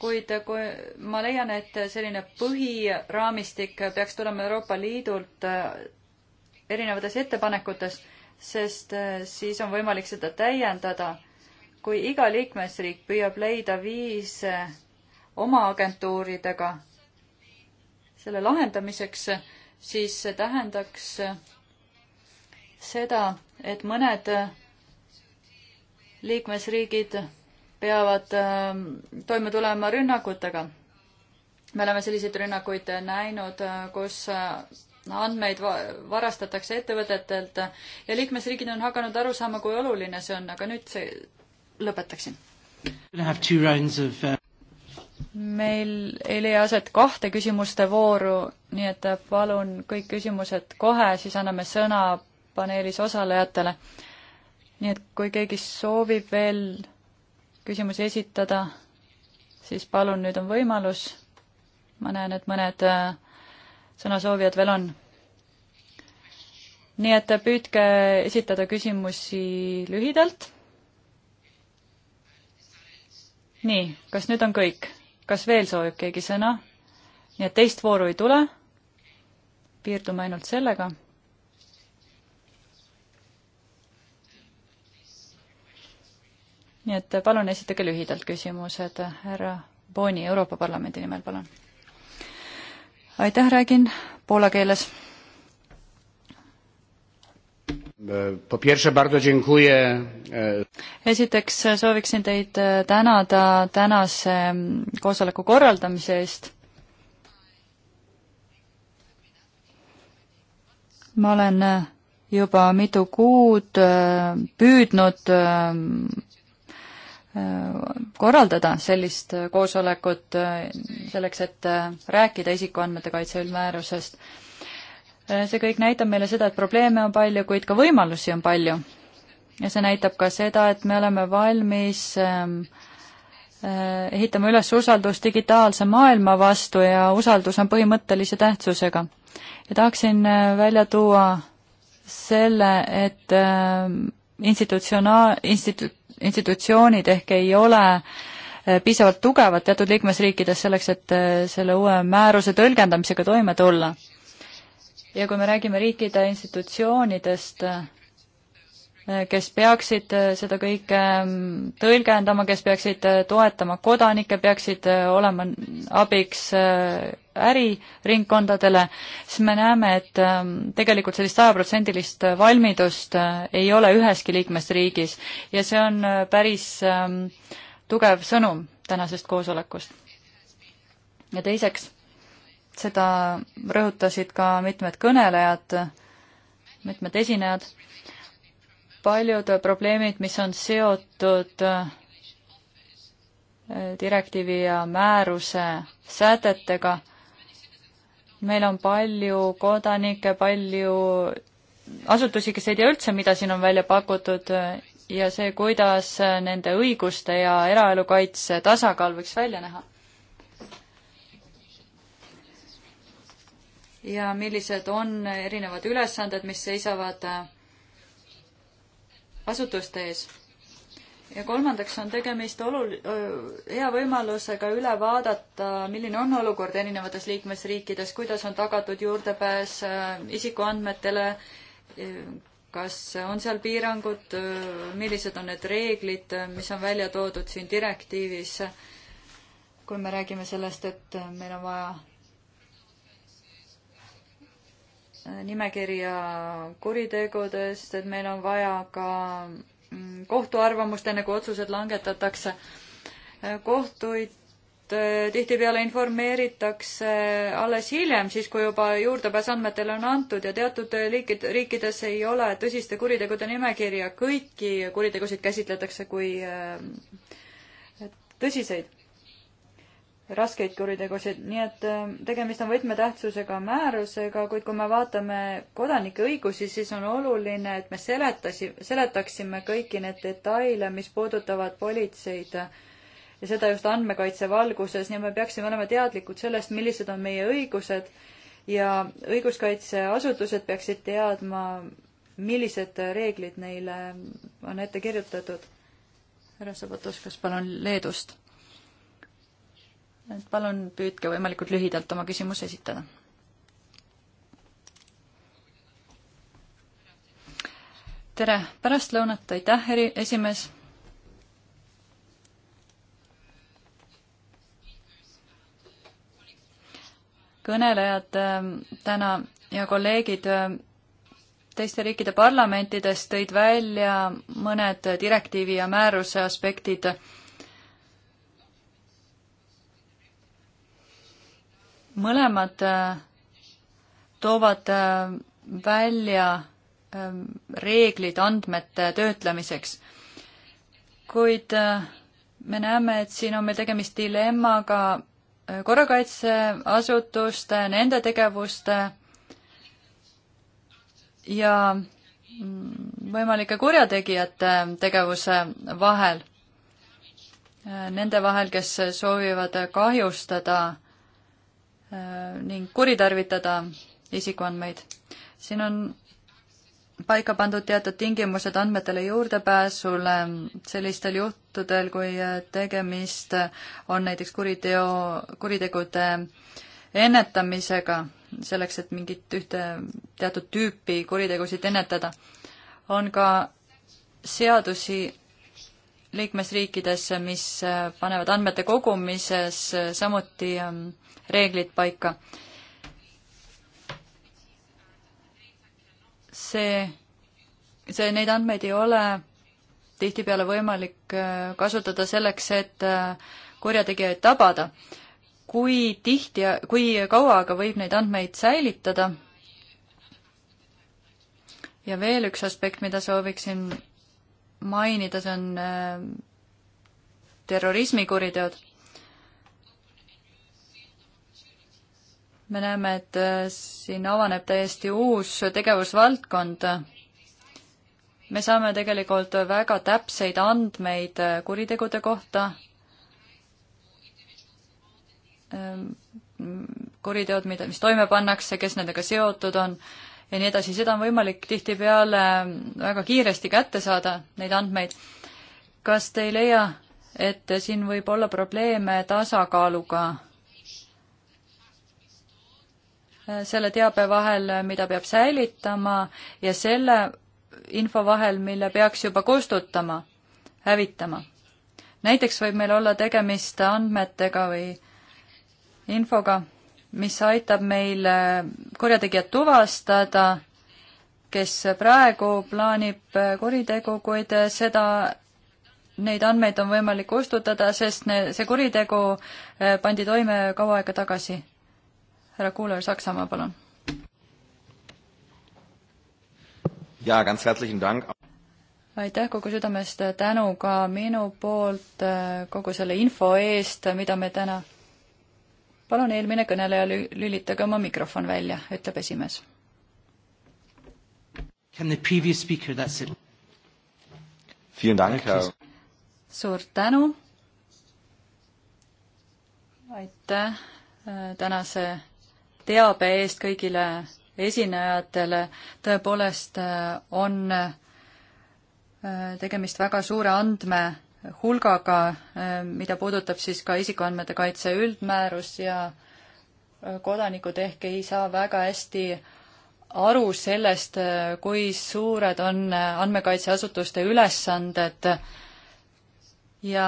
kuid kui ma leian, et selline põhiraamistik peaks tulema Euroopa Liidult äh, erinevates ettepanekutes, sest äh, siis on võimalik seda täiendada. kui iga liikmesriik püüab leida viise oma agentuuridega selle lahendamiseks, siis see tähendaks seda, et mõned liikmesriigid peavad ähm, toime tulema rünnakutega. me oleme selliseid rünnakuid näinud, äh, kus äh, andmeid varastatakse ettevõtetelt ja liikmesriigid on hakanud aru saama, kui oluline see on, aga nüüd see, lõpetaksin. Uh, meil ei leia aset kahte küsimuste vooru, nii et palun kõik küsimused kohe, siis anname sõna paneelis osalejatele nii et kui keegi soovib veel küsimusi esitada, siis palun, nüüd on võimalus. ma näen, et mõned äh, sõnasoovijad veel on. nii et püüdke esitada küsimusi lühidalt. nii, kas nüüd on kõik? kas veel soovib keegi sõna? nii et teist vooru ei tule. piirdume ainult sellega nii et palun esitage lühidalt küsimused. härra Boni Euroopa Parlamendi nimel, palun. aitäh, räägin poola keeles. E, esiteks sooviksin teid tänada tänase koosoleku korraldamise eest ma olen juba mitu kuud püüdnud korraldada sellist koosolekut äh, selleks, et äh, rääkida isikuandmete kaitse üldmäärusest. Äh, see kõik näitab meile seda, et probleeme on palju, kuid ka võimalusi on palju. ja see näitab ka seda, et me oleme valmis ähm, ehitama üles usaldust digitaalse maailma vastu ja usaldus on põhimõttelise tähtsusega. ja tahaksin välja tuua selle, et institutsiona-, institu-, institutsioonid ehk ei ole eh, piisavalt tugevad teatud liikmesriikides selleks, et eh, selle uue määruse tõlgendamisega toime tulla. ja kui me räägime riikide institutsioonidest, Äh, kes peaksid äh, seda kõike ähm, tõlgendama, kes peaksid äh, toetama kodanikke, peaksid olema abiks äriringkondadele, siis me näeme, et ähm, tegelikult sellist sajaprotsendilist valmidust ei ole üheski liikmesriigis ja see on päris ähm, tugev sõnum tänasest koosolekust. ja teiseks, seda rõhutasid ka mitmed kõnelejad, mitmed esinejad, paljud probleemid, mis on seotud äh, direktiivi ja määruse sätetega. meil on palju kodanikke, palju asutusi, kes ei tea üldse, mida siin on välja pakutud äh, ja see, kuidas äh, nende õiguste ja eraelu kaitse tasakaal võiks välja näha. ja millised on erinevad ülesanded, mis seisavad asutuste ees. ja kolmandaks on tegemist olul-, hea võimalusega üle vaadata, milline on olukord erinevates liikmesriikides, kuidas on tagatud juurdepääs isikuandmetele, kas on seal piirangud, millised on need reeglid, mis on välja toodud siin direktiivis, kui me räägime sellest, et meil on vaja nimekirja kuritegudest, et meil on vaja ka mm, kohtuarvamust, enne kui otsused langetatakse. kohtuid äh, tihtipeale informeeritakse alles hiljem, siis kui juba juurdepääs andmetele on antud ja teatud liikid, riikides ei ole tõsiste kuritegude nimekirja, kõiki kuritegusid käsitletakse kui äh, tõsiseid raskeid kuritegusid, nii et ähm, tegemist on võtmetähtsusega määrusega, kuid kui me vaatame kodanike õigusi, siis on oluline, et me seletasi, seletaksime kõiki neid detaile, mis puudutavad politseid ja seda just andmekaitse valguses, nii et me peaksime olema teadlikud sellest, millised on meie õigused ja õiguskaitseasutused peaksid teadma, millised reeglid neile on ette kirjutatud. härra Sabatuskas, palun Leedust et palun püüdke võimalikult lühidalt oma küsimus esitada. tere pärastlõunat, aitäh, eri-, esimees kõnelejad ähm, täna ja kolleegid ähm, teiste riikide parlamentidest tõid välja mõned direktiivi ja määruse aspektid, mõlemad äh, toovad äh, välja ähm, reeglid andmete töötlemiseks. kuid äh, me näeme, et siin on meil tegemist dilemmaga korrakaitseasutuste, nende tegevuste ja mm, võimalike kurjategijate tegevuse vahel. Nende vahel, kes soovivad kahjustada Äh, ning kuritarvitada isikuandmeid. siin on paika pandud teatud tingimused andmetele juurdepääsule sellistel juhtudel, kui äh, tegemist on näiteks kuriteo, kuritegude ennetamisega, selleks, et mingit ühte teatud tüüpi kuritegusid ennetada. on ka seadusi liikmesriikides, mis äh, panevad andmete kogumises samuti ähm, reeglid paika. see, see, neid andmeid ei ole tihtipeale võimalik äh, kasutada selleks, et äh, kurjategijaid tabada. kui tihti, kui kaua aga võib neid andmeid säilitada? ja veel üks aspekt, mida sooviksin mainida, see on äh, terrorismikuriteod me näeme, et äh, siin avaneb täiesti uus tegevusvaldkond. me saame tegelikult väga täpseid andmeid äh, kuritegude kohta, ähm, kuriteod, mida, mis toime pannakse, kes nendega seotud on ja nii edasi, seda on võimalik tihtipeale ähm, väga kiiresti kätte saada, neid andmeid. kas te ei leia, et äh, siin võib olla probleeme tasakaaluga? selle teabe vahel, mida peab säilitama ja selle info vahel, mille peaks juba kustutama, hävitama. näiteks võib meil olla tegemist andmetega või infoga, mis aitab meil äh, kurjategijat tuvastada, kes praegu plaanib äh, kuritegu, kuid äh, seda neid andmeid on võimalik kustutada, sest ne, see kuritegu pandi toime kaua aega tagasi härra Kuuler, Saksamaa, palun. jaa, ganz herzlichen Dank. aitäh kogu südamest tänu ka minu poolt äh, kogu selle info eest, mida me täna palun eelmine kõneleja lülitage oma mikrofon välja, ütleb esimees. Can the previous speaker, that's it. suur tänu. aitäh äh, tänase teabe eest kõigile esinejatele. tõepoolest äh, on äh, tegemist väga suure andmehulgaga, äh, mida puudutab siis ka isikuandmete kaitse üldmäärus ja kodanikud ehk ei saa väga hästi aru sellest, kui suured on andmekaitseasutuste ülesanded ja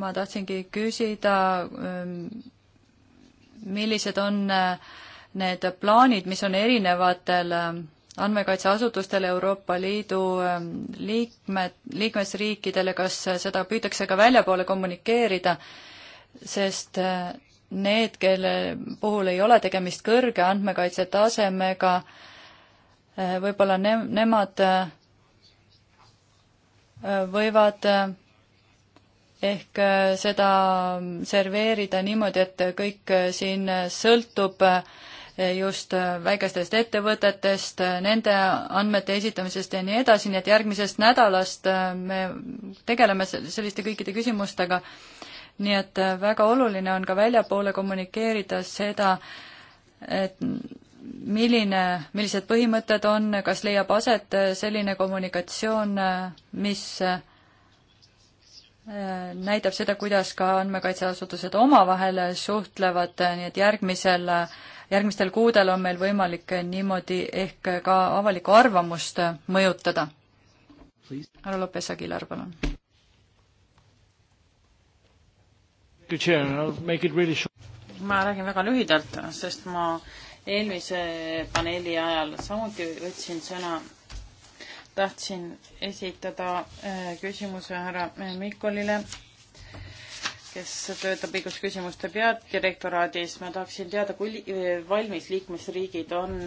ma tahtsingi küsida, ähm, millised on äh, need plaanid, mis on erinevatel äh, andmekaitseasutustel Euroopa Liidu ähm, liikmed, liikmesriikidele, kas äh, seda püütakse ka väljapoole kommunikeerida, sest need, kelle puhul ei ole tegemist kõrge andmekaitse tasemega, võib-olla ne-, nemad võivad ehk äh, seda serveerida niimoodi, et kõik äh, siin äh, sõltub just väikestest ettevõtetest, nende andmete esitamisest ja nii edasi, nii et järgmisest nädalast me tegeleme selliste kõikide küsimustega. nii et väga oluline on ka väljapoole kommunikeerida seda, et milline, millised põhimõtted on, kas leiab aset selline kommunikatsioon, mis näitab seda, kuidas ka andmekaitseasutused omavahel suhtlevad, nii et järgmisel, järgmistel kuudel on meil võimalik niimoodi ehk ka avalikku arvamust mõjutada. härra Lopes-Aguilar, palun. ma räägin väga lühidalt, sest ma eelmise paneeli ajal samuti võtsin sõna tahtsin esitada äh, küsimuse härra äh, Mikolile, kes töötab õigusküsimuste peadirektoraadis. ma tahaksin teada, kui äh, valmis liikmesriigid on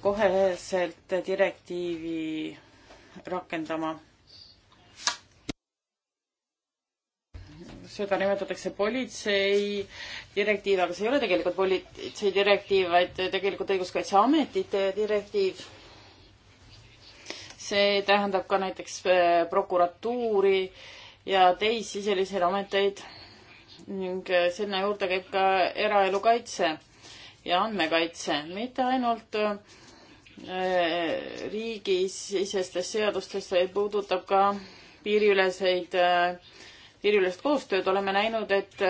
koheselt direktiivi rakendama. seda nimetatakse politsei direktiiv, aga see ei ole tegelikult politsei direktiiv, vaid tegelikult õiguskaitseametite direktiiv see tähendab ka näiteks äh, prokuratuuri ja teisi selliseid ameteid ning äh, sinna juurde käib ka eraelu kaitse ja andmekaitse, mitte ainult äh, riigisisestes seadustes, vaid puudutab ka piiriüleseid, piiriülest koostööd. oleme näinud, et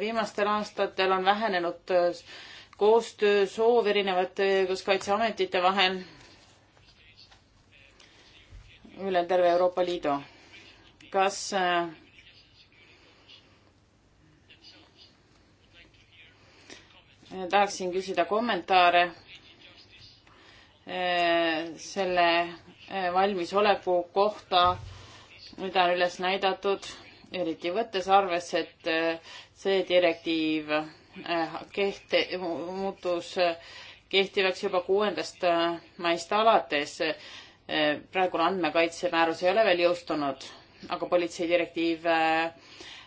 viimastel aastatel on vähenenud koostöö soov erinevate õiguskaitseametite vahel üle terve Euroopa Liidu. kas äh, tahaksin küsida kommentaare äh, selle äh, valmisoleku kohta, mida on üles näidatud, eriti võttes arvesse, et see direktiiv keht-, muutus kehtivaks juba kuuendast maist alates Äh, praegune andmekaitsemäärus ei ole veel jõustunud, aga politseidirektiiv äh,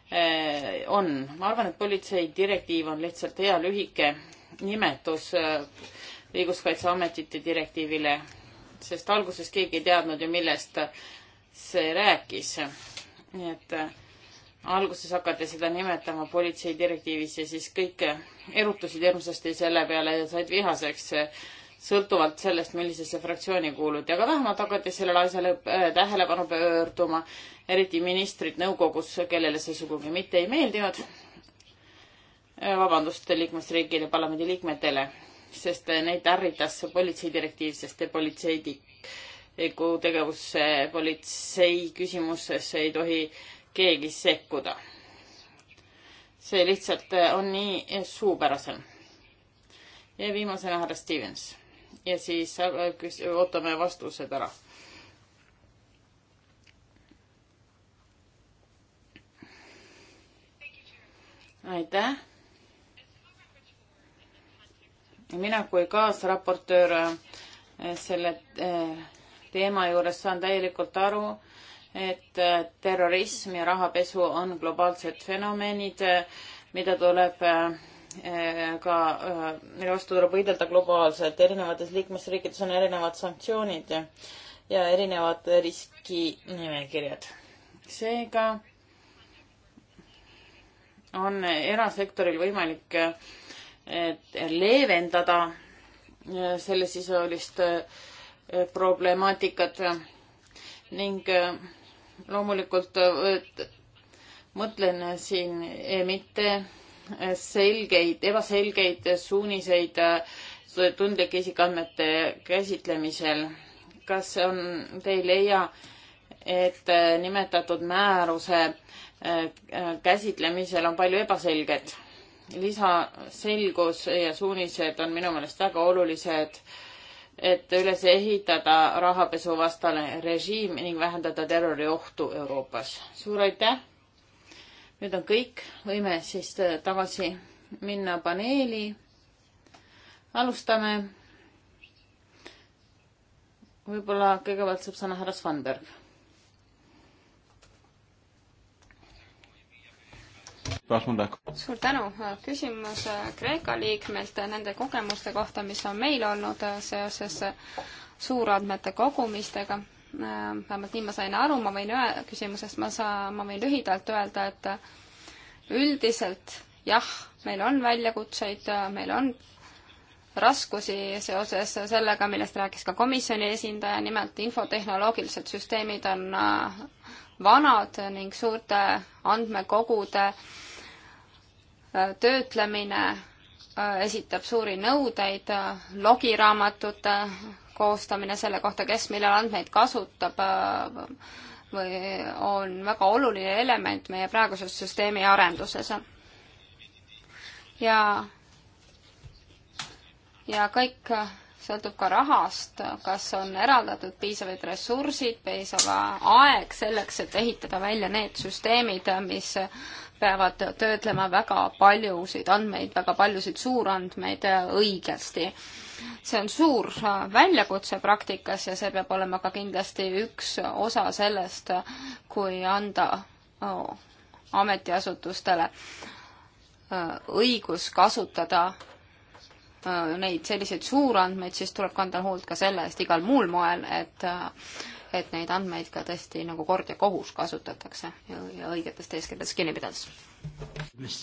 äh, on. ma arvan, et politseidirektiiv on lihtsalt hea lühike nimetus õiguskaitseametite direktiivile, sest alguses keegi ei teadnud ju, millest see rääkis. nii et alguses hakati seda nimetama politseidirektiivis ja siis kõik erutusid hirmsasti selle peale ja said vihaseks sõltuvalt sellest, millisesse fraktsiooni kuulud ja ka vähemalt hakati sellele asjale äh, tähelepanu pöörduma, eriti ministrid nõukogus, kellele see sugugi mitte ei meeldinud. Äh, vabandust liikmesriikide parlamendi liikmetele, sest neid ärritas politseidirektiiv, sest politseidiku tegevusse politsei küsimuses ei tohi keegi sekkuda. see lihtsalt äh, on nii suupärasem ja viimasena härra Stevens ja siis äh, ootame vastused ära. aitäh. mina kui kaasraportöör äh, selle äh, teema juures saan täielikult aru, et terrorism ja rahapesu on globaalsed fenomenid, mida tuleb Eh, ka, eh, mille vastu tuleb võidelda globaalselt, erinevates liikmesriikides on erinevad sanktsioonid ja, ja erinevad riskinimekirjad. seega on erasektoril võimalik eh, leevendada sellesisulist problemaatikat ning loomulikult mõtlen siin mitte selgeid, ebaselgeid suuniseid äh, tundlike isikuandmete käsitlemisel. kas on, te ei leia, et äh, nimetatud määruse äh, käsitlemisel on palju ebaselget? lisaselgus ja suunised on minu meelest väga olulised, et üles ehitada rahapesuvastane režiim ning vähendada terroriohtu Euroopas. suur aitäh! nüüd on kõik, võime siis äh, tagasi minna paneeli. alustame. võib-olla kõigepealt saab sõna härra Svanberg. suur tänu, küsimus äh, Kreeka liikmelt nende kogemuste kohta, mis on meil olnud äh, seoses suurandmete kogumistega Äh, vähemalt nii ma sain aru, ma võin öö-, küsimusest ma saa-, ma võin lühidalt öelda, et üldiselt jah, meil on väljakutseid, meil on raskusi seoses sellega, millest rääkis ka komisjoni esindaja, nimelt infotehnoloogilised süsteemid on äh, vanad ning suurte andmekogude äh, töötlemine esitab suuri nõudeid logiraamatute koostamine selle kohta, kes millal andmeid kasutab, äh, või on väga oluline element meie praeguses süsteemi arenduses. ja, ja kõik sõltub ka rahast, kas on eraldatud piisavaid ressursid, piisav aeg selleks, et ehitada välja need süsteemid, mis peavad töötlema väga paljusid andmeid, väga paljusid suurandmeid õigesti see on suur äh, väljakutse praktikas ja see peab olema ka kindlasti üks osa sellest, kui anda oh, ametiasutustele äh, õigus kasutada neid selliseid suurandmeid, siis tuleb kanda hoolt ka selle eest igal muul moel, et et neid andmeid ka tõesti nagu kord ja kohus kasutatakse ja, ja õigetest eeskirjadest kinni pidades.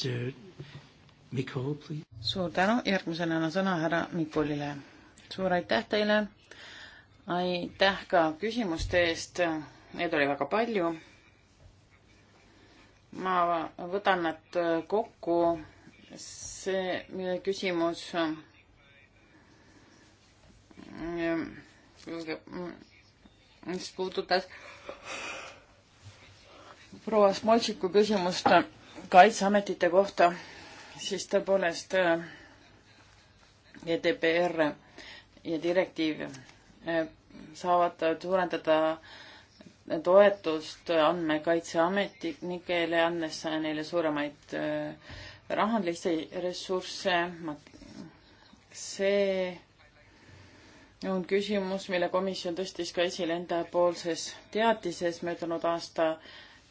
Nicole, please. suur tänu, järgmisena annan sõna härra Nikolile. suur aitäh teile, aitäh ka küsimuste eest, neid oli väga palju. ma võtan nad kokku, see küsimus mis puudutas proua Smoltšiku küsimust kaitseametite kohta siis tõepoolest GDPR äh, e ja direktiiv äh, saavad suurendada toetust andmekaitseametnikele, andes neile suuremaid äh, rahalisi ressursse. see on küsimus, mille komisjon tõstis ka esile endapoolses teatises möödunud aasta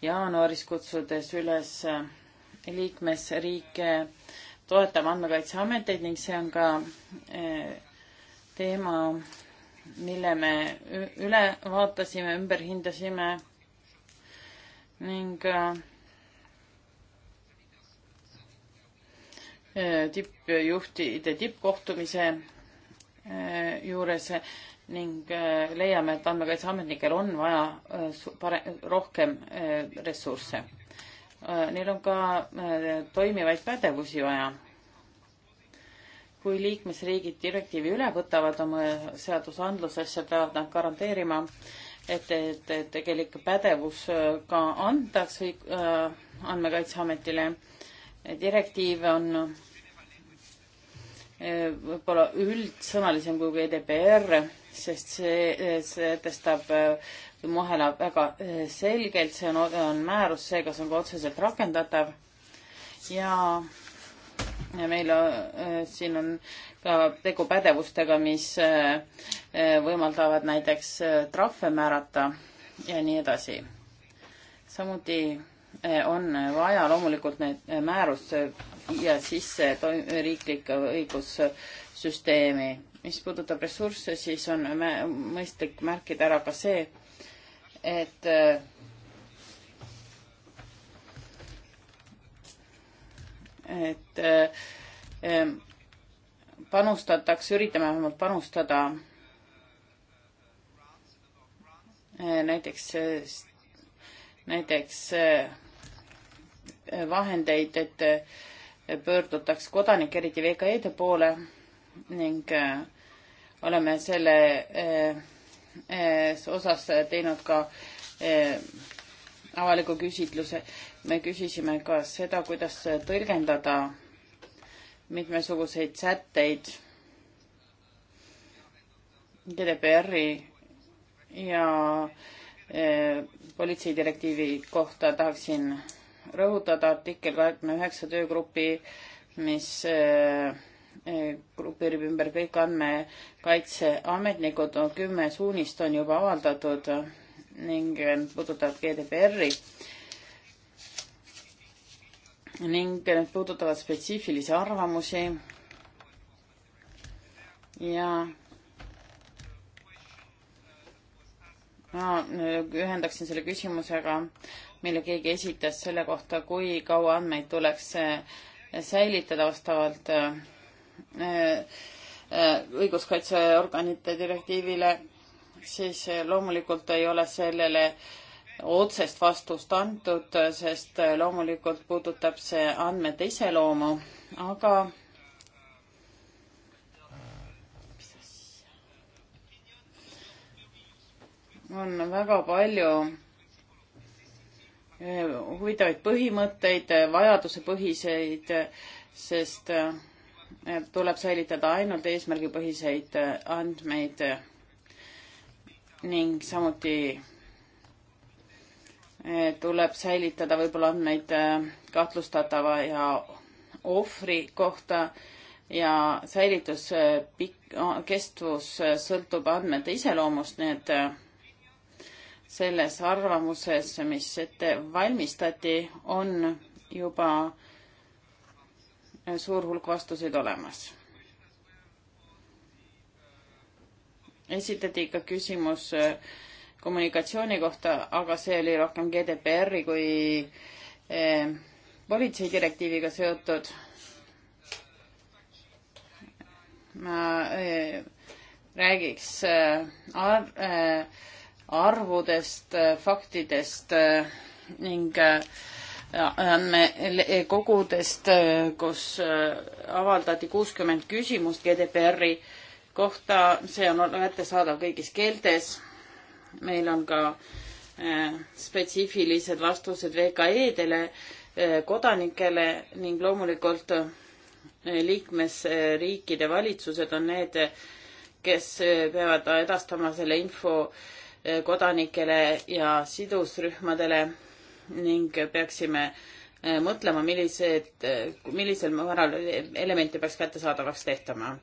jaanuaris, kutsudes üles liikmesriike toetama andmekaitseameteid ning see on ka eh, teema, mille me üle vaatasime, ümber hindasime ning eh, tippjuhtide tippkohtumise eh, juures ning leiame, et andmekaitseametnikel on vaja rohkem ressursse Äh, neil on ka äh, toimivaid pädevusi vaja. kui liikmesriigid direktiivi üle võtavad oma seadusandlusesse, peavad nad garanteerima, et, et, et tegelik pädevus äh, ka antaks või äh, andmekaitseametile. direktiiv on äh, võib-olla üldsõnalisem kui GDPR, sest see sätestab äh, vahel väga äh, selgelt, see on, on määrus, seega see on ka otseselt rakendatav ja, ja meil äh, siin on ka tegu pädevustega, mis äh, äh, võimaldavad näiteks äh, trahve määrata ja nii edasi. samuti äh, on vaja loomulikult need määrus viia sisse riiklikku õigussüsteemi. mis puudutab ressursse, siis on mõistlik märkida ära ka see, et et ähm, panustatakse, üritame vähemalt panustada äh, näiteks, näiteks äh, vahendeid, et äh, pöördutaks kodanike, eriti VKE-de poole ning oleme selle Eh, osas teinud ka eh, avaliku küsitluse. me küsisime ka seda, kuidas tõlgendada mitmesuguseid sätteid GDPR-i ja eh, politseidirektiivi kohta tahaksin rõhutada artikkel kahekümne üheksa töögrupi, mis grupeerib ümber kõik andmekaitseametnikud, kümme suunist on juba avaldatud ning puudutavad GDPR-i ning need puudutavad spetsiifilisi arvamusi ja ma ühendaksin selle küsimusega, mille keegi esitas selle kohta, kui kaua andmeid tuleks eh, säilitada vastavalt eh, Äh, äh, õiguskaitseorganite direktiivile, siis äh, loomulikult ei ole sellele otsest vastust antud, sest loomulikult puudutab see andmete iseloomu, aga on väga palju huvitavaid põhimõtteid, vajadusepõhiseid, sest äh, tuleb säilitada ainult eesmärgipõhiseid äh, andmeid äh, ning samuti äh, tuleb säilitada võib-olla andmeid kahtlustatava ja ohvri kohta ja säilitus pikk, kestvus sõltub andmete iseloomust, nii et selles arvamuses, mis ette valmistati, on juba äh, suur hulk vastuseid olemas. esitati ka küsimus äh, kommunikatsiooni kohta, aga see oli rohkem GDPR-i kui äh, politseidirektiiviga seotud. ma äh, räägiks arvudest, faktidest ning äh, andmekogudest, äh, kus äh, avaldati kuuskümmend küsimust GDPR-i kohta, see on kättesaadav kõigis keeltes. meil on ka äh, spetsiifilised vastused VKE-dele, kodanikele ning loomulikult liikmesriikide valitsused on need, kes peavad edastama selle info kodanikele ja sidusrühmadele ning peaksime äh, mõtlema, millised, äh, millisel määral elemente peaks kättesaadavaks tehtama.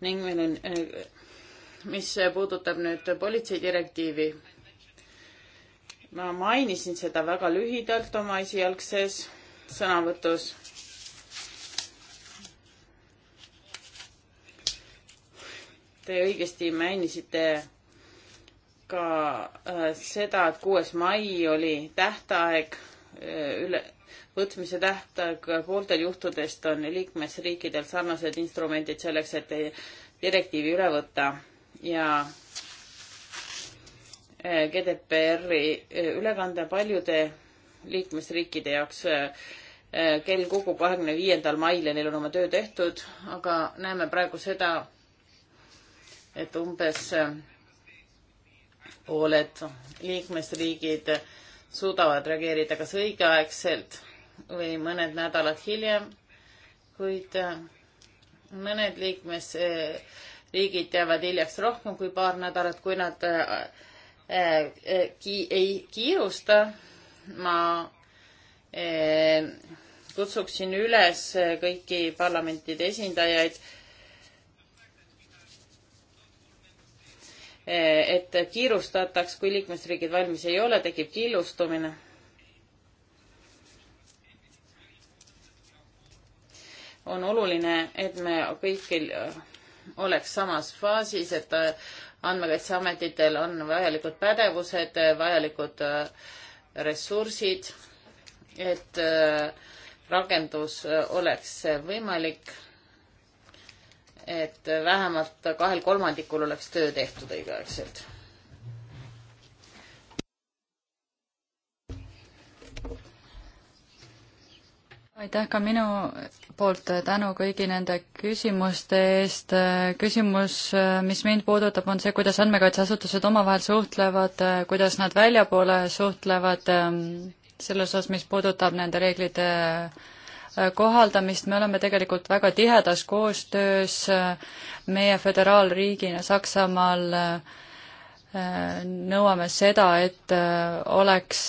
ning meil on, äh, mis puudutab nüüd politseidirektiivi, ma mainisin seda väga lühidalt oma esialgses sõnavõtus. Te õigesti mainisite ka äh, seda, et kuues mai oli tähtaeg, äh, üle, võtmise tähtaeg äh, pooltel juhtudest on liikmesriikidel sarnased instrumendid selleks, et direktiivi üle võtta ja GDPR-i ülekande paljude liikmesriikide jaoks kell kogub kahekümne viiendal mail ja neil on oma töö tehtud, aga näeme praegu seda, et umbes pooled liikmesriigid suudavad reageerida kas õigeaegselt või mõned nädalad hiljem, kuid äh, mõned liikmesriigid jäävad hiljaks rohkem kui paar nädalat, kui nad äh, äh, ki-, ei kiirusta. ma kutsuksin üles kõiki parlamentide esindajaid Eh, et kiirustataks, kui liikmesriigid valmis ei ole, tekib killustumine. on oluline, et me kõikil eh, oleks samas faasis, et eh, andmekaitseametitel on vajalikud pädevused, vajalikud ressursid, et rakendus oleks võimalik et vähemalt kahel kolmandikul oleks töö tehtud õigeaegselt. aitäh ka minu poolt tänu kõigi nende küsimuste eest. küsimus, mis mind puudutab, on see, kuidas andmekaitseasutused omavahel suhtlevad, kuidas nad väljapoole suhtlevad ehm, selles osas, mis puudutab nende reeglite äh, Äh, kohaldamist, me oleme tegelikult väga tihedas koostöös äh, meie föderaalriigina Saksamaal äh, nõuame seda, et oleks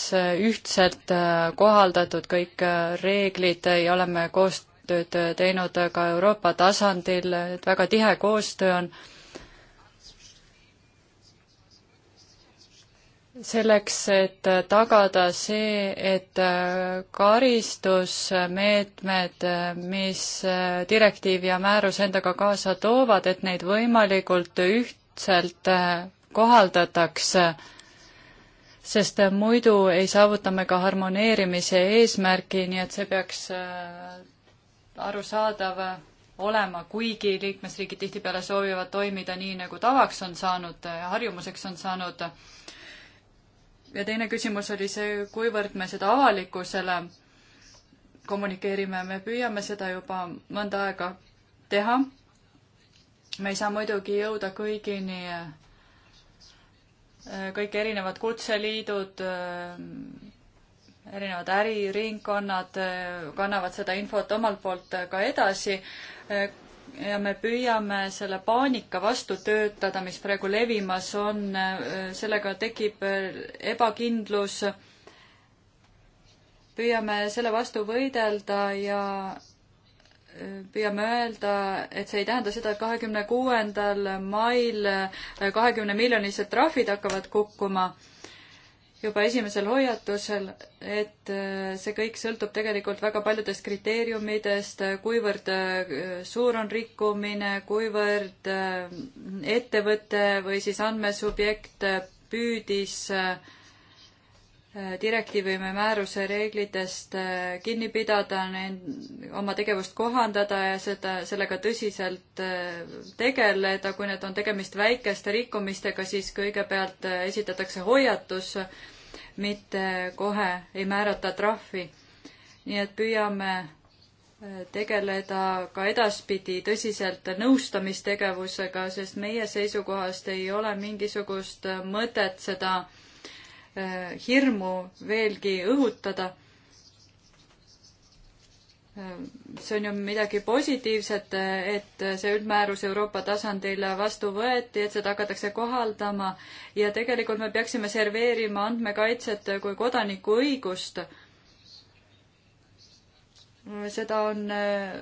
ühtselt kohaldatud kõik reeglid ja oleme koostööd teinud ka Euroopa tasandil, et väga tihe koostöö on selleks, et tagada see, et karistusmeetmed, mis direktiiv ja määrus endaga kaasa toovad, et neid võimalikult ühtselt kohaldatakse, sest muidu ei saavuta me ka harmoneerimise eesmärki, nii et see peaks äh, arusaadav olema, kuigi liikmesriigid tihtipeale soovivad toimida nii, nagu tavaks on saanud, harjumuseks on saanud ja teine küsimus oli see, kuivõrd me seda avalikkusele kommunikeerime, me püüame seda juba mõnda aega teha. me ei saa muidugi jõuda kõigini, äh, kõik erinevad kutseliidud, äh, erinevad äriringkonnad äh, kannavad seda infot omalt poolt ka edasi ja me püüame selle paanika vastu töötada, mis praegu levimas on, sellega tekib ebakindlus. püüame selle vastu võidelda ja püüame öelda, et see ei tähenda seda, et kahekümne kuuendal mail kahekümne miljonised trahvid hakkavad kukkuma juba esimesel hoiatusel, et äh, see kõik sõltub tegelikult väga paljudest kriteeriumidest, äh, kuivõrd äh, suur on rikkumine, kuivõrd ettevõte või siis andmesubjekt püüdis direktiivi või määruse reeglitest kinni pidada, oma tegevust kohandada ja seda, sellega tõsiselt tegeleda, kui need on tegemist väikeste rikkumistega, siis kõigepealt esitatakse hoiatus mitte kohe ei määrata trahvi. nii et püüame äh, tegeleda ka edaspidi tõsiselt nõustamistegevusega, sest meie seisukohast ei ole mingisugust mõtet seda äh, hirmu veelgi õhutada see on ju midagi positiivset, et see üldmäärus Euroopa tasandil vastu võeti, et seda hakatakse kohaldama ja tegelikult me peaksime serveerima andmekaitset kui kodanikuõigust. seda on äh,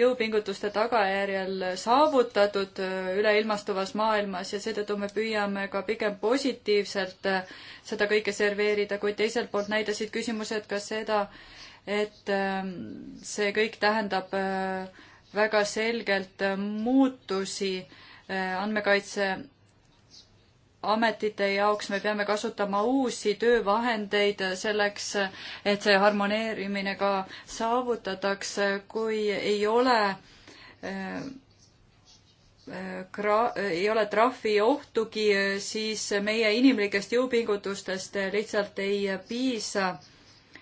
jõupingutuste tagajärjel saavutatud äh, üleilmastuvas maailmas ja seetõttu me püüame ka pigem positiivselt äh, seda kõike serveerida, kuid teiselt poolt näitasid küsimused ka seda, et ähm, see kõik tähendab äh, väga selgelt äh, muutusi äh, andmekaitse ametite jaoks me peame kasutama uusi töövahendeid selleks, et see harmoneerimine ka saavutataks, kui ei ole gra-, ei ole trahvi ohtugi, siis meie inimlikest jõupingutustest lihtsalt ei piisa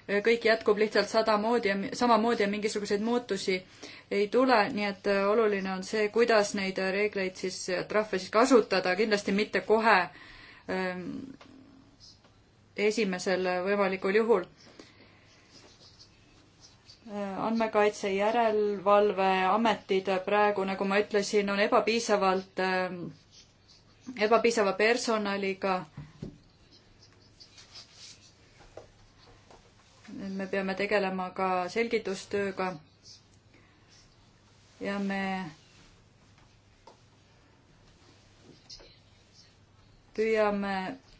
kõik jätkub lihtsalt sadamoodi ja samamoodi ja mingisuguseid muutusi ei tule, nii et äh, oluline on see, kuidas neid äh, reegleid siis, äh, trahve siis kasutada, kindlasti mitte kohe ähm, esimesel võimalikul juhul andmekaitse järelevalveametid praegu, nagu ma ütlesin, on ebapiisavalt, ähm, ebapiisava personaliga me peame tegelema ka selgitustööga. ja me püüame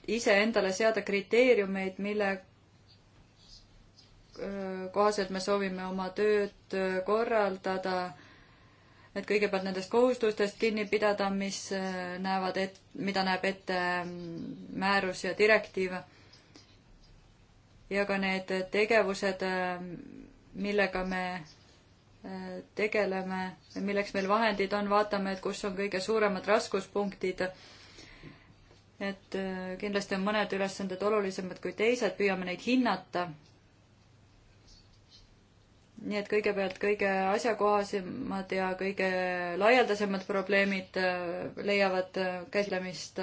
iseendale seada kriteeriumeid, mille kohaselt me soovime oma tööd korraldada, et kõigepealt nendest kohustustest kinni pidada, mis näevad et-, mida näeb ette mm, määrus ja direktiiv ja ka need tegevused, äh, millega me äh, tegeleme, milleks meil vahendid on, vaatame, et kus on kõige suuremad raskuspunktid. et äh, kindlasti on mõned ülesanded olulisemad kui teised, püüame neid hinnata. nii et kõigepealt kõige asjakohasemad ja kõige laialdasemad probleemid leiavad käsitlemist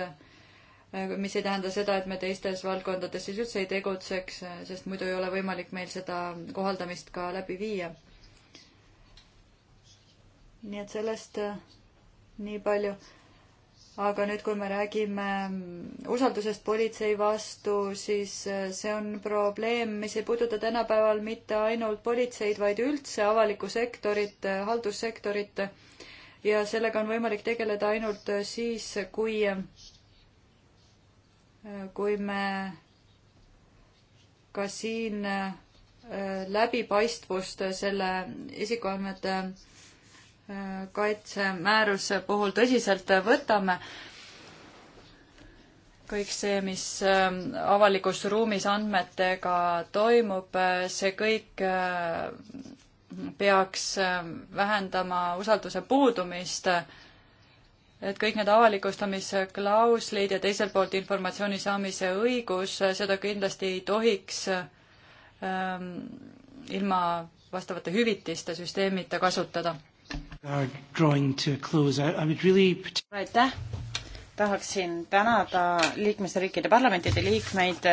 mis ei tähenda seda, et me teistes valdkondades siis üldse ei tegutseks, sest muidu ei ole võimalik meil seda kohaldamist ka läbi viia. nii et sellest äh, nii palju. aga nüüd, kui me räägime mm, usaldusest politsei vastu, siis äh, see on probleem, mis ei puuduta tänapäeval mitte ainult politseid, vaid üldse avalikku sektorit, äh, haldussektorit. ja sellega on võimalik tegeleda ainult siis, kui kui me ka siin äh, läbipaistvust selle isikuandmete äh, kaitsemääruse puhul tõsiselt võtame, kõik see, mis äh, avalikus ruumis andmetega toimub, see kõik peaks vähendama usalduse puudumist äh, et kõik need avalikustamise ja teiselt poolt informatsiooni saamise õigus, seda kindlasti ei tohiks ähm, ilma vastavate hüvitiste süsteemita kasutada. Uh, aitäh, tahaksin tänada liikmesriikide parlamentide liikmeid,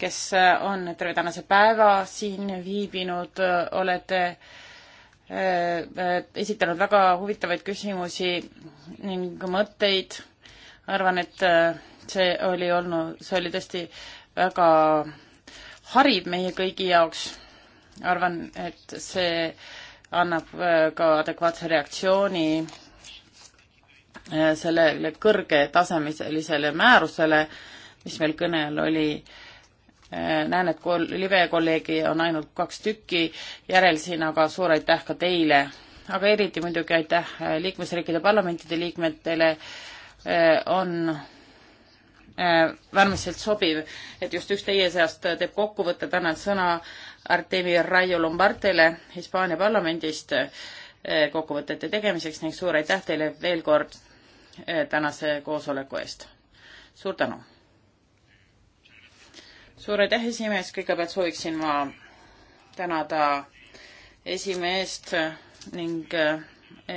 kes on terve tänase päeva siin viibinud, olete äh, Äh, äh, esitanud väga huvitavaid küsimusi ning mõtteid. arvan, et äh, see oli olnud, see oli tõesti väga hariv meie kõigi jaoks. arvan, et see annab ka adekvaatse reaktsiooni sellele kõrgetasemelisele määrusele, mis meil kõne all oli Äh, näen, et kol-, libe kolleegi on ainult kaks tükki järel siin, aga suur aitäh ka teile. aga eriti muidugi aitäh äh, liikmesriikide parlamentide liikmetele, äh, on äärmiselt sobiv, et just üks teie seast teeb kokkuvõtte, tänan sõna Artemi Raio Lombardele Hispaania parlamendist kokkuvõtete tegemiseks ning suur aitäh teile veel kord tänase koosoleku eest. suur tänu! suur aitäh, esimees, kõigepealt sooviksin ma tänada esimeest ning eh,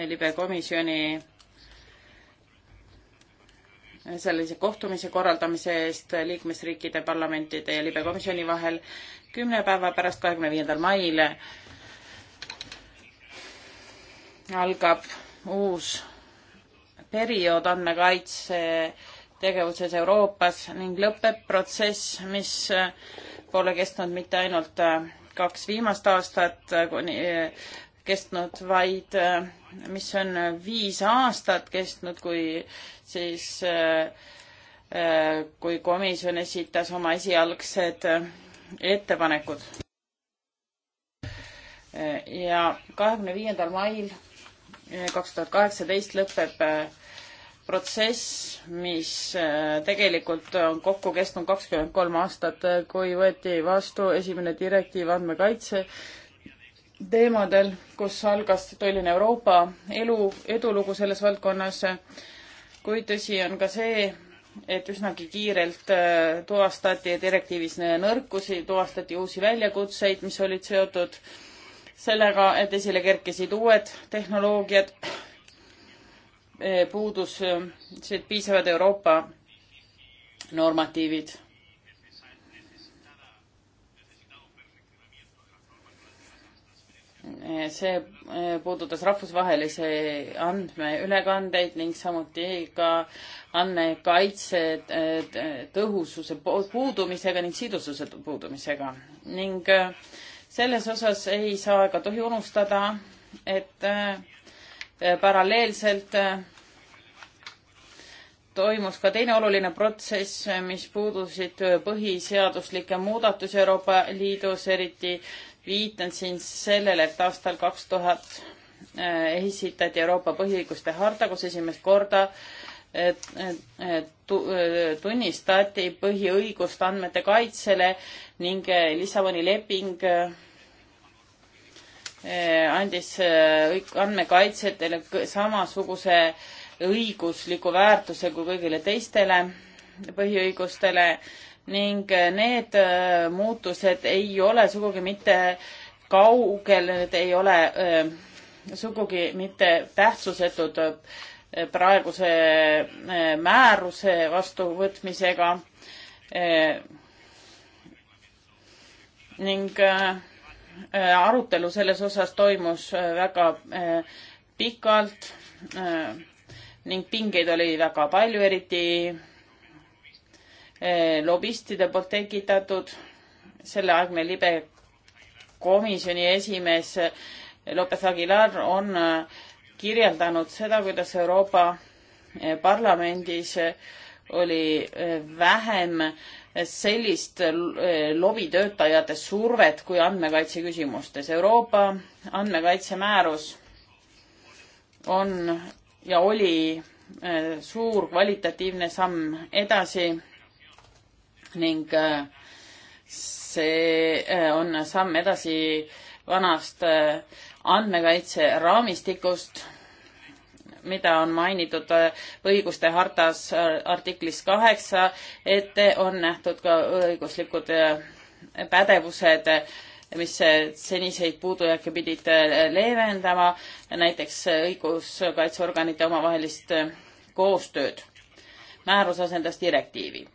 libe komisjoni sellise kohtumise korraldamise eest liikmesriikide parlamentide ja libe komisjoni vahel kümne päeva pärast, kahekümne viiendal mail algab uus periood andmekaitse tegevuses Euroopas ning lõpeb protsess, mis äh, pole kestnud mitte ainult äh, kaks viimast aastat äh, kuni kestnud, vaid mis on viis aastat kestnud, kui siis, kui komisjon esitas oma esialgsed ettepanekud. ja kahekümne viiendal mail kaks tuhat kaheksateist lõpeb protsess, mis äh, tegelikult on kokku kestnud kakskümmend kolm aastat, äh, kui võeti vastu esimene direktiiv andmekaitse teemadel, kus algas tolline Euroopa elu, edulugu selles valdkonnas. kuid tõsi on ka see, et üsnagi kiirelt äh, tuvastati direktiivis nõrkusi, tuvastati uusi väljakutseid, mis olid seotud sellega, et esile kerkisid uued tehnoloogiad, Eh, puudusid eh, piisavad Euroopa normatiivid. Eh, see puudutas rahvusvahelisi andmeülekandeid ning samuti ka andmekaitse tõhususe puudumisega ning sidususe puudumisega ning selles osas ei saa ega tohi unustada, et Eh, paralleelselt eh, toimus ka teine oluline protsess, eh, mis puudusid põhiseaduslikke muudatusi Euroopa Liidus, eriti viitan siin sellele, et aastal kaks tuhat esitati Euroopa põhiõiguste harta, kus esimest korda et, et, tunnistati põhiõigust andmete kaitsele ning Lissaboni leping Eh, andis eh, andmekaitsjatele samasuguse õigusliku väärtuse kui kõigile teistele põhiõigustele ning eh, need muutused ei ole sugugi mitte kaugel, need ei ole sugugi mitte tähtsusetud praeguse määruse vastuvõtmisega ning äh, Äh, arutelu selles osas toimus äh, väga äh, pikalt ning pingeid oli väga palju, eriti lobistide poolt tekitatud. selleaegne libe komisjoni esimees Lopez Aguilar on kirjeldanud seda, kuidas Euroopa Parlamendis oli vähem äh, sellist äh, lobitöötajate survet kui andmekaitse küsimustes. Euroopa andmekaitsemäärus on ja oli äh, suur kvalitatiivne samm edasi ning äh, see on samm edasi vanast andmekaitse raamistikust mida on mainitud äh, õiguste hartas äh, artiklis kaheksa, ette on nähtud ka õiguslikud äh, pädevused, mis seniseid puudujääke pidid leevendama, näiteks õiguskaitseorganite omavahelist koostööd. määrus asendas direktiivi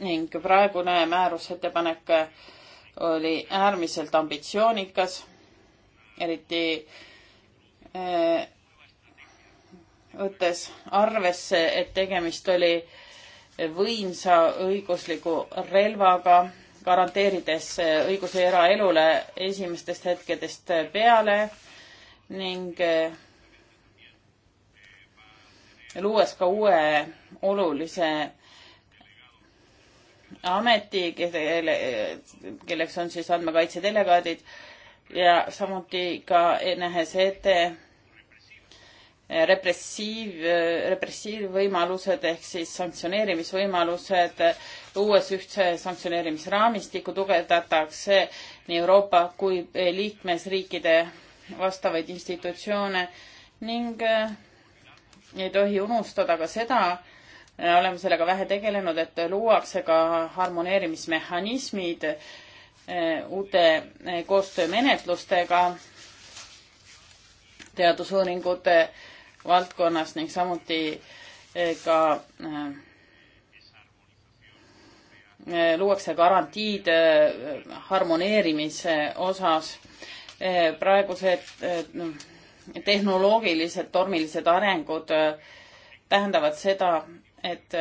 ning praegune määrusettepanek oli äärmiselt ambitsioonikas, eriti võttes arvesse, et tegemist oli võimsa õigusliku relvaga, garanteerides õiguse eraelule esimestest hetkedest peale ning eh, luues ka uue olulise ameti, kelle, kelleks on siis andmekaitse delegaadid ja samuti ka nähes ette repressiiv, repressiivvõimalused ehk siis sanktsioneerimisvõimalused uues ühtse sanktsioneerimisraamistiku tugevdatakse nii Euroopa kui liikmesriikide vastavaid institutsioone ning äh, ei tohi unustada ka seda, äh, oleme sellega vähe tegelenud, et luuakse ka harmoneerimismehhanismid äh, uute koostöömenetlustega teadusuuringute valdkonnas ning samuti eh, ka eh, luuakse garantiid eh, harmoneerimise osas. praegused tehnoloogilised tormilised arengud tähendavad seda, et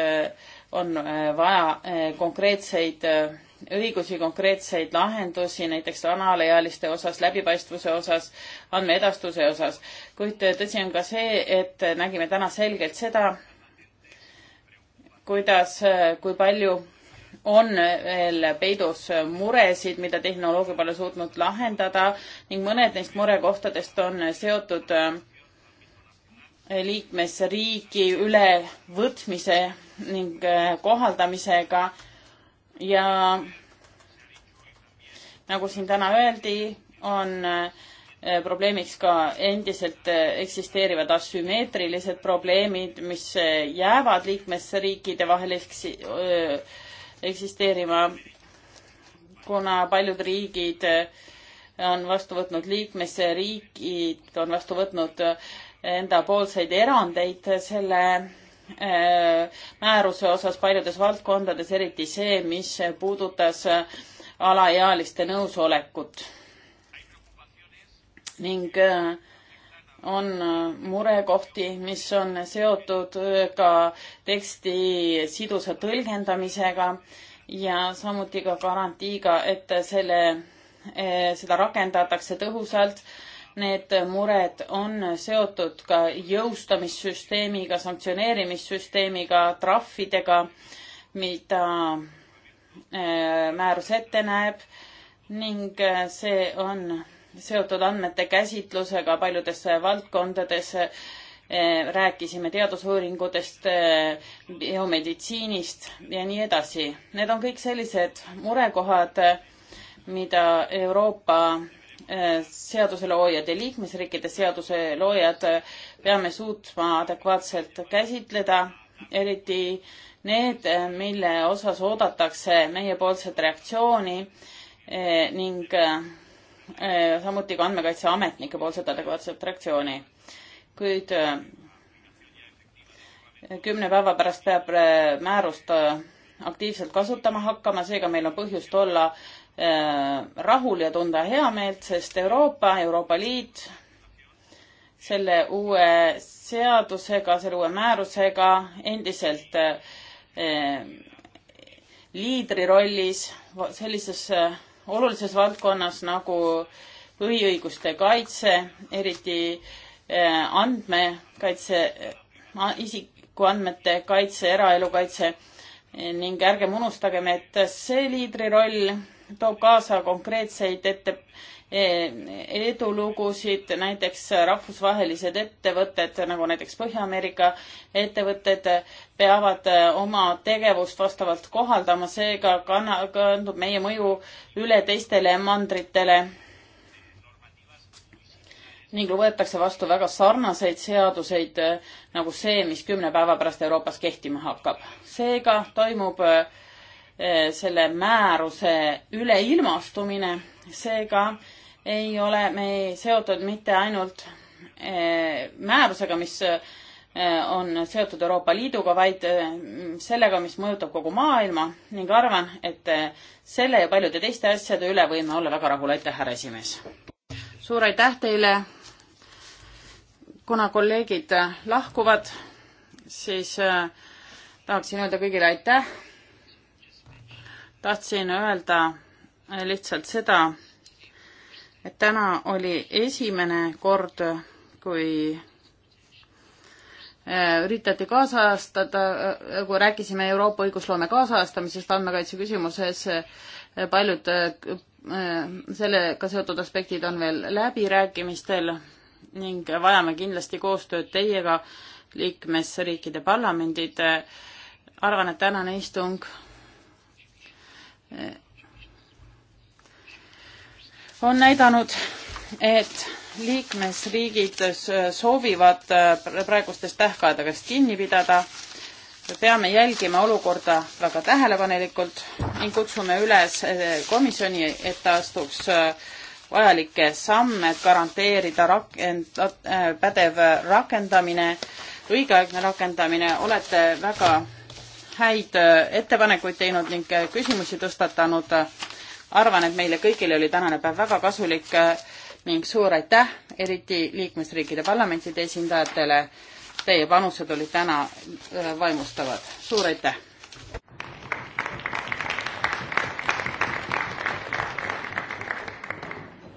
on vaja konkreetseid õigusi, konkreetseid lahendusi näiteks alaealiste osas, läbipaistvuse osas, andmeedastuse osas. kuid tõsi on ka see, et nägime täna selgelt seda, kuidas, kui palju on veel peidus muresid, mida tehnoloogia pole suutnud lahendada ning mõned neist murekohtadest on seotud äh, liikmesriigi ülevõtmise ning äh, kohaldamisega ja nagu siin täna öeldi, on äh, probleemiks ka endiselt äh, eksisteerivad asümmeetrilised probleemid, mis äh, jäävad liikmesriikide vahel eksisteerima, kuna paljud riigid on vastu võtnud, liikmesriigid on vastu võtnud endapoolseid erandeid selle Äh, määruse osas paljudes valdkondades, eriti see, mis puudutas äh, alaealiste nõusolekut. ning äh, on murekohti, mis on seotud ka teksti sidusa tõlgendamisega ja samuti ka garantiiga, et selle, seda rakendatakse tõhusalt Need mured on seotud ka jõustamissüsteemiga, sanktsioneerimissüsteemiga, trahvidega, mida äh, määrus ette näeb ning äh, see on seotud andmete käsitlusega paljudes valdkondades. Äh, rääkisime teadusuuringutest, biomeditsiinist ja nii edasi. Need on kõik sellised murekohad, mida Euroopa Äh, seaduseloojad ja liikmesriikide seaduseloojad äh, peame suutma adekvaatselt käsitleda, eriti need, äh, mille osas oodatakse meiepoolset reaktsiooni ning samuti ka andmekaitseametnike poolset adekvaatset reaktsiooni. kuid kümne päeva pärast peab määrust aktiivselt kasutama hakkama, seega meil on põhjust olla Äh, rahul ja tunda heameelt, sest Euroopa, Euroopa Liit selle uue seadusega, selle uue määrusega endiselt äh, liidri rollis sellises äh, olulises valdkonnas nagu põhiõiguste kaitse, eriti andmekaitse, isikuandmete kaitse, eraelu kaitse ning ärgem unustagem, et see liidri roll toob kaasa konkreetseid ette, e, edulugusid, näiteks rahvusvahelised ettevõtted, nagu näiteks Põhja-Ameerika ettevõtted, peavad e, oma tegevust vastavalt kohaldama, seega kanna, kandub meie mõju üle teistele mandritele ning võetakse vastu väga sarnaseid seaduseid e, nagu see, mis kümne päeva pärast Euroopas kehtima hakkab. seega toimub äh, Eh, selle määruse üleilmastumine, seega ei ole me seotud mitte ainult eh, määrusega, mis eh, on seotud Euroopa Liiduga, vaid sellega, mis mõjutab kogu maailma ning arvan, et selle ja paljude teiste asjade üle võime olla väga rahul. aitäh, härra esimees! suur aitäh teile! kuna kolleegid lahkuvad, siis tahaksin öelda kõigile aitäh tahtsin öelda äh, lihtsalt seda, et täna oli esimene kord, kui äh, üritati kaasajastada, äh, kui rääkisime Euroopa õigusloome kaasajastamisest andmekaitse küsimuses, paljud sellega seotud aspektid on veel läbirääkimistel ning vajame kindlasti koostööd teiega, liikmesriikide parlamendid. arvan, et tänane istung on näidanud, et liikmesriigid soovivad äh, praegustest tähkaegadest kinni pidada. me peame jälgima olukorda väga tähelepanelikult ning kutsume üles äh, komisjoni, et ta astuks äh, vajalikke samme, et garanteerida rakend-, pädev rakendamine, õigeaegne rakendamine. olete väga häid äh, ettepanekuid teinud ning äh, küsimusi tõstatanud. arvan, et meile kõigile oli tänane päev väga kasulik äh, ning suur aitäh, eriti liikmesriikide parlamentide esindajatele. Teie panused olid täna vaimustavad. suur aitäh!